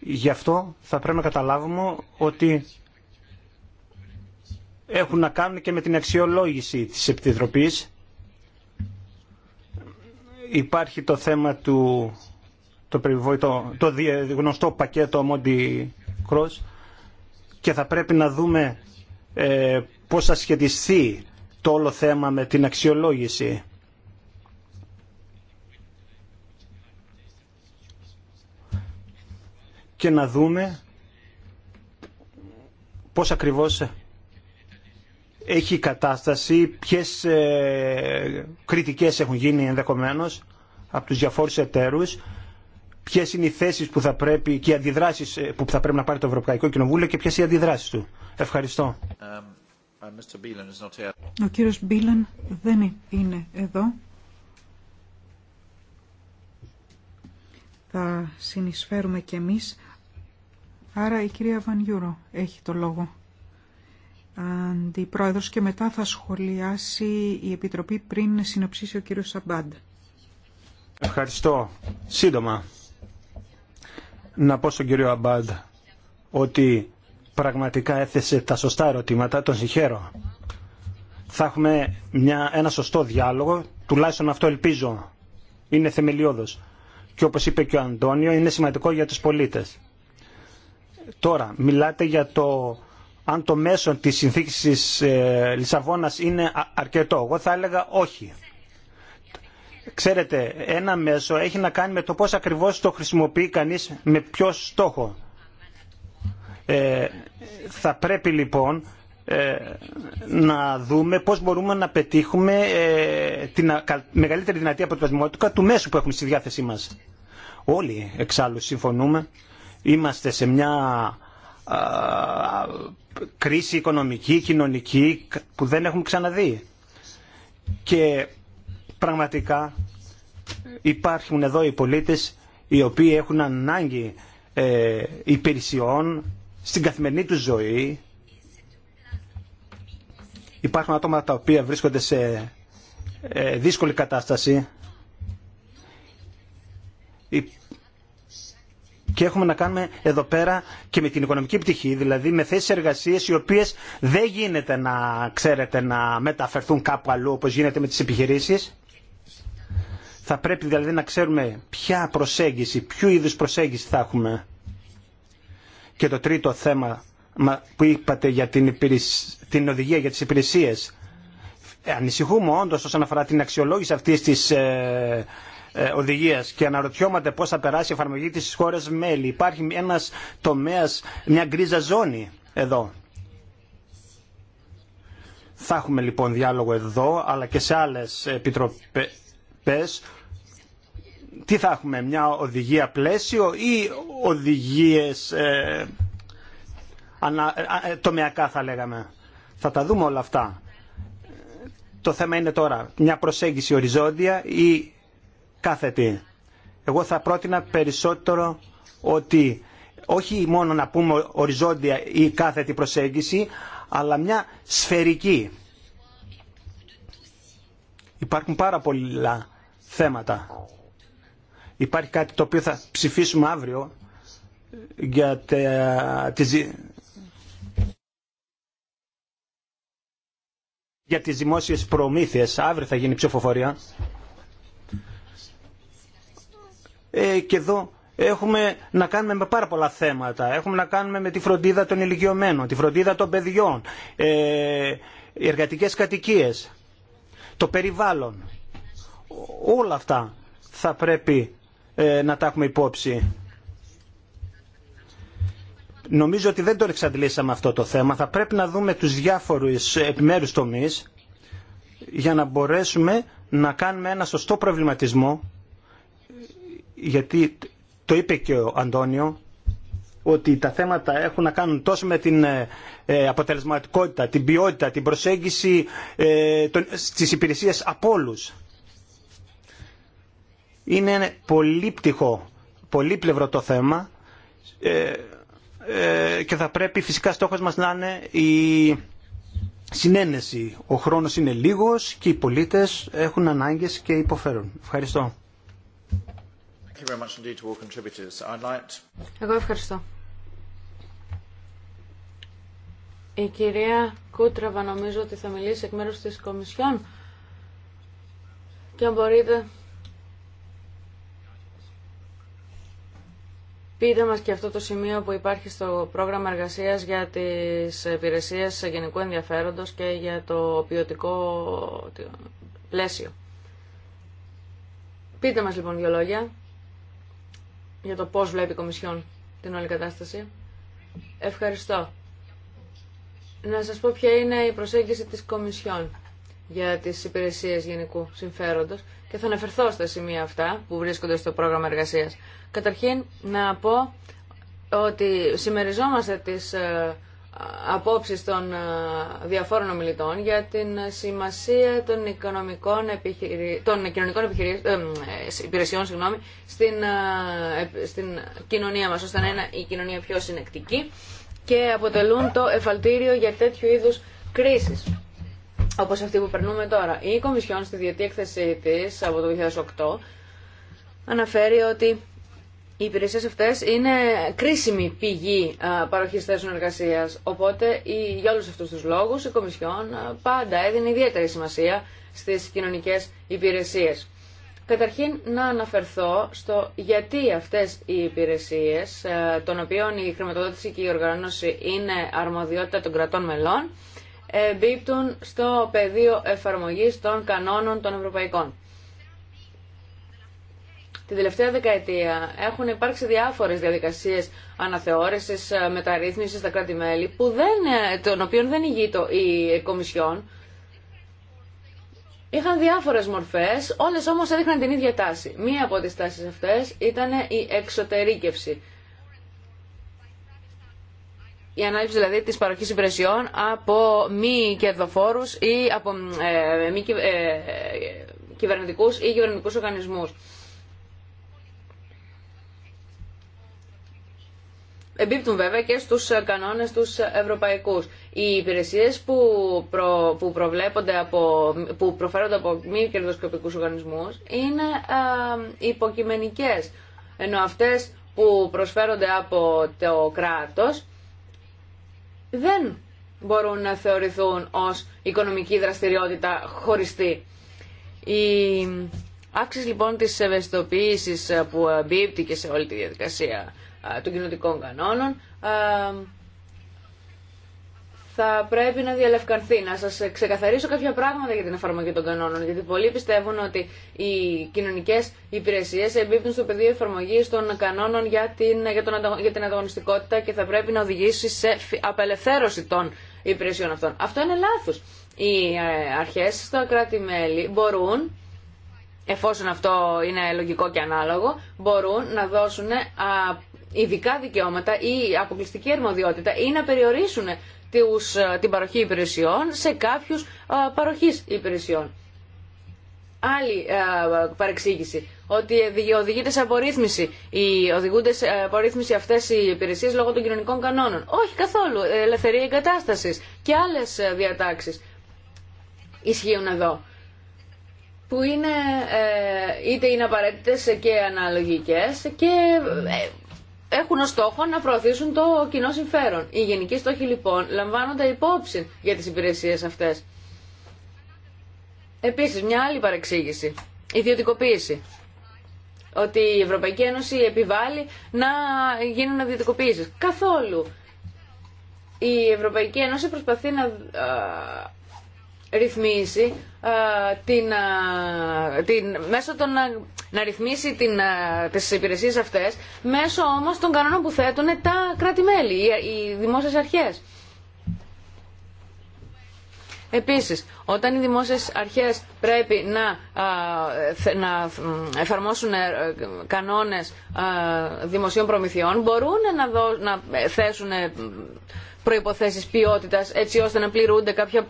Γι' αυτό θα πρέπει να καταλάβουμε ότι έχουν να κάνουν και με την αξιολόγηση της Επιτροπής. Υπάρχει το θέμα του το, το γνωστό πακέτο Monty Cross και θα πρέπει να δούμε ε, πώς θα σχετιστεί το όλο θέμα με την αξιολόγηση. και να δούμε πώς ακριβώς έχει η κατάσταση, ποιες ε, κριτικές έχουν γίνει ενδεχομένως από τους διαφόρους εταίρους, ποιες είναι οι θέσεις που θα πρέπει και οι αντιδράσεις ε, που θα πρέπει να πάρει το Ευρωπαϊκό Κοινοβούλιο και ποιες οι αντιδράσεις του. Ευχαριστώ. Ο κύριος Μπίλαν δεν είναι εδώ. Θα συνεισφέρουμε και εμείς Άρα η κυρία Βανιούρο έχει το λόγο. Αντιπρόεδρος και μετά θα σχολιάσει η Επιτροπή πριν συνοψίσει ο κύριος Σαμπάντ. Ευχαριστώ. Σύντομα να πω στον κύριο Αμπάντ ότι πραγματικά έθεσε τα σωστά ερωτήματα, τον συγχαίρω. Θα έχουμε μια, ένα σωστό διάλογο, τουλάχιστον αυτό ελπίζω. Είναι θεμελιώδος. Και όπως είπε και ο Αντώνιο, είναι σημαντικό για τους πολίτες. Τώρα, μιλάτε για το αν το μέσο της συνθήκης ε, Λισαβόνας είναι αρκετό. Εγώ θα έλεγα όχι. Ξέρετε, ένα μέσο έχει να κάνει με το πώς ακριβώς το χρησιμοποιεί κανείς, με ποιο στόχο. Ε, θα πρέπει λοιπόν ε, να δούμε πώς μπορούμε να πετύχουμε την μεγαλύτερη δυνατή αποτελεσματικότητα του μέσου που έχουμε στη διάθεσή μας. Όλοι εξάλλου συμφωνούμε Είμαστε σε μια κρίση οικονομική, κοινωνική που δεν έχουμε ξαναδεί. Και πραγματικά υπάρχουν εδώ οι πολίτες οι οποίοι έχουν ανάγκη ε, υπηρεσιών στην καθημερινή τους ζωή. Υπάρχουν άτομα τα οποία βρίσκονται σε ε, δύσκολη κατάσταση. Και έχουμε να κάνουμε εδώ πέρα και με την οικονομική πτυχή, δηλαδή με θέσει εργασίες οι οποίε δεν γίνεται να, ξέρετε, να μεταφερθούν κάπου αλλού όπω γίνεται με τι επιχειρήσει. Θα πρέπει δηλαδή να ξέρουμε ποια προσέγγιση, ποιο είδους προσέγγιση θα έχουμε. Και το τρίτο θέμα που είπατε για την, την οδηγία για τις υπηρεσίες. Ανησυχούμε όντως όσον αφορά την αξιολόγηση αυτής της ε, ε, και αναρωτιόμαστε πώ θα περάσει η εφαρμογή της στις χώρες μέλη. Υπάρχει ένας τομέα, μια γκρίζα ζώνη εδώ. Θα έχουμε λοιπόν διάλογο εδώ, αλλά και σε άλλες επιτροπέ. Τι θα έχουμε, μια οδηγία πλαίσιο ή οδηγίες ε, ε, τομεακά θα λέγαμε. Θα τα δούμε όλα αυτά. Το θέμα είναι τώρα μια προσέγγιση οριζόντια ή κάθετη. Εγώ θα πρότεινα περισσότερο ότι όχι μόνο να πούμε οριζόντια ή κάθετη προσέγγιση, αλλά μια σφαιρική. Υπάρχουν πάρα πολλά θέματα. Υπάρχει κάτι το οποίο θα ψηφίσουμε αύριο για τις, για τις δημόσιες προμήθειες. Αύριο θα γίνει ψηφοφορία. Ε, και εδώ έχουμε να κάνουμε με πάρα πολλά θέματα. Έχουμε να κάνουμε με τη φροντίδα των ηλικιωμένων, τη φροντίδα των παιδιών, ε, εργατικές κατοικίες, το περιβάλλον. Όλα αυτά θα πρέπει ε, να τα έχουμε υπόψη. Νομίζω ότι δεν το εξαντλήσαμε αυτό το θέμα. Θα πρέπει να δούμε τους διάφορους επιμέρους τομείς για να μπορέσουμε να κάνουμε ένα σωστό προβληματισμό γιατί το είπε και ο Αντώνιο ότι τα θέματα έχουν να κάνουν τόσο με την ε, ε, αποτελεσματικότητα, την ποιότητα, την προσέγγιση ε, στις υπηρεσίες από όλους. Είναι πολύπτυχο, πολύπλευρο το θέμα και θα πρέπει φυσικά στόχος μας να είναι η συνένεση. Ο χρόνος είναι λίγος και οι πολίτες έχουν ανάγκες και υποφέρουν. Ευχαριστώ. Εγώ ευχαριστώ. Η κυρία Κούτραβα νομίζω ότι θα μιλήσει εκ μέρους της Κομισιόν και αν μπορείτε πείτε μας και αυτό το σημείο που υπάρχει στο πρόγραμμα εργασίας για τις υπηρεσίες γενικού ενδιαφέροντος και για το ποιοτικό πλαίσιο. Πείτε μας λοιπόν δύο λόγια για το πώς βλέπει η Κομισιόν την όλη κατάσταση. Ευχαριστώ. Να σας πω ποια είναι η προσέγγιση της Κομισιόν για τις υπηρεσίες γενικού συμφέροντος και θα αναφερθώ στα σημεία αυτά που βρίσκονται στο πρόγραμμα εργασίας. Καταρχήν να πω ότι συμμεριζόμαστε τις ε, απόψεις των ε, διαφόρων ομιλητών για την σημασία των, οικονομικών επιχειρη... των κοινωνικών επιχειρη... Ε, ε, υπηρεσιών συγγνώμη, στην, στην κοινωνία μας, ώστε να είναι η κοινωνία πιο συνεκτική και αποτελούν το εφαλτήριο για τέτοιου είδους κρίσεις. Όπως αυτή που περνούμε τώρα. Η Κομισιόν στη διετή έκθεσή της από το 2008 αναφέρει ότι οι υπηρεσίες αυτές είναι κρίσιμη πηγή παροχής θέσεων εργασίας. Οπότε για όλου αυτούς τους λόγους η Κομισιόν πάντα έδινε ιδιαίτερη σημασία στις κοινωνικές υπηρεσίες. Καταρχήν να αναφερθώ στο γιατί αυτές οι υπηρεσίες, των οποίων η χρηματοδότηση και η οργανώση είναι αρμοδιότητα των κρατών μελών, εμπίπτουν στο πεδίο εφαρμογής των κανόνων των ευρωπαϊκών την τελευταία δεκαετία έχουν υπάρξει διάφορες διαδικασίες αναθεώρησης, ε, μεταρρύθμισης στα κράτη-μέλη, που δεν, ε, των οποίων δεν ηγείται η Κομισιόν. Είχαν διάφορες μορφές, όλες όμως έδειχναν την ίδια τάση. Μία από τις τάσεις αυτές ήταν η εξωτερήκευση. Η ανάληψη δηλαδή τη παροχή υπηρεσιών από μη κερδοφόρου ή από ε, ή κυβερνητικού οργανισμού. εμπίπτουν βέβαια και στους κανόνες τους ευρωπαϊκούς. Οι υπηρεσίες που, που, προβλέπονται από, που προφέρονται από μη κερδοσκοπικούς οργανισμούς είναι ε, υποκειμενικές, ενώ αυτές που προσφέρονται από το κράτος δεν μπορούν να θεωρηθούν ως οικονομική δραστηριότητα χωριστή. Η Άξις λοιπόν της ευαισθητοποίησης που εμπίπτει και σε όλη τη διαδικασία των κοινωτικών κανόνων θα πρέπει να διαλευκανθεί. Να σας ξεκαθαρίσω κάποια πράγματα για την εφαρμογή των κανόνων, γιατί πολλοί πιστεύουν ότι οι κοινωνικές υπηρεσίες εμπίπτουν στο πεδίο εφαρμογής των κανόνων για την, για, την ανταγωνιστικότητα και θα πρέπει να οδηγήσει σε απελευθέρωση των υπηρεσιών αυτών. Αυτό είναι λάθος. Οι ε, αρχές στα κράτη-μέλη μπορούν εφόσον αυτό είναι λογικό και ανάλογο, μπορούν να δώσουν ειδικά δικαιώματα ή αποκλειστική αρμοδιότητα ή να περιορίσουν τους, ε, την παροχή υπηρεσιών σε κάποιους ε, παροχής υπηρεσιών. Άλλη ε, παρεξήγηση, ότι οδηγείται σε απορρίθμιση, οδηγούνται σε απορρίθμιση αυτές οι υπηρεσίες λόγω των κοινωνικών κανόνων. Όχι καθόλου, ελευθερία εγκατάστασης και άλλες διατάξεις ισχύουν εδώ που είναι, είτε είναι απαραίτητες και αναλογικές και έχουν ως στόχο να προωθήσουν το κοινό συμφέρον. Οι γενικοί στόχοι λοιπόν λαμβάνονται υπόψη για τις υπηρεσίες αυτές. Επίσης, μια άλλη παρεξήγηση. Ιδιωτικοποίηση. Ότι η Ευρωπαϊκή Ένωση επιβάλλει να γίνουν ιδιωτικοποίησεις. Καθόλου. Η Ευρωπαϊκή Ένωση προσπαθεί να ρυθμίσει ε, την, ε, την, μέσω των, ε, να ρυθμίσει την, τις υπηρεσίες αυτές μέσω όμως των κανόνων που θέτουν τα κράτη-μέλη, οι, οι δημόσιες αρχές. Επίσης, όταν οι δημόσιες αρχές πρέπει να, να εφαρμόσουν ε, κανόνες δημοσίων προμηθειών, μπορούν να, να ε, θέσουν ε, προϋποθέσεις ποιότητας, έτσι ώστε να πληρούνται κάποια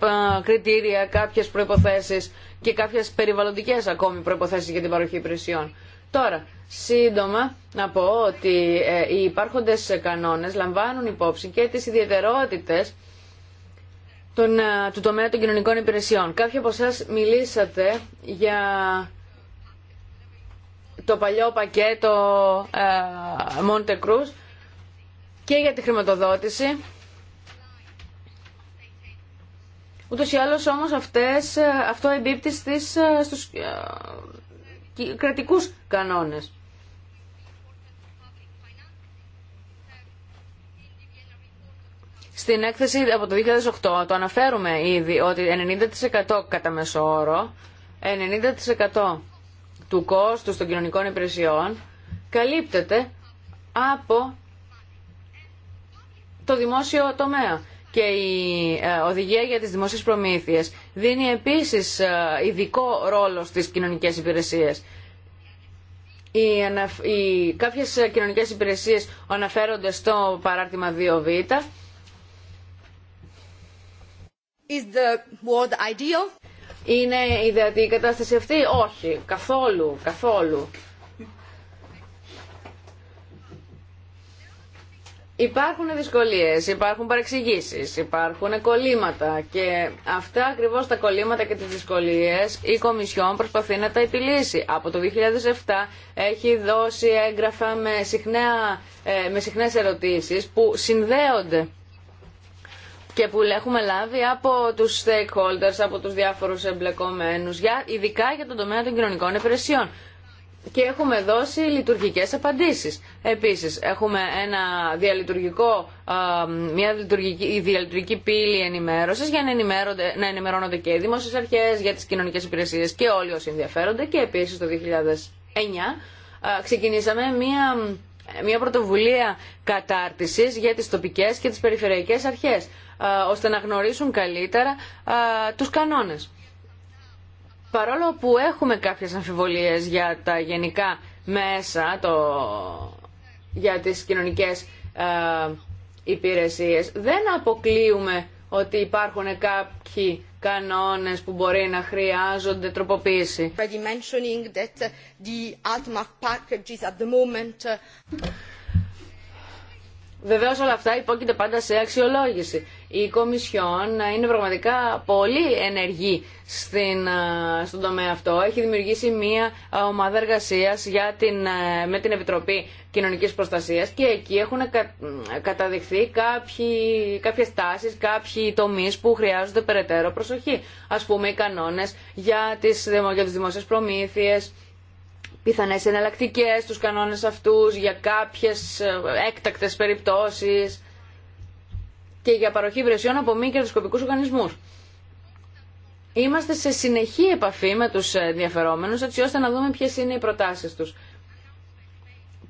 κριτήρια, κάποιες προϋποθέσεις και κάποιες περιβαλλοντικές ακόμη προϋποθέσεις για την παροχή υπηρεσιών. Τώρα, σύντομα να πω ότι οι υπάρχοντες κανόνες λαμβάνουν υπόψη και τις ιδιαιτερότητες τον, ε, του τομέα των κοινωνικών υπηρεσιών. Κάποιοι από εσά μιλήσατε για το παλιό πακέτο Μόντε Monte Cruz και για τη χρηματοδότηση. Ούτως ή άλλως όμως αυτές, ε, αυτό εμπίπτει στις, ε, κρατικούς κανόνες. Στην έκθεση από το 2008 το αναφέρουμε ήδη ότι 90% κατά μέσο όρο, 90% του κόστου των κοινωνικών υπηρεσιών καλύπτεται από το δημόσιο τομέα. Και η ε, οδηγία για τις δημόσιες προμήθειες δίνει επίσης ε, ειδικό ρόλο στις κοινωνικές υπηρεσίες. Οι, οι... Κάποιες ε, κοινωνικές υπηρεσίες αναφέρονται στο παράρτημα 2β είναι ιδεατή η κατάσταση αυτή? Όχι, καθόλου, καθόλου. Υπάρχουν δυσκολίες, υπάρχουν παρεξηγήσεις, υπάρχουν κολλήματα και αυτά ακριβώς τα κολλήματα και τις δυσκολίες η Κομισιόν προσπαθεί να τα επιλύσει. Από το 2007 έχει δώσει έγγραφα με, συχνά, ε, με συχνές ερωτήσεις που συνδέονται και που έχουμε λάβει από του stakeholders, από του διάφορου εμπλεκόμένου ειδικά για τον τομέα των κοινωνικών υπηρεσιών. Και έχουμε δώσει λειτουργικέ απαντήσει. Επίση, έχουμε ένα διαλειτουργικό, μια διαλειτουργική, πύλη ενημέρωση για να, ενημερώνονται, να ενημερώνονται και οι δημόσιε αρχέ για τι κοινωνικέ υπηρεσίε και όλοι όσοι ενδιαφέρονται. Και επίση το 2009 ξεκινήσαμε μια μια πρωτοβουλία κατάρτισης για τι τοπικέ και τι περιφερειακέ αρχέ. Ε, ώστε να γνωρίσουν καλύτερα ε, τους κανόνες. Παρόλο που έχουμε κάποιες αμφιβολίες για τα γενικά μέσα, το... για τις κοινωνικές ε, υπηρεσίες, δεν αποκλείουμε ότι υπάρχουν κάποιοι κανόνες που μπορεί να χρειάζονται τροποποίηση. Uh, Βεβαίως όλα αυτά υπόκειται πάντα σε αξιολόγηση η Κομισιόν είναι πραγματικά πολύ ενεργή στην, ε, στον τομέα αυτό. Έχει δημιουργήσει μία ε, ομάδα εργασία ε, με την Επιτροπή Κοινωνική Προστασία και εκεί έχουν καταδειχθεί κάποιε κάποιες κάποιοι τομεί που χρειάζονται περαιτέρω προσοχή. Ας πούμε οι κανόνες για τι για τις δημόσιες προμήθειες, πιθανές κανόνε τους αυτούς για κάποιε έκτακτες περιπτώσει και για παροχή υπηρεσιών από μη κερδοσκοπικού οργανισμού. Είμαστε σε συνεχή επαφή με τους ενδιαφερόμενου, έτσι ώστε να δούμε ποιε είναι οι προτάσεις τους.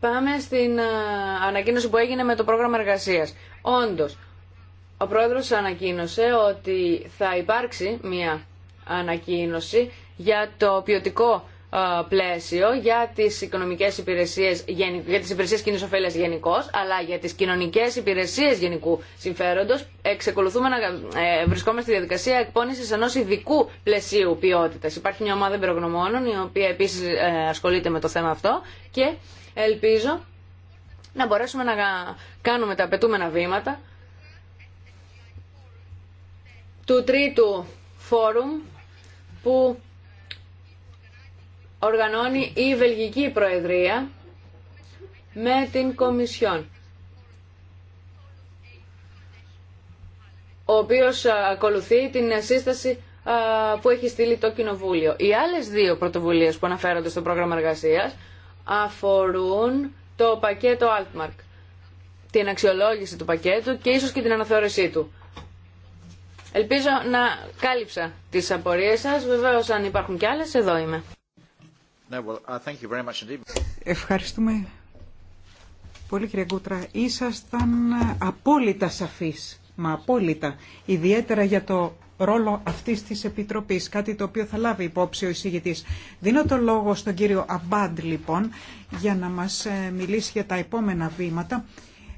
Πάμε στην ε, ανακοίνωση που έγινε με το πρόγραμμα εργασίας. Όντω. ο πρόεδρος ανακοίνωσε ότι θα υπάρξει μια ανακοίνωση για το ποιοτικό ε, πλαίσιο για τις οικονομικές υπηρεσίες, για τις υπηρεσίες κοινής ωφέλειας γενικώ, αλλά για τις κοινωνικές υπηρεσίες γενικού συμφέροντος εξεκολουθούμε να ε, βρισκόμαστε στη διαδικασία εκπόνησης ενός ειδικού πλαισίου ποιότητας. Υπάρχει μια ομάδα εμπειρογνωμόνων η οποία επίσης ε, ασχολείται με το θέμα αυτό και ελπίζω να μπορέσουμε να κάνουμε τα απαιτούμενα βήματα του τρίτου φόρουμ που οργανώνει η Βελγική Προεδρία με την Κομισιόν. ο οποίος ακολουθεί την σύσταση που έχει στείλει το Κοινοβούλιο. Οι άλλες δύο πρωτοβουλίες που αναφέρονται στο πρόγραμμα εργασίας αφορούν το πακέτο Altmark, την αξιολόγηση του πακέτου και ίσως και την αναθεώρησή του. Ελπίζω να κάλυψα τις απορίες σας, βεβαίως αν υπάρχουν κι άλλες, εδώ είμαι. Uh, Ευχαριστούμε πολύ κύριε Κούτρα. Ήσασταν απόλυτα σαφής, μα απόλυτα, ιδιαίτερα για το ρόλο αυτής της Επιτροπής, κάτι το οποίο θα λάβει υπόψη ο εισηγητής. Δίνω το λόγο στον κύριο Αμπάντ λοιπόν για να μας ε, μιλήσει για τα επόμενα βήματα.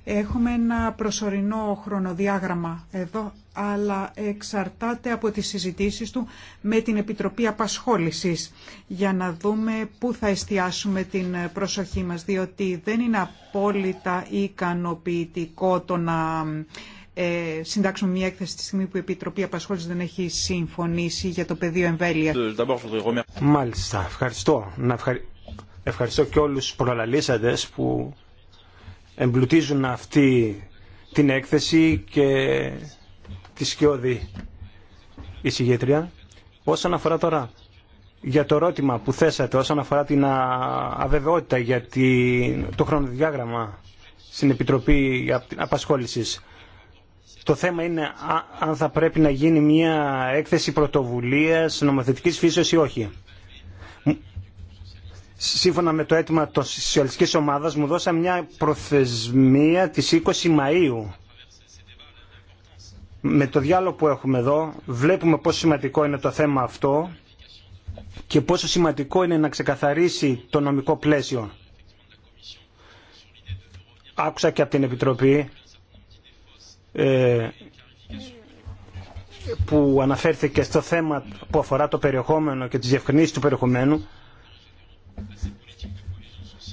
Έχουμε ένα προσωρινό χρονοδιάγραμμα εδώ αλλά εξαρτάται από τις συζητήσεις του με την Επιτροπή Απασχόλησης για να δούμε πού θα εστιάσουμε την προσοχή μας, διότι δεν είναι απόλυτα ικανοποιητικό το να ε, συντάξουμε μια έκθεση τη στιγμή που η Επιτροπή Απασχόλησης δεν έχει συμφωνήσει για το πεδίο εμβέλεια. Μάλιστα, ευχαριστώ. Να Ευχαριστώ και όλους τους προλαλήσαντες που εμπλουτίζουν αυτή την έκθεση και τη Σκιώδη εισηγήτρια. Όσον αφορά τώρα για το ερώτημα που θέσατε, όσον αφορά την αβεβαιότητα για το χρονοδιάγραμμα στην Επιτροπή Απασχόλησης, το θέμα είναι αν θα πρέπει να γίνει μια έκθεση πρωτοβουλίας νομοθετικής φύσεως ή όχι. Σύμφωνα με το αίτημα της Σοσιαλιστικής Ομάδας μου δώσα μια προθεσμία της 20 Μαΐου με το διάλογο που έχουμε εδώ βλέπουμε πόσο σημαντικό είναι το θέμα αυτό και πόσο σημαντικό είναι να ξεκαθαρίσει το νομικό πλαίσιο. Άκουσα και από την Επιτροπή ε, που αναφέρθηκε στο θέμα που αφορά το περιεχόμενο και τις διευκρινήσεις του περιεχομένου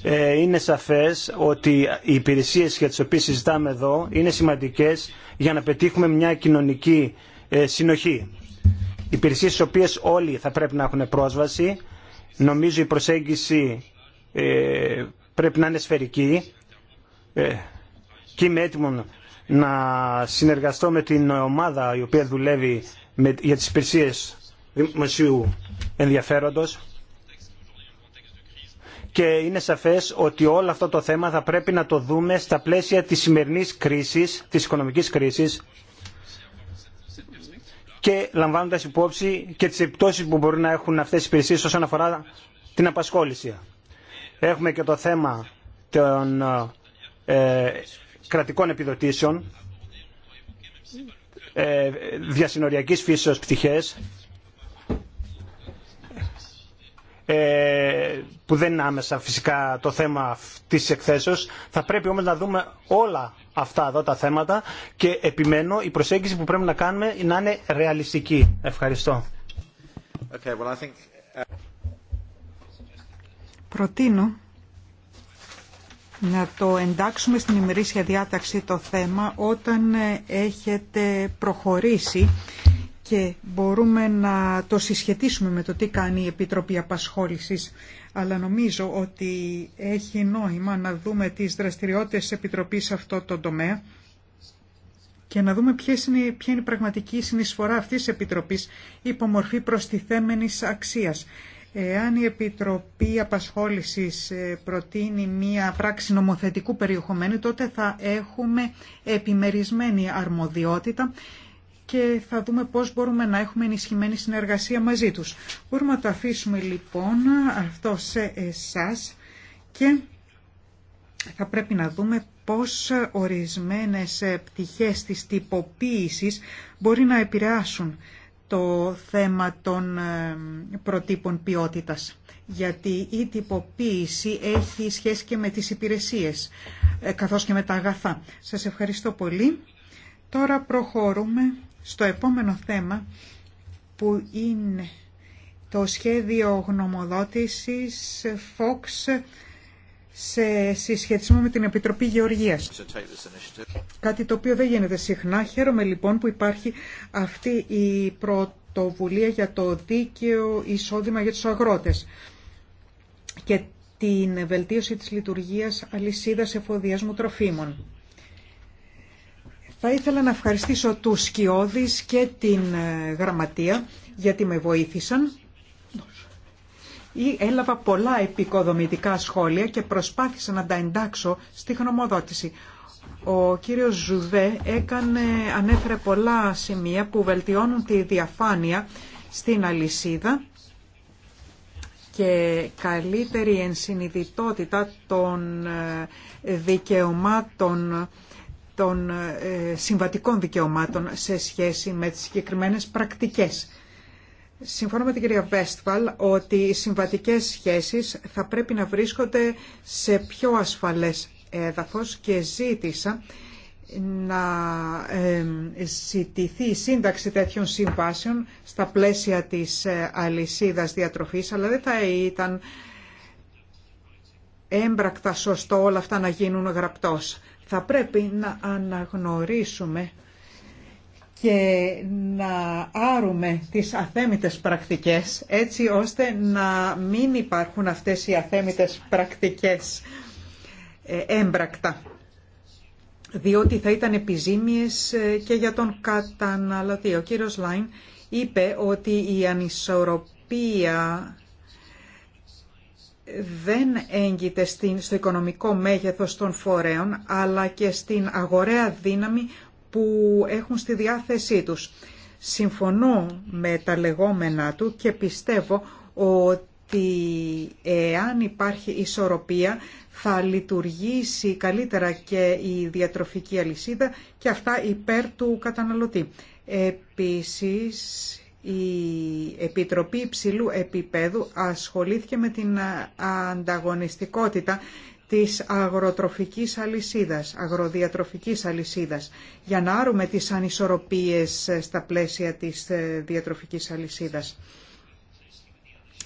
ε, είναι σαφές ότι οι υπηρεσίες για τις οποίες συζητάμε εδώ είναι σημαντικές για να πετύχουμε μια κοινωνική ε, συνοχή. Υπηρεσίες στις οποίες όλοι θα πρέπει να έχουν πρόσβαση. Νομίζω η προσέγγιση ε, πρέπει να είναι σφαιρική και είμαι έτοιμο να συνεργαστώ με την ομάδα η οποία δουλεύει για τις υπηρεσίες δημοσίου ενδιαφέροντος και είναι σαφές ότι όλο αυτό το θέμα θα πρέπει να το δούμε στα πλαίσια της σημερινής κρίσης, της οικονομικής κρίσης και λαμβάνοντας υπόψη και τις επιπτώσεις που μπορούν να έχουν αυτές οι υπηρεσίες όσον αφορά την απασχόληση. Έχουμε και το θέμα των ε, κρατικών επιδοτήσεων, ε, διασυνοριακής φύσεως πτυχές Ε, που δεν είναι άμεσα φυσικά το θέμα της εκθέσεως. Θα πρέπει όμως να δούμε όλα αυτά εδώ τα θέματα και επιμένω η προσέγγιση που πρέπει να κάνουμε να είναι ρεαλιστική. Ευχαριστώ. Okay, well, uh, Προτείνω να το εντάξουμε στην ημερήσια διάταξη το θέμα όταν ε, έχετε προχωρήσει και μπορούμε να το συσχετίσουμε με το τι κάνει η Επιτροπή Απασχόλησης. Αλλά νομίζω ότι έχει νόημα να δούμε τις δραστηριότητες της Επιτροπής σε αυτό το τομέα και να δούμε ποια είναι, ποια είναι η πραγματική συνεισφορά αυτής της Επιτροπής υπό μορφή προστιθέμενης αξίας. Εάν η Επιτροπή Απασχόλησης ε, προτείνει μία πράξη νομοθετικού περιεχομένου, τότε θα έχουμε επιμερισμένη αρμοδιότητα και θα δούμε πώς μπορούμε να έχουμε ενισχυμένη συνεργασία μαζί τους. Μπορούμε να το αφήσουμε λοιπόν αυτό σε εσάς και θα πρέπει να δούμε πώς ορισμένες πτυχές της τυποποίησης μπορεί να επηρεάσουν το θέμα των ε, προτύπων ποιότητας. Γιατί η τυποποίηση έχει σχέση και με τις υπηρεσίες, ε, καθώς και με τα αγαθά. Σας ευχαριστώ πολύ. Τώρα προχωρούμε στο επόμενο θέμα που είναι το σχέδιο γνωμοδότησης Fox σε συσχετισμό με την Επιτροπή Γεωργίας. Κάτι το οποίο δεν γίνεται συχνά. Χαίρομαι λοιπόν που υπάρχει αυτή η πρωτοβουλία για το δίκαιο εισόδημα για τους αγρότες και την βελτίωση της λειτουργίας αλυσίδας εφοδιασμού τροφίμων. Θα ήθελα να ευχαριστήσω του Σκιώδης και την ε, Γραμματεία γιατί με βοήθησαν. Ή έλαβα πολλά επικοδομητικά σχόλια και προσπάθησα να τα εντάξω στη γνωμοδότηση. Ο κύριος Ζουδέ έκανε, ανέφερε πολλά σημεία που βελτιώνουν τη διαφάνεια στην αλυσίδα και καλύτερη ενσυνειδητότητα των ε, δικαιωμάτων των ε, συμβατικών δικαιωμάτων σε σχέση με τις συγκεκριμένες πρακτικές. Συμφωνώ με την κυρία Βέστφαλ ότι οι συμβατικές σχέσεις θα πρέπει να βρίσκονται σε πιο ασφαλές έδαφος και ζήτησα να ε, ζητηθεί η σύνταξη τέτοιων συμβάσεων στα πλαίσια της ε, αλυσίδας διατροφής, αλλά δεν θα ήταν έμπρακτα σωστό όλα αυτά να γίνουν γραπτός. Θα πρέπει να αναγνωρίσουμε και να άρουμε τις αθέμητες πρακτικές έτσι ώστε να μην υπάρχουν αυτές οι αθέμητες πρακτικές ε, έμπρακτα διότι θα ήταν επιζήμιες ε, και για τον καταναλωτή. Ο κύριος Λάιν είπε ότι η ανισορροπία δεν έγκυται στο οικονομικό μέγεθος των φορέων, αλλά και στην αγοραία δύναμη που έχουν στη διάθεσή τους. Συμφωνώ με τα λεγόμενα του και πιστεύω ότι εάν υπάρχει ισορροπία θα λειτουργήσει καλύτερα και η διατροφική αλυσίδα και αυτά υπέρ του καταναλωτή. Επίσης, η Επιτροπή Υψηλού Επίπεδου ασχολήθηκε με την ανταγωνιστικότητα της αγροτροφικής αλυσίδας, αγροδιατροφικής αλυσίδας, για να άρουμε τις ανισορροπίες στα πλαίσια της διατροφικής αλυσίδας.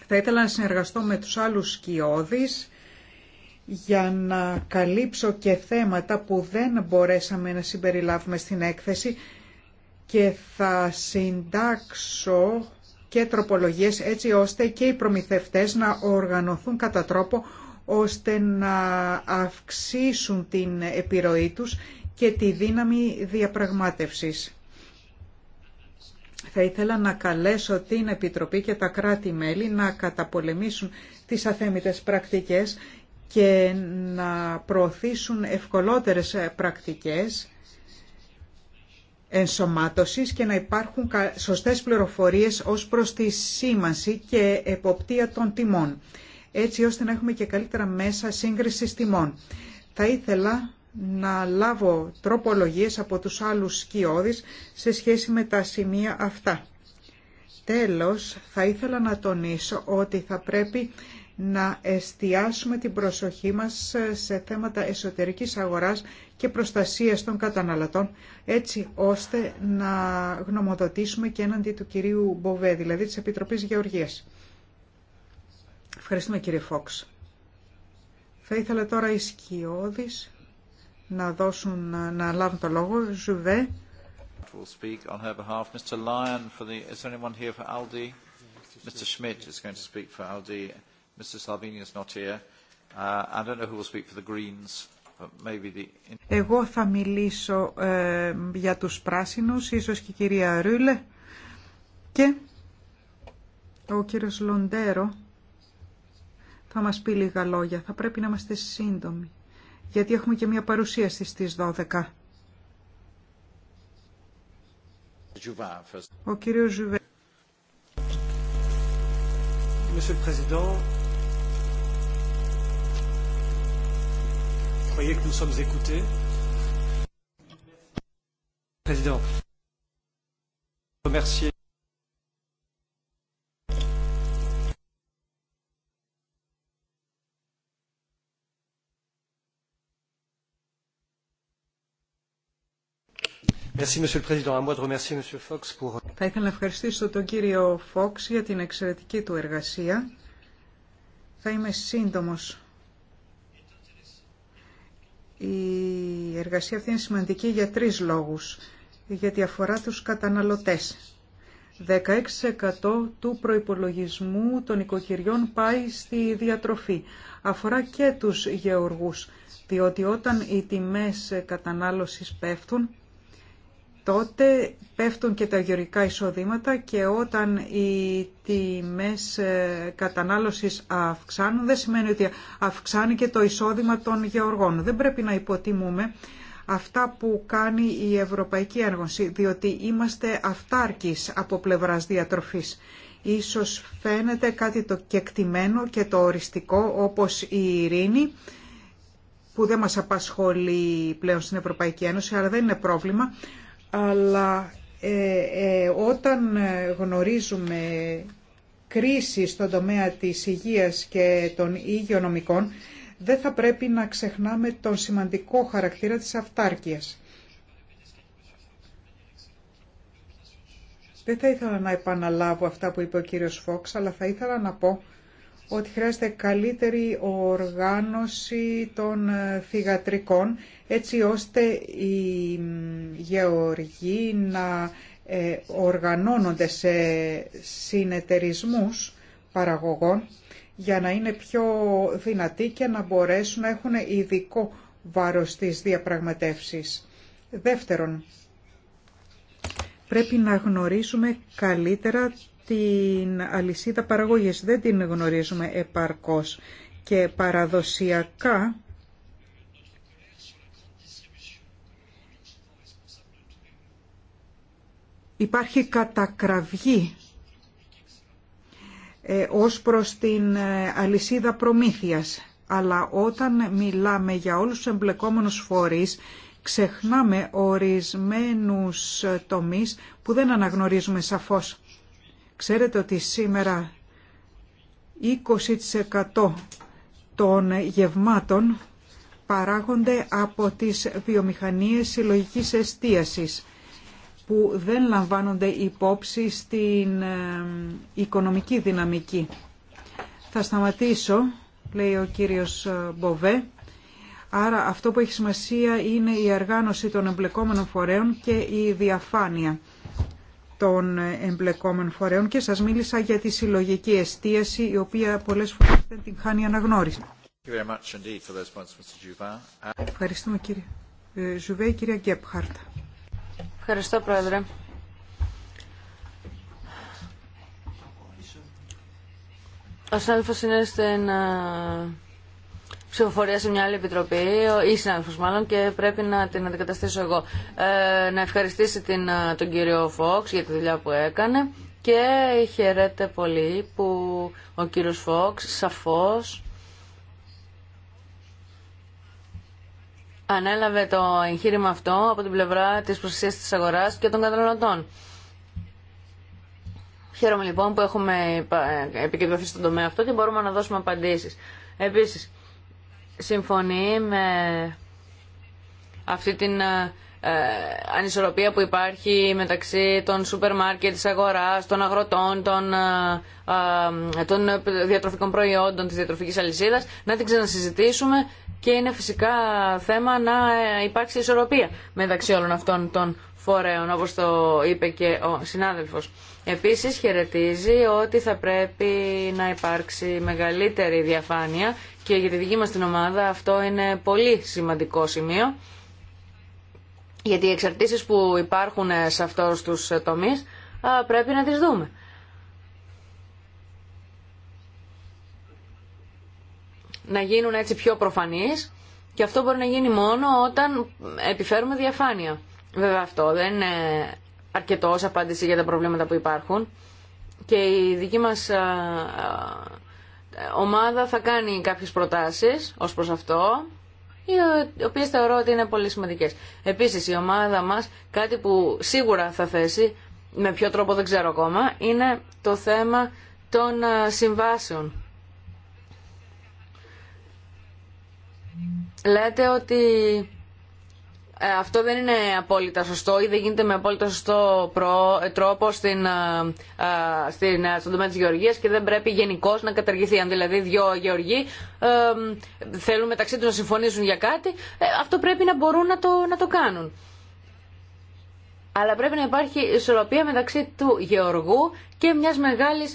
Θα ήθελα να συνεργαστώ με τους άλλους σκιώδεις για να καλύψω και θέματα που δεν μπορέσαμε να συμπεριλάβουμε στην έκθεση και θα συντάξω και τροπολογίες έτσι ώστε και οι προμηθευτές να οργανωθούν κατά τρόπο ώστε να αυξήσουν την επιρροή τους και τη δύναμη διαπραγμάτευσης. Θα ήθελα να καλέσω την Επιτροπή και τα κράτη-μέλη να καταπολεμήσουν τις αθέμητες πρακτικές και να προωθήσουν ευκολότερες πρακτικές ενσωμάτωσης και να υπάρχουν σωστές πληροφορίες ως προς τη σήμανση και εποπτεία των τιμών, έτσι ώστε να έχουμε και καλύτερα μέσα σύγκρισης τιμών. Θα ήθελα να λάβω τροπολογίες από τους άλλους σκιώδεις σε σχέση με τα σημεία αυτά. Τέλος, θα ήθελα να τονίσω ότι θα πρέπει να εστιάσουμε την προσοχή μας σε θέματα εσωτερικής αγοράς και προστασίας των καταναλωτών, έτσι ώστε να γνωμοδοτήσουμε και έναντι του κυρίου Μποβέ, δηλαδή της Επιτροπής Γεωργίας. Ευχαριστούμε κύριε Φόξ. Θα ήθελα τώρα οι σκιώδεις να, δώσουν, να λάβουν το λόγο. Ζουβέ. for εγώ θα μιλήσω ε, για τους πράσινους, ίσως και η κυρία Ρούλε και ο κύριος Λοντέρο θα μας πει λίγα λόγια. Θα πρέπει να είμαστε σύντομοι, γιατί έχουμε και μια παρουσίαση στις 12. Ο κύριος Ζουβέ. voyez que nous sommes écoutés. Président, remercier. Merci, Monsieur Monsieur le Président. À moi de remercier Fox pour. Θα ήθελα να ευχαριστήσω τον κύριο Φόξ για την εξαιρετική του εργασία. Θα είμαι σύντομος. Η εργασία αυτή είναι σημαντική για τρεις λόγους, γιατί αφορά τους καταναλωτές. 16% του προϋπολογισμού των οικοκυριών πάει στη διατροφή. Αφορά και τους γεωργούς, διότι όταν οι τιμές κατανάλωσης πέφτουν, τότε πέφτουν και τα γεωργικά εισοδήματα και όταν οι τιμές ε, κατανάλωσης αυξάνουν δεν σημαίνει ότι αυξάνει και το εισόδημα των γεωργών. Δεν πρέπει να υποτιμούμε αυτά που κάνει η Ευρωπαϊκή Ένωση, διότι είμαστε αυτάρκης από πλευράς διατροφής. Ίσως φαίνεται κάτι το κεκτημένο και το οριστικό όπως η ειρήνη, που δεν μας απασχολεί πλέον στην Ευρωπαϊκή Ένωση, αλλά δεν είναι πρόβλημα αλλά ε, ε, όταν γνωρίζουμε κρίση στον τομέα της υγείας και των υγειονομικών, δεν θα πρέπει να ξεχνάμε τον σημαντικό χαρακτήρα της αυτάρκειας. Δεν θα ήθελα να επαναλάβω αυτά που είπε ο κύριος Φόξ, αλλά θα ήθελα να πω ότι χρειάζεται καλύτερη οργάνωση των ε, θυγατρικών έτσι ώστε οι γεωργοί να ε, οργανώνονται σε συνεταιρισμούς παραγωγών για να είναι πιο δυνατοί και να μπορέσουν να έχουν ειδικό βάρος της διαπραγματεύσεις. Δεύτερον, πρέπει να γνωρίσουμε καλύτερα την αλυσίδα παραγωγής. Δεν την γνωρίζουμε επαρκώς και παραδοσιακά υπάρχει κατακραυγή ε, ως προς την ε, αλυσίδα προμήθειας. Αλλά όταν μιλάμε για όλους τους εμπλεκόμενους φορείς, ξεχνάμε ορισμένους ε, τομείς που δεν αναγνωρίζουμε σαφώς. Ξέρετε ότι σήμερα 20% των γευμάτων παράγονται από τις βιομηχανίες συλλογικής εστίασης που δεν λαμβάνονται υπόψη στην ε, οικονομική δυναμική. Θα σταματήσω, λέει ο κύριος ε, Μποβέ. Άρα αυτό που έχει σημασία είναι η αργάνωση των εμπλεκόμενων φορέων και η διαφάνεια των εμπλεκόμενων φορέων και σας μίλησα για τη συλλογική εστίαση η οποία πολλές φορές δεν την χάνει αναγνώριση. Ευχαριστούμε κύριε ε, Ζουβέ, κυρία Γκέπχαρτ. Ευχαριστώ Πρόεδρε. Ο Σάλφος είναι ένα ψηφοφορία σε μια άλλη επιτροπή, ή συνάδελφος μάλλον, και πρέπει να την αντικαταστήσω εγώ. Ε, να ευχαριστήσει την, ε, τον κύριο Φόξ για τη δουλειά που έκανε και χαιρέται πολύ που ο κύριος Φόξ σαφώς ανέλαβε το εγχείρημα αυτό από την πλευρά της προστασίας της αγοράς και των καταναλωτών. Χαίρομαι λοιπόν που έχουμε επικεντρωθεί στον τομέα αυτό και μπορούμε να δώσουμε απαντήσεις. Επίσης, συμφωνεί με αυτή την ε, ε, ανισορροπία που υπάρχει μεταξύ των σούπερ μάρκετ, της αγοράς, των αγροτών, των, ε, των διατροφικών προϊόντων, της διατροφικής αλυσίδας, να την ξανασυζητήσουμε και είναι φυσικά θέμα να υπάρξει ισορροπία μεταξύ όλων αυτών των φορέων, όπως το είπε και ο συνάδελφος. Επίσης χαιρετίζει ότι θα πρέπει να υπάρξει μεγαλύτερη διαφάνεια και για τη δική μας την ομάδα αυτό είναι πολύ σημαντικό σημείο γιατί οι εξαρτήσεις που υπάρχουν σε αυτούς τους τομείς πρέπει να τις δούμε. Να γίνουν έτσι πιο προφανείς και αυτό μπορεί να γίνει μόνο όταν επιφέρουμε διαφάνεια. Βέβαια αυτό δεν είναι αρκετό απάντηση για τα προβλήματα που υπάρχουν και η δική μας ομάδα θα κάνει κάποιες προτάσεις ως προς αυτό, οι οποίες θεωρώ ότι είναι πολύ σημαντικές. Επίσης η ομάδα μας, κάτι που σίγουρα θα θέσει, με ποιο τρόπο δεν ξέρω ακόμα, είναι το θέμα των ε, συμβάσεων. Λέτε ότι ε, αυτό δεν είναι απόλυτα σωστό ή δεν γίνεται με απόλυτα σωστό ε, τρόπο ε, στον τομέα τη γεωργίας και δεν πρέπει γενικώ να καταργηθεί. Αν δηλαδή δύο γεωργοί θέλουν μεταξύ του να συμφωνήσουν για κάτι, αυτό πρέπει να μπορούν να το, να το κάνουν. Αλλά πρέπει να υπάρχει ισορροπία μεταξύ του γεωργού και μια μεγάλη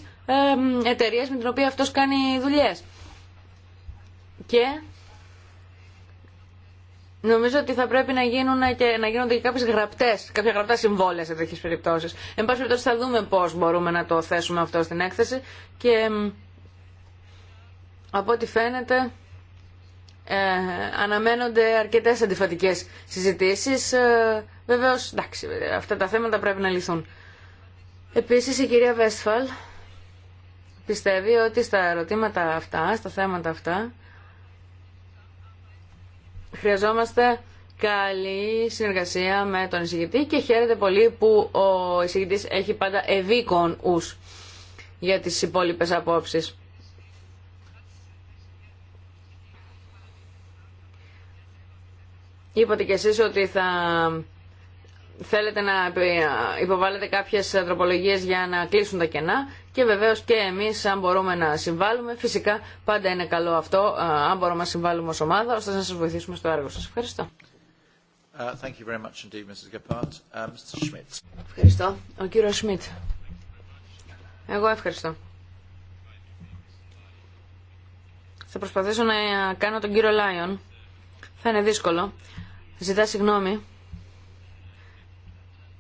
εταιρεία με την οποία αυτό κάνει δουλειέ. Και Νομίζω ότι θα πρέπει να, γίνουν και, να γίνονται και κάποιε γραπτές, κάποια γραπτά συμβόλαια σε τέτοιε περιπτώσεις. Εν πάση περιπτώσει θα δούμε πώς μπορούμε να το θέσουμε αυτό στην έκθεση και από ό,τι φαίνεται ε, αναμένονται αρκετέ αντιφατικέ συζητήσει. Ε, εντάξει, αυτά τα θέματα πρέπει να λυθούν. Επίση, η κυρία Βέσφαλ πιστεύει ότι στα ερωτήματα αυτά, στα θέματα αυτά, Χρειαζόμαστε καλή συνεργασία με τον εισηγητή και χαίρεται πολύ που ο εισηγητής έχει πάντα ευήκον ους για τις υπόλοιπες απόψεις. Είπατε κι εσείς ότι θα θέλετε να υποβάλλετε κάποιες τροπολογίες για να κλείσουν τα κενά και βεβαίως και εμείς αν μπορούμε να συμβάλλουμε. Φυσικά πάντα είναι καλό αυτό αν μπορούμε να συμβάλλουμε ως ομάδα ώστε να σα βοηθήσουμε στο έργο σα. Ευχαριστώ. Ευχαριστώ. Ο κύριο Σμιτ. Εγώ ευχαριστώ. Θα προσπαθήσω να κάνω τον κύριο Λάιον. Θα είναι δύσκολο. Ζητά συγγνώμη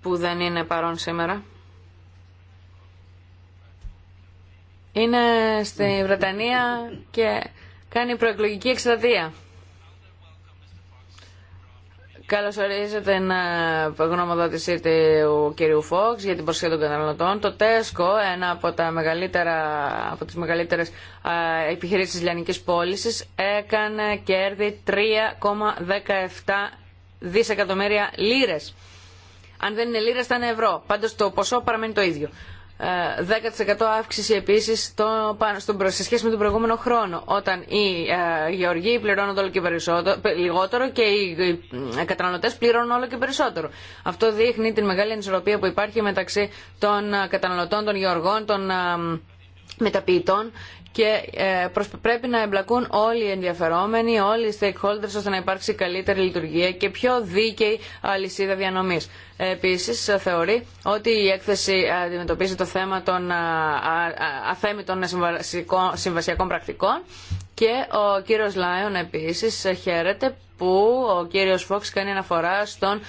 που δεν είναι παρόν σήμερα. είναι στη Βρετανία και κάνει προεκλογική εκστρατεία. ορίζετε την γνωμοδότησή του κυρίου Φόξ για την προσοχή των καταναλωτών. Το Τέσκο, ένα από, τα μεγαλύτερα, από τις μεγαλύτερες επιχειρήσεις λιανικής πώλησης, έκανε κέρδη 3,17 δισεκατομμύρια λίρες. Αν δεν είναι λίρες θα είναι ευρώ. Πάντως το ποσό παραμένει το ίδιο. 10% αύξηση επίσης στον, σε σχέση με τον προηγούμενο χρόνο όταν οι ε, γεωργοί πληρώνονται όλο και λιγότερο και οι, οι ε, καταναλωτές πληρώνουν όλο και περισσότερο. Αυτό δείχνει την μεγάλη ανισορροπία που υπάρχει μεταξύ των ε, καταναλωτών, των γεωργών, των μεταποιητών και ε, πρέπει να εμπλακούν όλοι οι ενδιαφερόμενοι, όλοι οι stakeholders ώστε να υπάρξει καλύτερη λειτουργία και πιο δίκαιη αλυσίδα διανομής. Επίσης ε, θεωρεί ότι η έκθεση αντιμετωπίζει το θέμα των ε, αθέμητων συμβασιακών πρακτικών και ο κύριος Λάιον επίσης χαίρεται που ο κύριος Φόξ κάνει αναφορά στον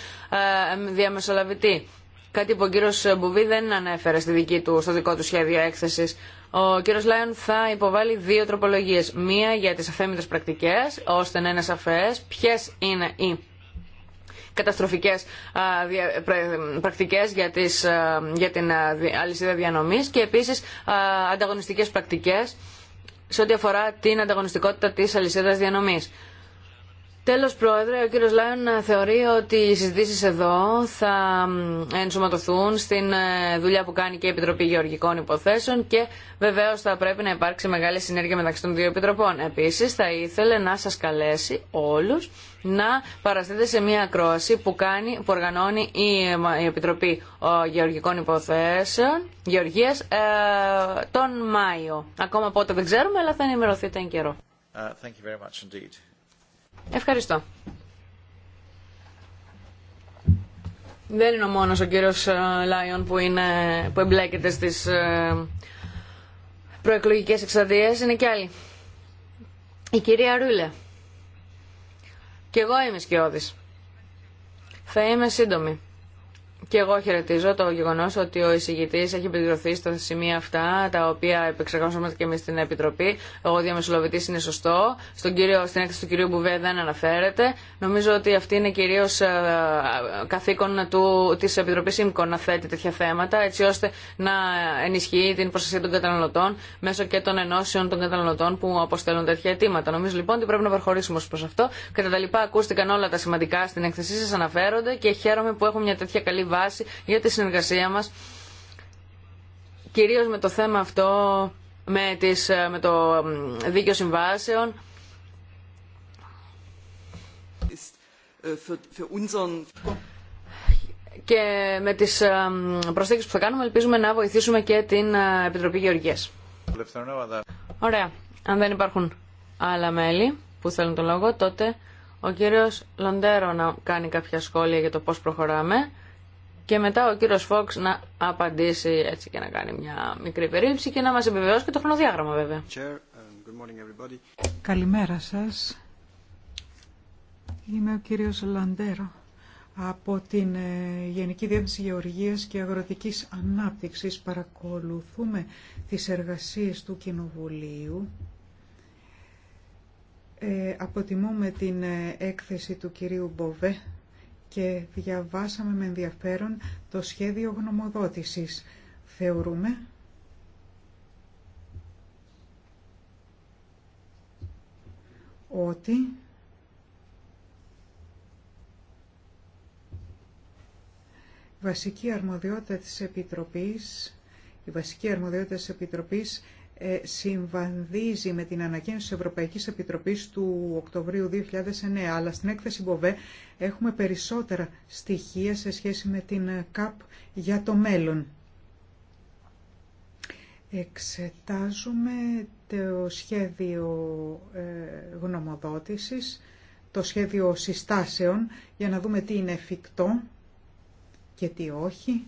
διαμεσολαβητή. Κάτι που ο κύριος Μπουβί δεν ανέφερε στη δική του, στο δικό του σχέδιο έκθεσης. Ο κύριος Λάιον θα υποβάλει δύο τροπολογίες. Μία για τις αφέμητε πρακτικές, ώστε να είναι σαφές ποιες είναι οι καταστροφικές πρακτικές για, για την αλυσίδα διανομής και επίσης ανταγωνιστικές πρακτικές σε ό,τι αφορά την ανταγωνιστικότητα της αλυσίδας διανομής. Τέλο Πρόεδρε, ο κύριο Λάιον θεωρεί ότι οι συζητήσει εδώ θα ενσωματωθούν στην ε, δουλειά που κάνει και η Επιτροπή Γεωργικών Υποθέσεων και βεβαίω θα πρέπει να υπάρξει μεγάλη συνέργεια μεταξύ των δύο επιτροπών. Επίση, θα ήθελε να σα καλέσει όλου να παραστείτε σε μια ακρόαση που, κάνει, που οργανώνει η Επιτροπή Γεωργικών Υποθέσεων Γεωργίας ε, τον Μάιο. Ακόμα πότε δεν ξέρουμε, αλλά θα ενημερωθείτε εν καιρό. Uh, Ευχαριστώ. Δεν είναι ο μόνος ο κύριος ε, Λάιον που, είναι, που εμπλέκεται στις ε, προεκλογικές εξαδίες, είναι και άλλοι. Η κυρία Ρούλε. Και εγώ είμαι σκιώδης. Θα είμαι σύντομη. Και εγώ χαιρετίζω το γεγονό ότι ο εισηγητή έχει επικεντρωθεί στα σημεία αυτά, τα οποία επεξεργαζόμαστε και εμεί στην Επιτροπή. Ο διαμεσολαβητή είναι σωστό. Στον κύριο, στην έκθεση του κυρίου Μπουβέ δεν αναφέρεται. Νομίζω ότι αυτή είναι κυρίω ε, καθήκον τη Επιτροπή ΣΥΜΚΟ να θέτει τέτοια θέματα, έτσι ώστε να ενισχύει την προστασία των καταναλωτών μέσω και των ενώσεων των καταναλωτών που αποστέλουν τέτοια αιτήματα. Νομίζω λοιπόν ότι πρέπει να προχωρήσουμε ω προ αυτό. Κατά τα λοιπά, ακούστηκαν όλα τα σημαντικά στην έκθεσή σα, αναφέρονται και χαίρομαι που έχουμε μια τέτοια καλή βάση βάση για τη συνεργασία μας, κυρίως με το θέμα αυτό, με, τις, ε, με το δίκαιο συμβάσεων. Äh, και με τις ε, προσθήκες που θα κάνουμε ελπίζουμε να βοηθήσουμε και την ε, Επιτροπή Γεωργίας. Ωραία. Αν δεν υπάρχουν άλλα μέλη που θέλουν το λόγο, τότε ο κύριος Λοντέρο να κάνει κάποια σχόλια για το πώς προχωράμε και μετά ο κύριος Φόξ να απαντήσει έτσι και να κάνει μια μικρή περίληψη και να μας επιβεβαιώσει και το χρονοδιάγραμμα βέβαια. Um, Καλημέρα σας. Είμαι ο κύριος Λαντέρο από την ε, Γενική Διεύθυνση Γεωργίας και Αγροτικής Ανάπτυξης. Παρακολουθούμε τις εργασίες του Κοινοβουλίου. Ε, αποτιμούμε την ε, έκθεση του κυρίου Μποβέ και διαβάσαμε με ενδιαφέρον το σχέδιο γνωμοδότησης. Θεωρούμε ότι η βασική αρμοδιότητα της Επιτροπής η βασική αρμοδιότητα της Επιτροπής ε, συμβανδίζει με την ανακοίνωση της Ευρωπαϊκής Επιτροπής του Οκτωβρίου 2009, αλλά στην έκθεση Μποβέ έχουμε περισσότερα στοιχεία σε σχέση με την ΚΑΠ για το μέλλον. Εξετάζουμε το σχέδιο ε, γνωμοδότησης, το σχέδιο συστάσεων, για να δούμε τι είναι εφικτό και τι όχι,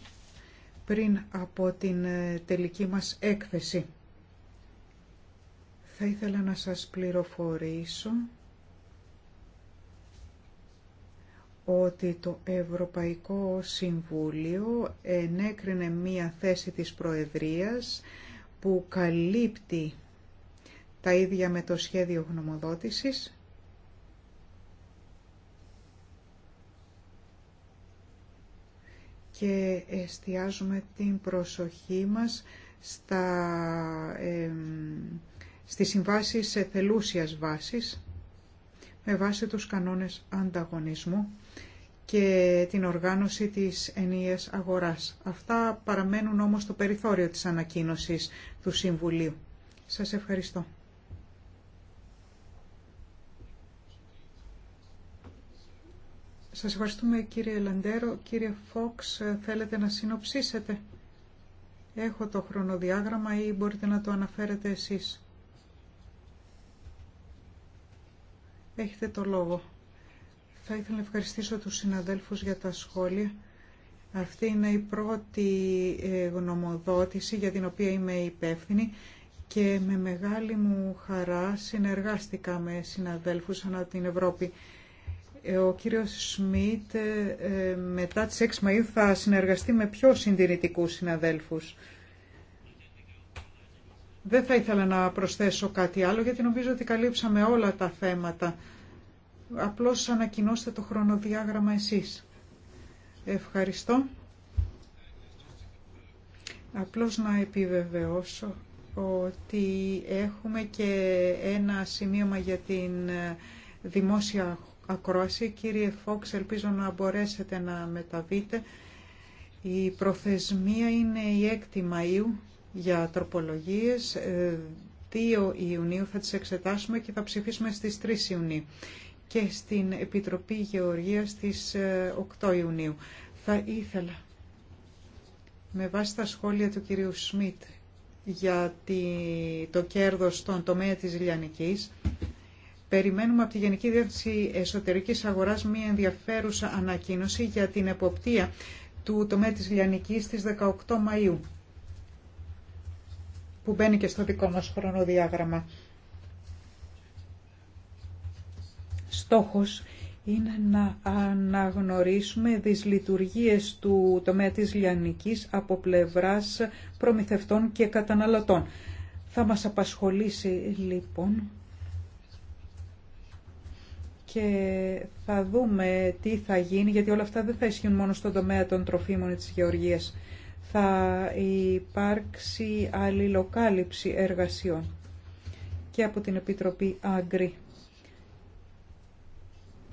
πριν από την ε, τελική μας έκθεση. Θα ήθελα να σας πληροφορήσω ότι το Ευρωπαϊκό Συμβούλιο ενέκρινε μία θέση της Προεδρίας που καλύπτει τα ίδια με το σχέδιο γνωμοδότησης και εστιάζουμε την προσοχή μας στα στις συμβάσεις σε θελούσιας βάσης με βάση τους κανόνες ανταγωνισμού και την οργάνωση της ενίας αγοράς. Αυτά παραμένουν όμως το περιθώριο της ανακοίνωσης του Συμβουλίου. Σας ευχαριστώ. Σας ευχαριστούμε κύριε Λαντέρο. Κύριε Φόξ, θέλετε να συνοψίσετε. Έχω το χρονοδιάγραμμα ή μπορείτε να το αναφέρετε εσείς. Έχετε το λόγο. Θα ήθελα να ευχαριστήσω τους συναδέλφους για τα σχόλια. Αυτή είναι η πρώτη ε, γνωμοδότηση για την οποία είμαι υπεύθυνη και με μεγάλη μου χαρά συνεργάστηκα με συναδέλφους ανά την Ευρώπη. Ε, ο κύριος Σμιτ ε, μετά τις 6 Μαΐου θα συνεργαστεί με πιο συντηρητικούς συναδέλφους. Δεν θα ήθελα να προσθέσω κάτι άλλο γιατί νομίζω ότι καλύψαμε όλα τα θέματα. Απλώς ανακοινώστε το χρονοδιάγραμμα εσείς. Ευχαριστώ. Απλώς να επιβεβαιώσω ότι έχουμε και ένα σημείωμα για την ε, δημόσια ακρόαση. Κύριε Φόξ, ελπίζω να μπορέσετε να μεταβείτε. Η προθεσμία είναι η 6η Μαΐου για τροπολογίες. 2 ε, Ιουνίου θα τις εξετάσουμε και θα ψηφίσουμε στις 3 Ιουνίου και στην Επιτροπή Γεωργίας στις 8 ε, Ιουνίου. Θα ήθελα, με βάση τα σχόλια του κυρίου Σμιτ για το κέρδος στον τομέα της Λιανικής, περιμένουμε από τη Γενική Διεύθυνση Εσωτερικής Αγοράς μία ενδιαφέρουσα ανακοίνωση για την εποπτεία του τομέα της Λιανικής στις 18 Μαΐου που μπαίνει και στο δικό μας χρονοδιάγραμμα. Στόχος είναι να αναγνωρίσουμε τις λειτουργίες του τομέα της λιανικής από πλευράς προμηθευτών και καταναλωτών. Θα μας απασχολήσει λοιπόν και θα δούμε τι θα γίνει, γιατί όλα αυτά δεν θα ισχύουν μόνο στον τομέα των τροφίμων της γεωργίας θα υπάρξει αλληλοκάλυψη εργασιών και από την Επιτροπή Άγκρη.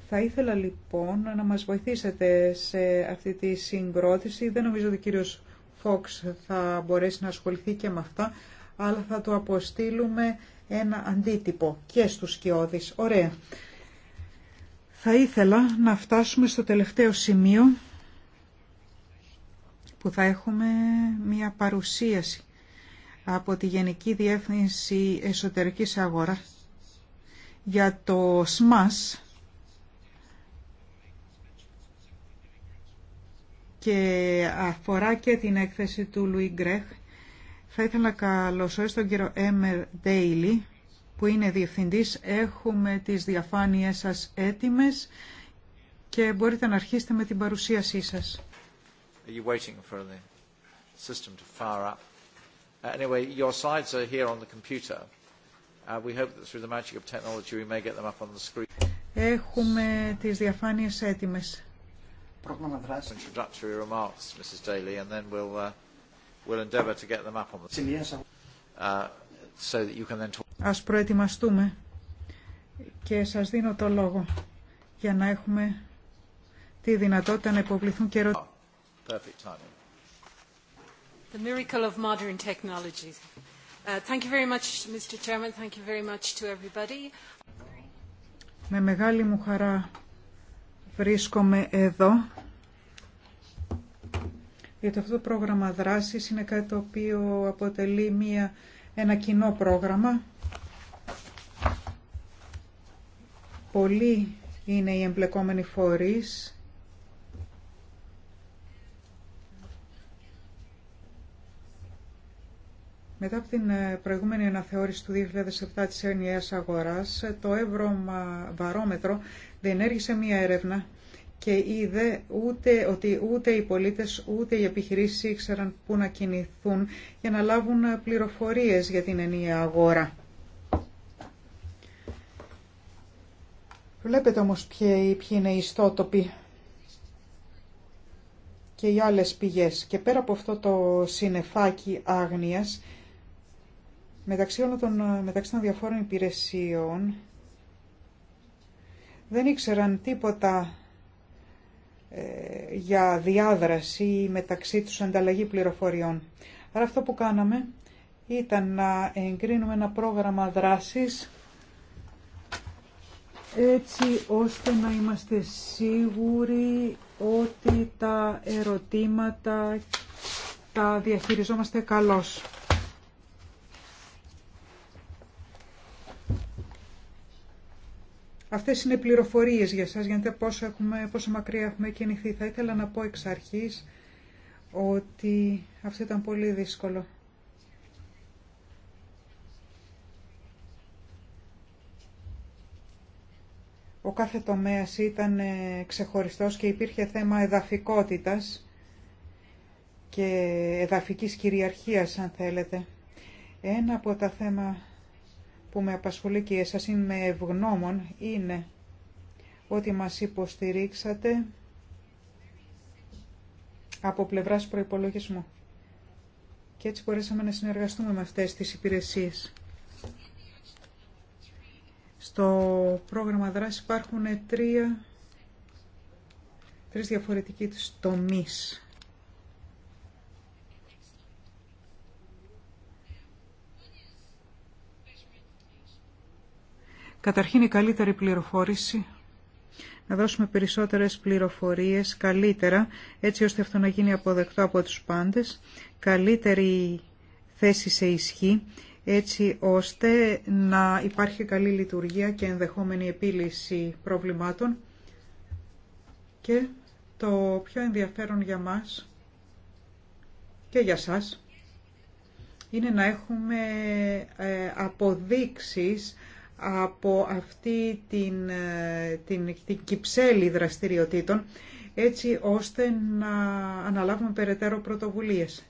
Θα ήθελα λοιπόν να μας βοηθήσετε σε αυτή τη συγκρότηση. Δεν νομίζω ότι ο κύριος Φόξ θα μπορέσει να ασχοληθεί και με αυτά, αλλά θα του αποστείλουμε ένα αντίτυπο και στους σκιώδεις. Ωραία. Θα ήθελα να φτάσουμε στο τελευταίο σημείο που θα έχουμε μία παρουσίαση από τη Γενική Διεύθυνση Εσωτερικής Αγοράς για το ΣΜΑΣ και αφορά και την έκθεση του Λουί Γκρέχ. Θα ήθελα να καλωσορίσω τον κύριο Έμερ Ντέιλι που είναι διευθυντής. Έχουμε τις διαφάνειές σας έτοιμες και μπορείτε να αρχίσετε με την παρουσίασή σας. Are you waiting for the system to fire up? Anyway, your slides are here on the computer. We hope that through the magic of technology we may get them up on the screen. Έχουμε τις διαφάνειες έτοιμες. Πρόγραμμα δράσης. Introductory remarks, Mrs. Daly, and then we'll uh, we'll endeavour to get them up on the screen. Uh, so that you can then talk. Ας προετοιμαστούμε και σας δίνω το λόγο για να έχουμε τη δυνατότητα να υποβληθούν και ερωτήσεις. Perfect timing. The miracle of modern technology. Uh, Thank you very much, Mr. Chairman. Thank you very much to everybody. Με μεγάλη μου χαρά βρίσκομαι εδώ, γιατί αυτό το πρόγραμμα δράσης είναι κάτι το οποίο αποτελεί μια, ένα κοινό πρόγραμμα. Πολλοί είναι οι εμπλεκόμενοι φορείς Μετά από την ε, προηγούμενη αναθεώρηση του 2007 της ενιαίας αγοράς, ε, το Εύρωμα Βαρόμετρο διενέργησε μία έρευνα και είδε ούτε, ότι ούτε οι πολίτες ούτε οι επιχειρήσεις ήξεραν πού να κινηθούν για να λάβουν ε, πληροφορίες για την ενιαία αγορά. Βλέπετε όμως ποιοι είναι οι ιστότοποι και οι άλλες πηγές. Και πέρα από αυτό το συνεφάκι άγνοιας, μεταξύ όλων των, ε, μεταξύ των διαφόρων υπηρεσιών δεν ήξεραν τίποτα ε, για διάδραση μεταξύ τους ανταλλαγή πληροφοριών. Άρα αυτό που κάναμε ήταν να εγκρίνουμε ένα πρόγραμμα δράσης έτσι ώστε να είμαστε σίγουροι ότι τα ερωτήματα τα διαχειριζόμαστε καλώς. Αυτές είναι πληροφορίες για σας, γιατί πόσο, έχουμε, πόσο μακριά έχουμε κινηθεί. Θα ήθελα να πω εξ αρχής ότι αυτό ήταν πολύ δύσκολο. Ο κάθε τομέας ήταν ε, ξεχωριστός και υπήρχε θέμα εδαφικότητας και εδαφικής κυριαρχίας, αν θέλετε. Ένα από τα θέματα που με απασχολεί και εσάς είμαι ευγνώμων είναι ότι μας υποστηρίξατε από πλευράς προϋπολογισμού. Και έτσι μπορέσαμε να συνεργαστούμε με αυτές τις υπηρεσίες. Στο πρόγραμμα δράση υπάρχουν τρία, τρεις διαφορετικοί τομείς. Καταρχήν η καλύτερη πληροφόρηση, να δώσουμε περισσότερες πληροφορίες καλύτερα, έτσι ώστε αυτό να γίνει αποδεκτό από τους πάντες, καλύτερη θέση σε ισχύ, έτσι ώστε να υπάρχει καλή λειτουργία και ενδεχόμενη επίλυση προβλημάτων. Και το πιο ενδιαφέρον για μας και για σας είναι να έχουμε ε, αποδείξεις από αυτή την, κυψέλη δραστηριοτήτων έτσι ώστε να αναλάβουμε περαιτέρω πρωτοβουλίες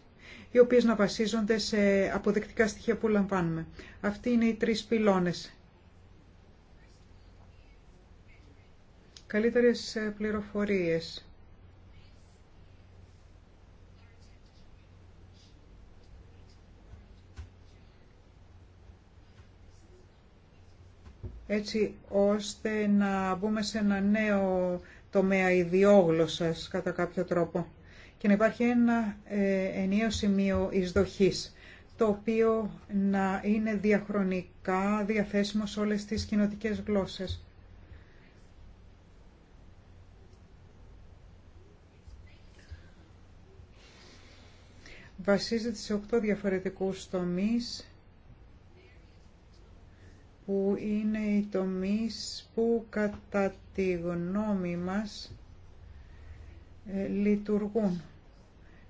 οι οποίες να βασίζονται σε αποδεκτικά στοιχεία που λαμβάνουμε. Αυτοί είναι οι τρεις πυλώνες. Καλύτερες ε, πληροφορίες έτσι ώστε να μπούμε σε ένα νέο τομέα ιδιόγλωσσας κατά κάποιο τρόπο και να υπάρχει ένα ε, ενίο σημείο εισδοχής το οποίο να είναι διαχρονικά διαθέσιμο σε όλες τις κοινοτικές γλώσσες. Βασίζεται σε οκτώ διαφορετικούς τομείς που είναι οι τομείς που κατά τη γνώμη μας ε, λειτουργούν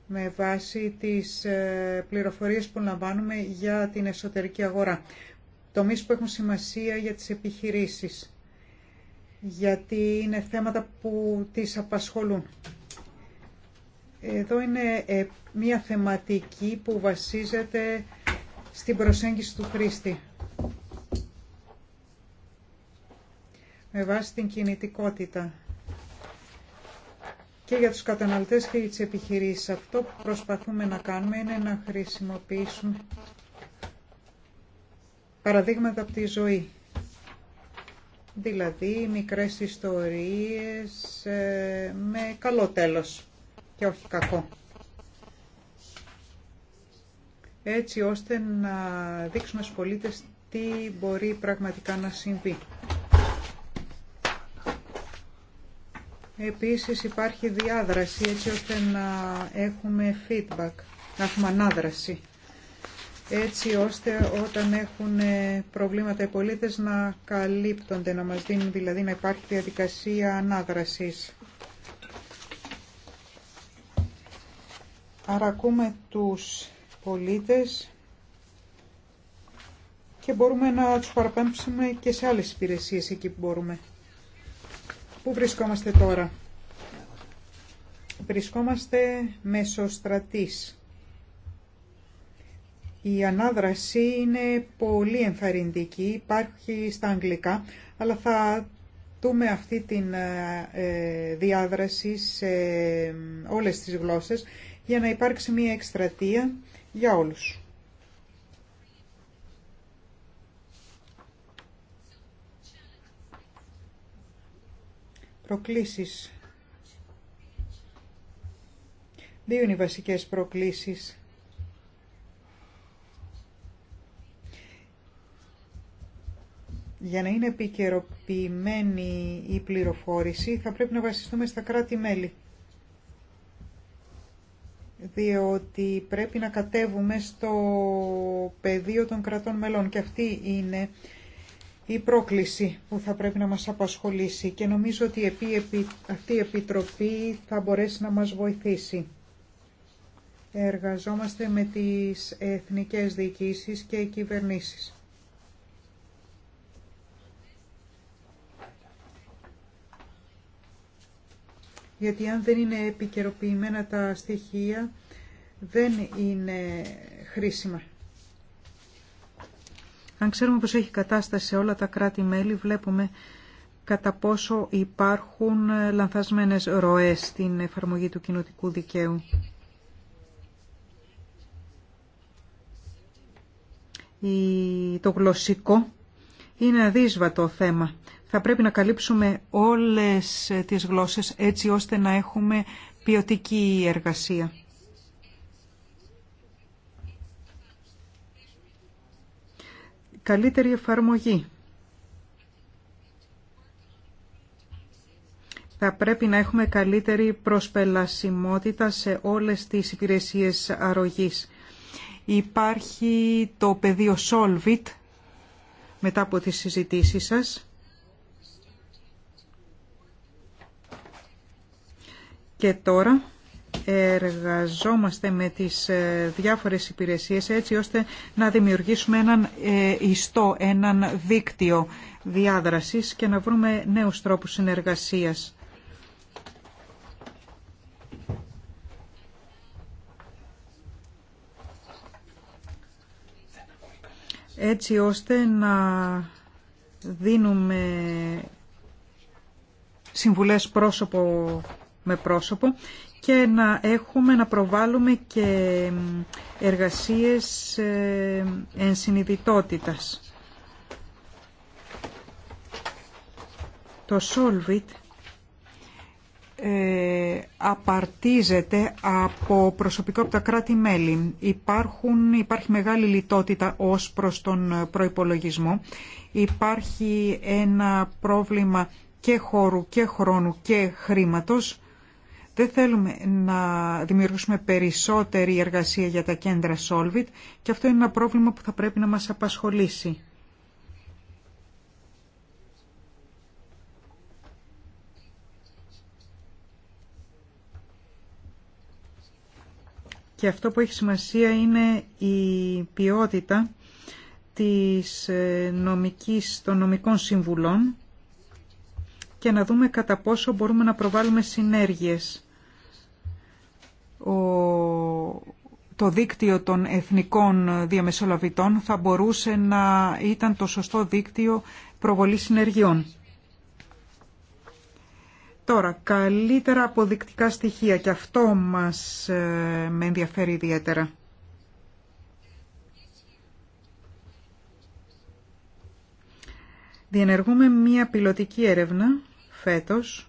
με βάση τις ε, πληροφορίες που λαμβάνουμε για την εσωτερική αγορά. Τομείς που έχουν σημασία για τις επιχειρήσεις, γιατί είναι θέματα που τις απασχολούν. Εδώ είναι ε, μια θεματική που βασίζεται στην προσέγγιση του χρήστη. με βάση την κινητικότητα και για τους καταναλωτές και για τις επιχειρήσεις. Αυτό που προσπαθούμε να κάνουμε είναι να χρησιμοποιήσουμε παραδείγματα από τη ζωή. Δηλαδή μικρές ιστορίες ε, με καλό τέλος και όχι κακό. Έτσι ώστε να δείξουμε στους πολίτες τι μπορεί πραγματικά να συμβεί. Επίσης υπάρχει διάδραση έτσι ώστε να έχουμε feedback, να έχουμε ανάδραση. Έτσι ώστε όταν έχουν προβλήματα οι πολίτες να καλύπτονται, να μας δίνουν δηλαδή να υπάρχει διαδικασία ανάδρασης. ακούμε τους πολίτες και μπορούμε να τους παραπέμψουμε και σε άλλες υπηρεσίες εκεί που μπορούμε. Πού βρισκόμαστε τώρα. Βρισκόμαστε μεσοστρατής. Η ανάδραση είναι πολύ ενθαρρυντική, υπάρχει στα αγγλικά, αλλά θα δούμε αυτή την ε, ε, διάδραση σε ε, όλες τις γλώσσες για να υπάρξει μια εκστρατεία για όλους. Προκλήσεις. Δύο είναι οι βασικές προκλήσεις. Για να είναι επικαιροποιημένη η πληροφόρηση θα πρέπει να βασιστούμε στα κράτη-μέλη διότι πρέπει να κατέβουμε στο πεδίο των κρατών μελών και αυτή είναι η πρόκληση που θα πρέπει να μας απασχολήσει και νομίζω ότι αυτή η Επιτροπή θα μπορέσει να μας βοηθήσει. Εργαζόμαστε με τις εθνικές διοικήσεις και κυβερνήσεις. Γιατί αν δεν είναι επικαιροποιημένα τα στοιχεία, δεν είναι χρήσιμα. Αν ξέρουμε πως έχει κατάσταση σε όλα τα κράτη-μέλη, βλέπουμε κατά πόσο υπάρχουν ε, λανθασμένες ροές στην εφαρμογή του κοινοτικού δικαίου. Το γλωσσικό είναι αδύσβατο θέμα. Θα πρέπει να καλύψουμε όλες ε, τις γλώσσες έτσι ώστε να έχουμε ποιοτική εργασία. καλύτερη εφαρμογή. Θα πρέπει να έχουμε καλύτερη προσπελασιμότητα σε όλες τις υπηρεσίες αρρωγής. Υπάρχει το πεδίο Solvit μετά από τις συζητήσεις σας. Και τώρα εργαζόμαστε με τις ε, διάφορες υπηρεσίες έτσι ώστε να δημιουργήσουμε έναν ε, ιστό, έναν δίκτυο διάδρασης και να βρούμε νέους τρόπους συνεργασίας. έτσι ώστε να δίνουμε συμβουλές πρόσωπο με πρόσωπο και να έχουμε, να προβάλλουμε και εργασίες ε, ενσυνειδητότητας. Το Solvit ε, απαρτίζεται από προσωπικό από τα κράτη-μέλη. Υπάρχει μεγάλη λιτότητα ως προς τον προϋπολογισμό. Υπάρχει ένα πρόβλημα και χώρου και χρόνου και χρήματος δεν θέλουμε να δημιουργήσουμε περισσότερη εργασία για τα κέντρα Solvit και αυτό είναι ένα πρόβλημα που θα πρέπει να μας απασχολήσει. Και αυτό που έχει σημασία είναι η ποιότητα της ε, νομικής, των νομικών συμβουλών και να δούμε κατά πόσο μπορούμε να προβάλλουμε συνέργειες ο το δίκτυο των εθνικών διαμεσολαβητών θα μπορούσε να ήταν το σωστό δίκτυο προβολής συνεργειών. Τώρα, καλύτερα αποδεικτικά στοιχεία και αυτό μας ε, με ενδιαφέρει ιδιαίτερα. Διενεργούμε μία πιλωτική έρευνα φέτος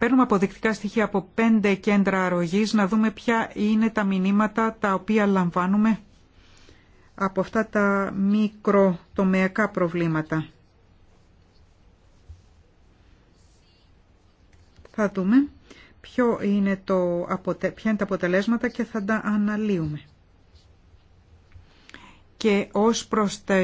Παίρνουμε αποδεικτικά στοιχεία από πέντε κέντρα αρρωγής να δούμε ποια είναι τα μηνύματα τα οποία λαμβάνουμε από αυτά τα μικροτομεακά προβλήματα. Θα δούμε είναι το, ποια είναι τα αποτελέσματα και θα τα αναλύουμε και ως προς τα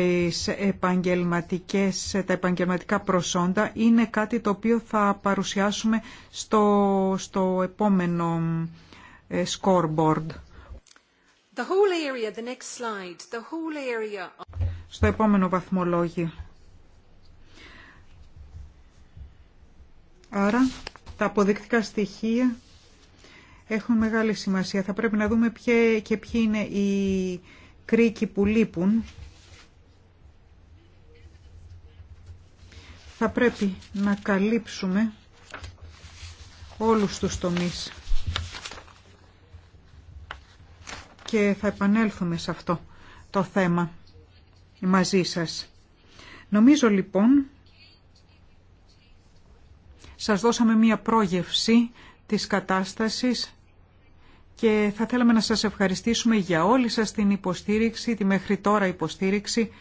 επαγγελματικά προσόντα είναι κάτι το οποίο θα παρουσιάσουμε στο, επόμενο scoreboard. Στο επόμενο βαθμολόγιο. Άρα τα αποδεικτικά στοιχεία έχουν μεγάλη σημασία. Θα πρέπει να δούμε και ποιοι είναι οι κρίκοι που λείπουν θα πρέπει να καλύψουμε όλους τους τομείς και θα επανέλθουμε σε αυτό το θέμα μαζί σας. Νομίζω λοιπόν σας δώσαμε μία πρόγευση της κατάστασης και θα θέλαμε να σας ευχαριστήσουμε για όλη σας την υποστήριξη, τη μέχρι τώρα υποστήριξη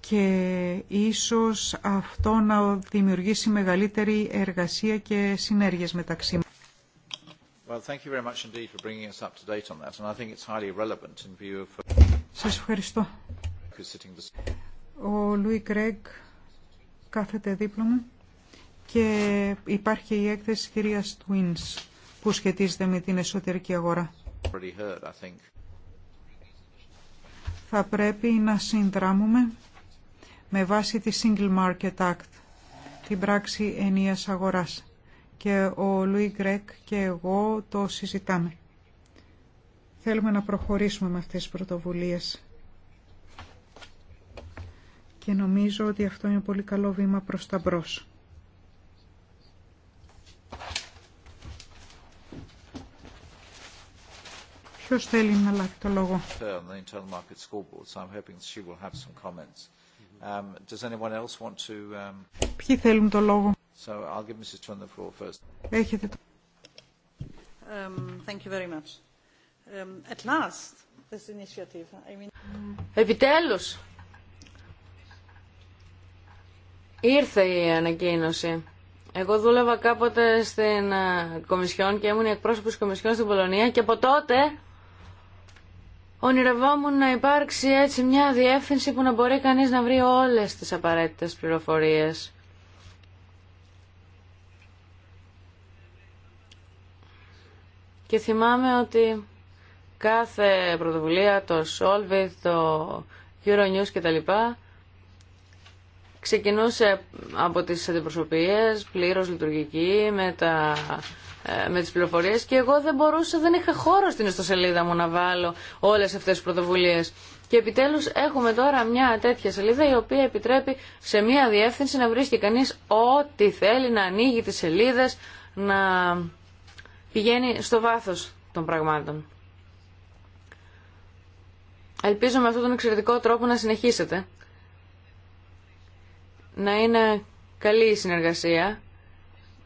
και ίσως αυτό να δημιουργήσει μεγαλύτερη εργασία και συνέργειες μεταξύ μας. Σας ευχαριστώ. Ο Λουί Κρέγκ κάθεται δίπλα μου και υπάρχει η έκθεση κυρίας Twins που σχετίζεται με την εσωτερική αγορά. Θα πρέπει να συνδράμουμε με βάση τη Single Market Act, την πράξη ενίας αγοράς. Και ο Λουί Γκρέκ και εγώ το συζητάμε. Θέλουμε να προχωρήσουμε με αυτές τις πρωτοβουλίες. Και νομίζω ότι αυτό είναι πολύ καλό βήμα προς τα μπρος. Ποιος θέλει να λάβει το λόγο. Um, um, Ποιοι θέλουν το λόγο. So I'll give Mrs. the floor first. Έχετε το Um, thank you very much. Um, at last, this initiative. I mean... Επιτέλους, ήρθε η ανακοίνωση. Εγώ δούλευα κάποτε στην ε, Κομισιόν και ήμουν εκπρόσωπος της Κομισιόν στην Πολωνία και από τότε Ονειρευόμουν να υπάρξει έτσι μια διεύθυνση που να μπορεί κανείς να βρει όλες τις απαραίτητες πληροφορίες. Και θυμάμαι ότι κάθε πρωτοβουλία, το Solvit, το Euronews κτλ. ξεκινούσε από τις αντιπροσωπείες, πλήρως λειτουργική, με τα ε, με τις πληροφορίες και εγώ δεν μπορούσα, δεν είχα χώρο στην ιστοσελίδα μου να βάλω όλες αυτές τις πρωτοβουλίες. Και επιτέλους έχουμε τώρα μια τέτοια σελίδα η οποία επιτρέπει σε μια διεύθυνση να βρίσκει κανείς ό,τι θέλει, να ανοίγει τις σελίδες, να πηγαίνει στο βάθος των πραγμάτων. Ελπίζω με αυτόν τον εξαιρετικό τρόπο να συνεχίσετε. Να είναι καλή η συνεργασία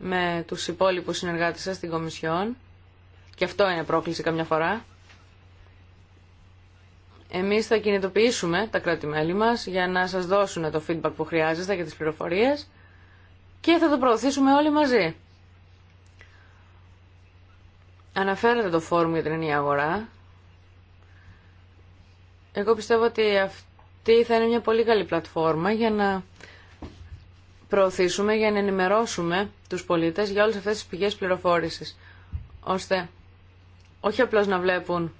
με τους υπόλοιπους συνεργάτες σας στην Κομισιόν και αυτό είναι πρόκληση καμιά φορά. Εμείς θα κινητοποιήσουμε τα κράτη-μέλη μας για να σας δώσουν το feedback που χρειάζεστε και τις πληροφορίες και θα το προωθήσουμε όλοι μαζί. Αναφέρατε το φόρουμ για την ενιαία αγορά. Εγώ πιστεύω ότι αυτή θα είναι μια πολύ καλή πλατφόρμα για να προωθήσουμε για να ενημερώσουμε τους πολίτες για όλες αυτές τις πηγές πληροφόρησης, ώστε όχι απλώς να βλέπουν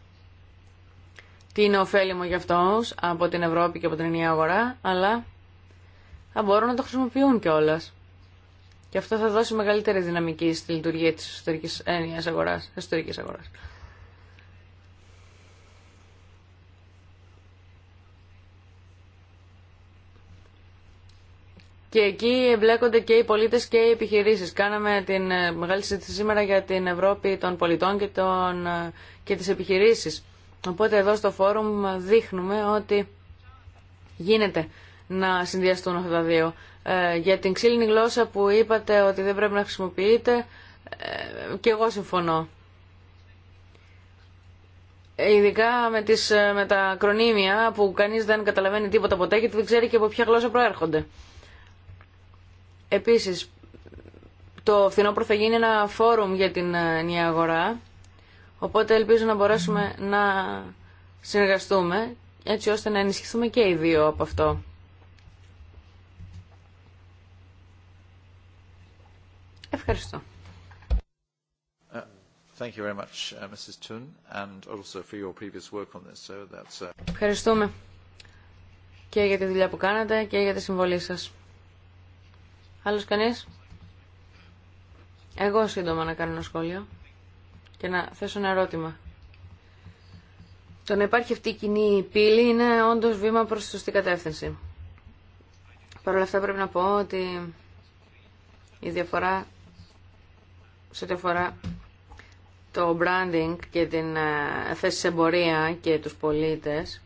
τι είναι ωφέλιμο για αυτούς από την Ευρώπη και από την ενιαία αγορά, αλλά θα μπορούν να το χρησιμοποιούν κιόλα. Και αυτό θα δώσει μεγαλύτερη δυναμική στη λειτουργία της εσωτερική ενιαίας Και εκεί εμπλέκονται και οι πολίτες και οι επιχειρήσεις. Κάναμε την ε, μεγάλη συζήτηση σήμερα για την Ευρώπη των πολιτών και, των, ε, και τις επιχειρήσεις. Οπότε εδώ στο φόρουμ δείχνουμε ότι γίνεται να συνδυαστούν αυτά τα δύο. Ε, για την ξύλινη γλώσσα που είπατε ότι δεν πρέπει να χρησιμοποιείτε, και εγώ συμφωνώ. Ειδικά με, τις, με τα κρονίμια που κανείς δεν καταλαβαίνει τίποτα ποτέ και δεν ξέρει και από ποια γλώσσα προέρχονται. Επίσης, το φθινόπωρο θα γίνει ένα φόρουμ για την ε, νέα αγορά, οπότε ελπίζω να μπορέσουμε να συνεργαστούμε, έτσι ώστε να ενισχυθούμε και οι δύο από αυτό. Ευχαριστώ. Ευχαριστούμε και για τη δουλειά που κάνατε και για τη συμβολή σας. Άλλος κανείς. Εγώ σύντομα να κάνω ένα σχόλιο και να θέσω ένα ερώτημα. Το να υπάρχει αυτή η κοινή πύλη είναι όντως βήμα προς τη σωστή κατεύθυνση. Παρ' όλα αυτά πρέπει να πω ότι η διαφορά σε ό,τι αφορά το branding και την ε, θέση σε εμπορία και τους πολίτες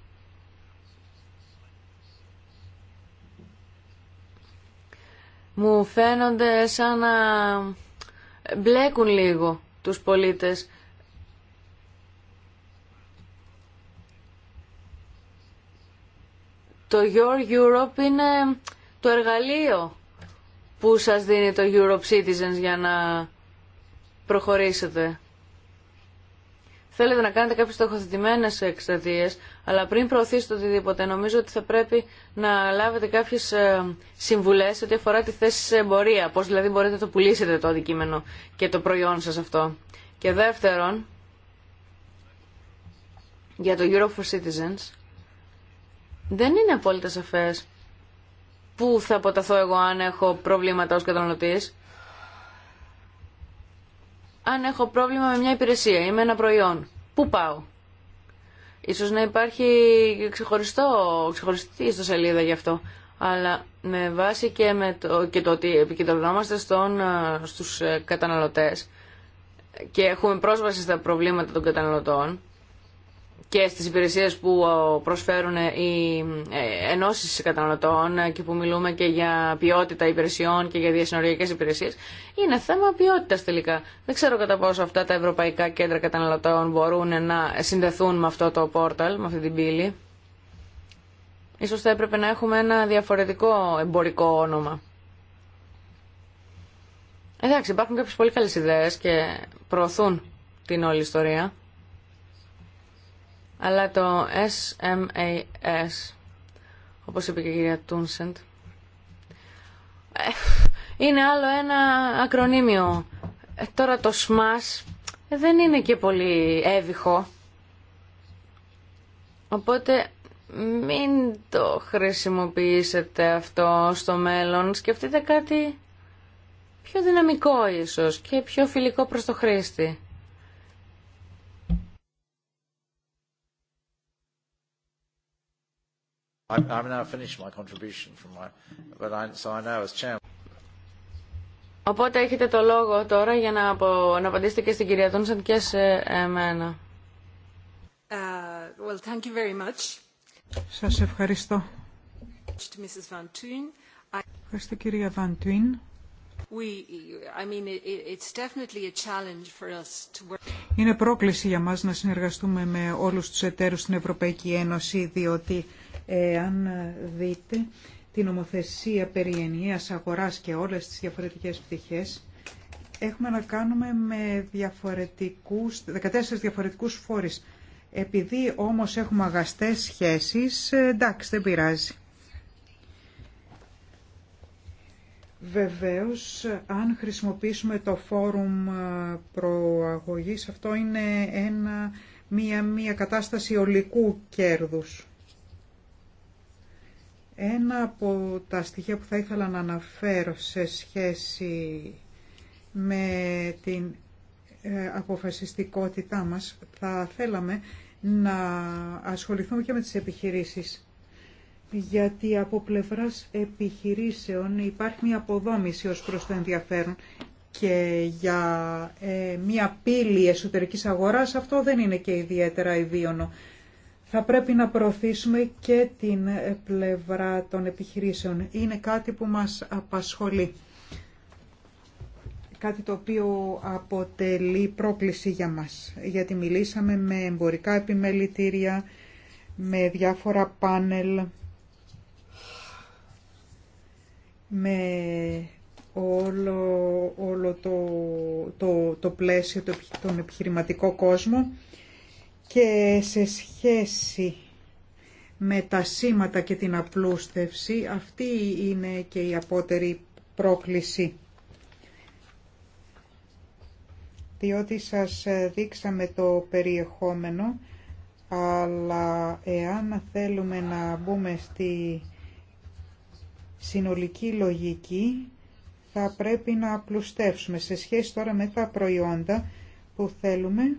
μου φαίνονται σαν να μπλέκουν λίγο τους πολίτες. Το Your Europe είναι το εργαλείο που σας δίνει το Europe Citizens για να προχωρήσετε θέλετε να κάνετε κάποιες στοχοθετημένες εκστρατείε, αλλά πριν προωθήσετε οτιδήποτε, νομίζω ότι θα πρέπει να λάβετε κάποιες ε, συμβουλές ό,τι αφορά τη θέση σε εμπορία, πώς δηλαδή μπορείτε να το πουλήσετε το αντικείμενο και το προϊόν σας αυτό. Και δεύτερον, για το Euro for Citizens, δεν είναι απόλυτα σαφές πού θα αποταθώ εγώ αν έχω προβλήματα ως καταναλωτής αν έχω πρόβλημα με μια υπηρεσία ή με ένα προϊόν, πού πάω. Ίσως να υπάρχει ξεχωριστό, ξεχωριστή σελίδα γι' αυτό. Αλλά με βάση και, με το, και το ότι επικεντρωνόμαστε στον, ε, στους ε, καταναλωτές και έχουμε πρόσβαση στα προβλήματα των καταναλωτών, και στις υπηρεσίες που ε, προσφέρουν ε, οι ε, ενώσεις καταναλωτών και που μιλούμε και για ποιότητα υπηρεσιών και για διασυνοριακές υπηρεσίες, είναι θέμα ποιότητας τελικά. Δεν ξέρω κατά πόσο αυτά τα ευρωπαϊκά κέντρα καταναλωτών μπορούν να συνδεθούν με αυτό το πόρταλ, με αυτή την πύλη. Ίσως θα έπρεπε να έχουμε ένα διαφορετικό εμπορικό όνομα. Εντάξει, υπάρχουν κάποιες πολύ καλές ιδέες και προωθούν την όλη ιστορία. Αλλά το SMAS, όπως είπε και η κυρία Τούνσεντ, ε, είναι άλλο ένα ακρονίμιο. Ε, τώρα το SMAS ε, δεν είναι και πολύ έβυχο. Οπότε μην το χρησιμοποιήσετε αυτό στο μέλλον. Σκεφτείτε κάτι πιο δυναμικό ίσως και πιο φιλικό προς το χρήστη. I've now finished my contribution from my, but I, so I know as chairman. Οπότε έχετε το λόγο τώρα για να, απο, να απαντήσετε και στην κυρία Τόνσεν και σε εμένα. Uh, well, thank you very much. Σας ευχαριστώ. To Mrs. Van Thun. I... Ευχαριστώ κυρία work... Είναι πρόκληση για μας να συνεργαστούμε με όλους τους εταίρους στην Ευρωπαϊκή Ένωση, διότι αν δείτε την ομοθέσια περί ενιαίας αγοράς και όλες τις διαφορετικές πτυχές, έχουμε να κάνουμε με διαφορετικούς, 14 διαφορετικούς φόρεις. Επειδή όμως έχουμε αγαστές σχέσεις, ε, εντάξει, δεν πειράζει. Βεβαίως, αν χρησιμοποιήσουμε το φόρουμ ε, προαγωγής, αυτό είναι ένα, μια, μια κατάσταση ολικού κέρδους. Ένα από τα στοιχεία που θα ήθελα να αναφέρω σε σχέση με την ε, αποφασιστικότητά μας θα θέλαμε να ασχοληθούμε και με τις επιχειρήσεις γιατί από πλευράς επιχειρήσεων υπάρχει μια αποδόμηση ως προς το ενδιαφέρον και για ε, μια πύλη εσωτερικής αγοράς αυτό δεν είναι και ιδιαίτερα ιδίωνο θα πρέπει να προωθήσουμε και την ε, πλευρά των επιχειρήσεων. Είναι κάτι που μας απασχολεί. Κάτι το οποίο αποτελεί πρόκληση για μας. Γιατί μιλήσαμε με εμπορικά επιμελητήρια, με διάφορα πάνελ, με όλο, όλο το, το, το πλαίσιο, τον επιχειρηματικό κόσμο και σε σχέση με τα σήματα και την απλούστευση, αυτή είναι και η απότερη πρόκληση. Διότι σας δείξαμε το περιεχόμενο, αλλά εάν θέλουμε να μπούμε στη συνολική λογική, θα πρέπει να απλουστεύσουμε σε σχέση τώρα με τα προϊόντα που θέλουμε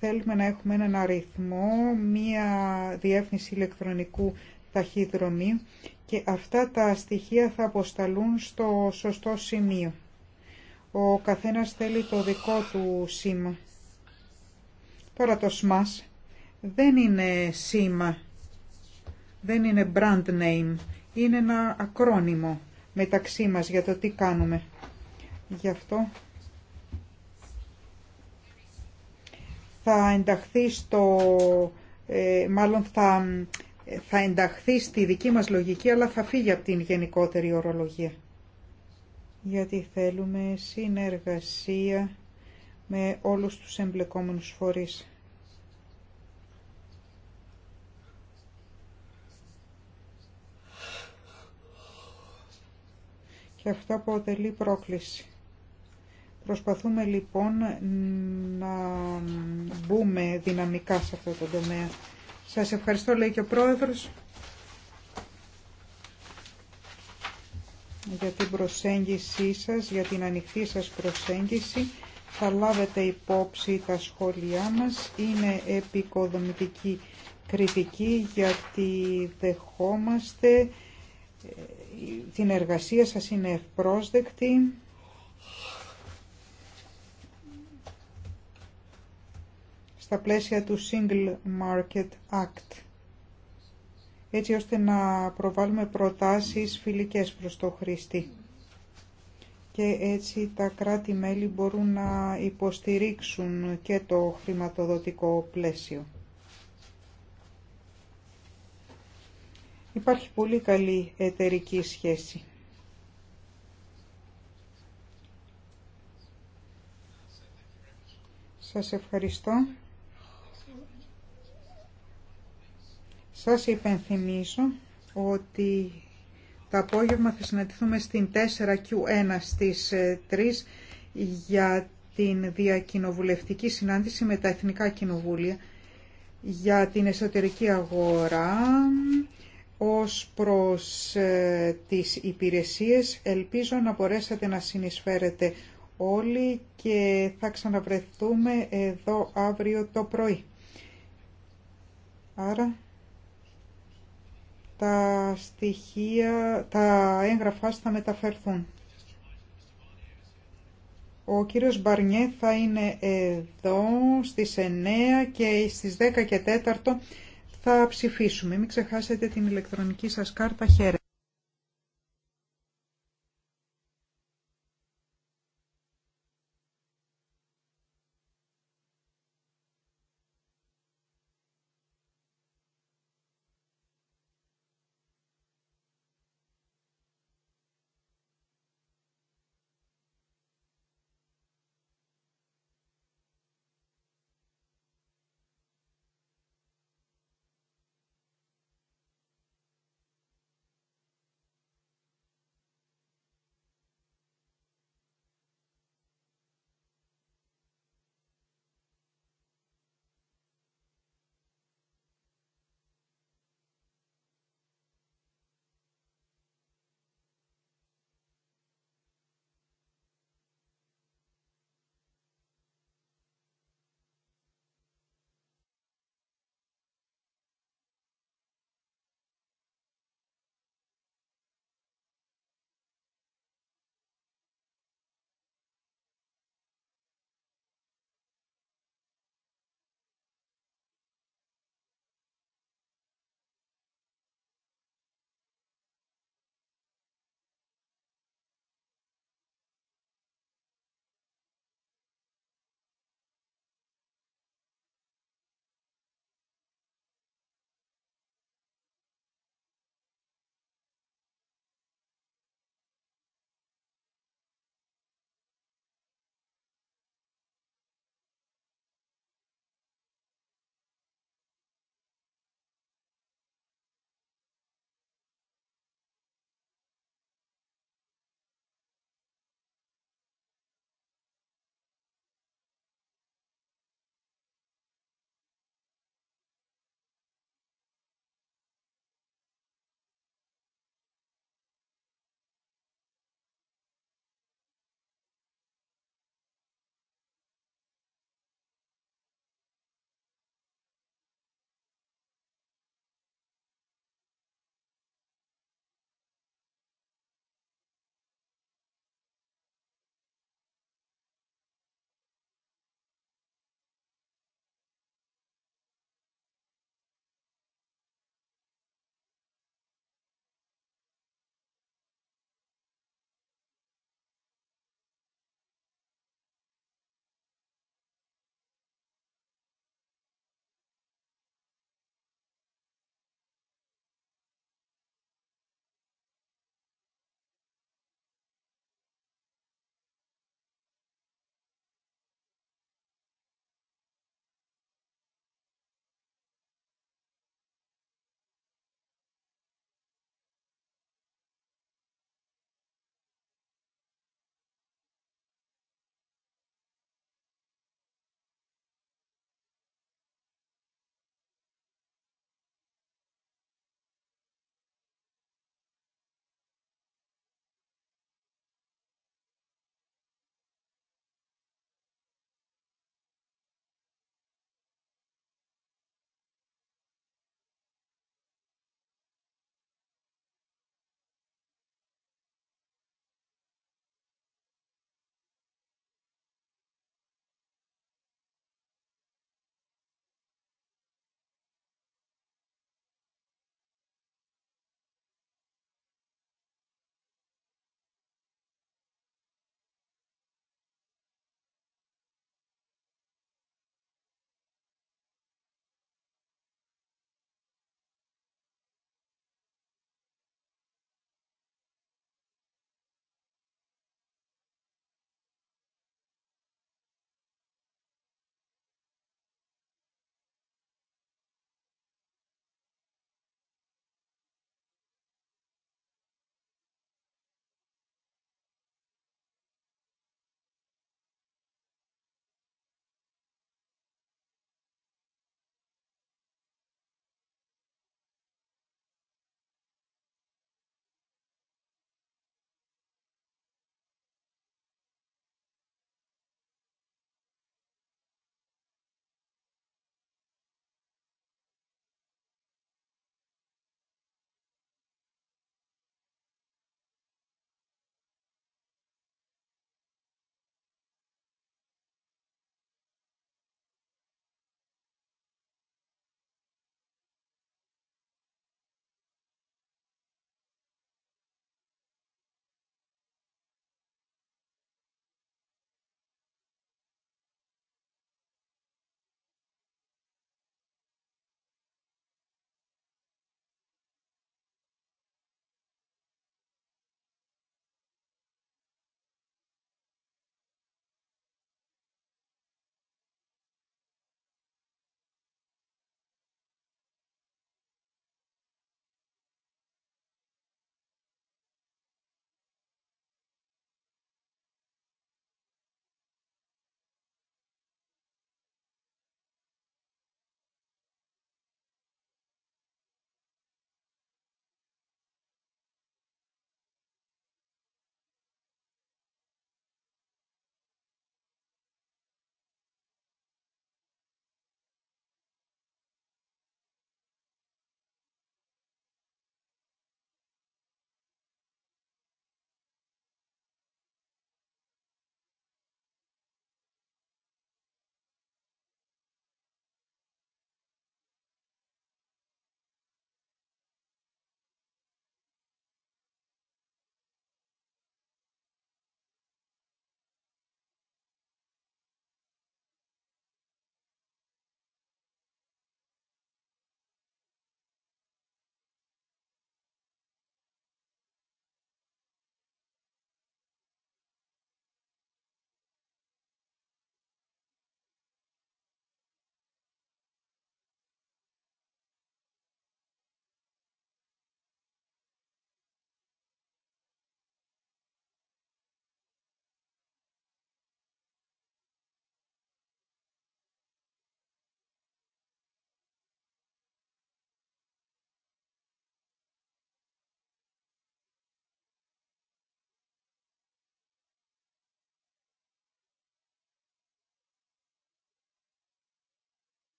Θέλουμε να έχουμε έναν αριθμό, μία διεύθυνση ηλεκτρονικού ταχυδρομείου και αυτά τα στοιχεία θα αποσταλούν στο σωστό σημείο. Ο καθένας θέλει το δικό του σήμα. Τώρα το SMAS δεν είναι σήμα, δεν είναι brand name, είναι ένα ακρόνιμο μεταξύ μας για το τι κάνουμε. Γι' αυτό θα ενταχθεί στο, ε, μάλλον θα, θα ενταχθεί στη δική μας λογική, αλλά θα φύγει από την γενικότερη ορολογία. Γιατί θέλουμε συνεργασία με όλους τους εμπλεκόμενους φορείς. Και αυτό αποτελεί πρόκληση. Προσπαθούμε λοιπόν να μπούμε δυναμικά σε αυτό το τομέα. Σας ευχαριστώ λέει και ο Πρόεδρος για την προσέγγιση σας, για την ανοιχτή σας προσέγγιση. Θα λάβετε υπόψη τα σχόλιά μας. Είναι επικοδομητική κριτική γιατί δεχόμαστε ε, την εργασία σας είναι ευπρόσδεκτη στα πλαίσια του Single Market Act έτσι ώστε να προβάλλουμε προτάσεις φιλικές προς το χρήστη. Και έτσι τα κράτη-μέλη μπορούν να υποστηρίξουν και το χρηματοδοτικό πλαίσιο. Υπάρχει πολύ καλή εταιρική σχέση. Σας ευχαριστώ. Σας υπενθυμίσω ότι το απόγευμα θα συναντηθούμε στην 4Q1 στις 3 ε, για την διακοινοβουλευτική συνάντηση με τα Εθνικά Κοινοβούλια για την εσωτερική αγορά ως προς ε, τις υπηρεσίες. Ελπίζω να μπορέσατε να συνεισφέρετε όλοι και θα ξαναβρεθούμε εδώ αύριο το πρωί. Άρα τα στοιχεία, τα έγγραφά θα μεταφερθούν. Ο κύριος Μπαρνιέ θα είναι εδώ στις 9 και στις 10 και 4 θα ψηφίσουμε. Μην ξεχάσετε την ηλεκτρονική σας κάρτα χέρι.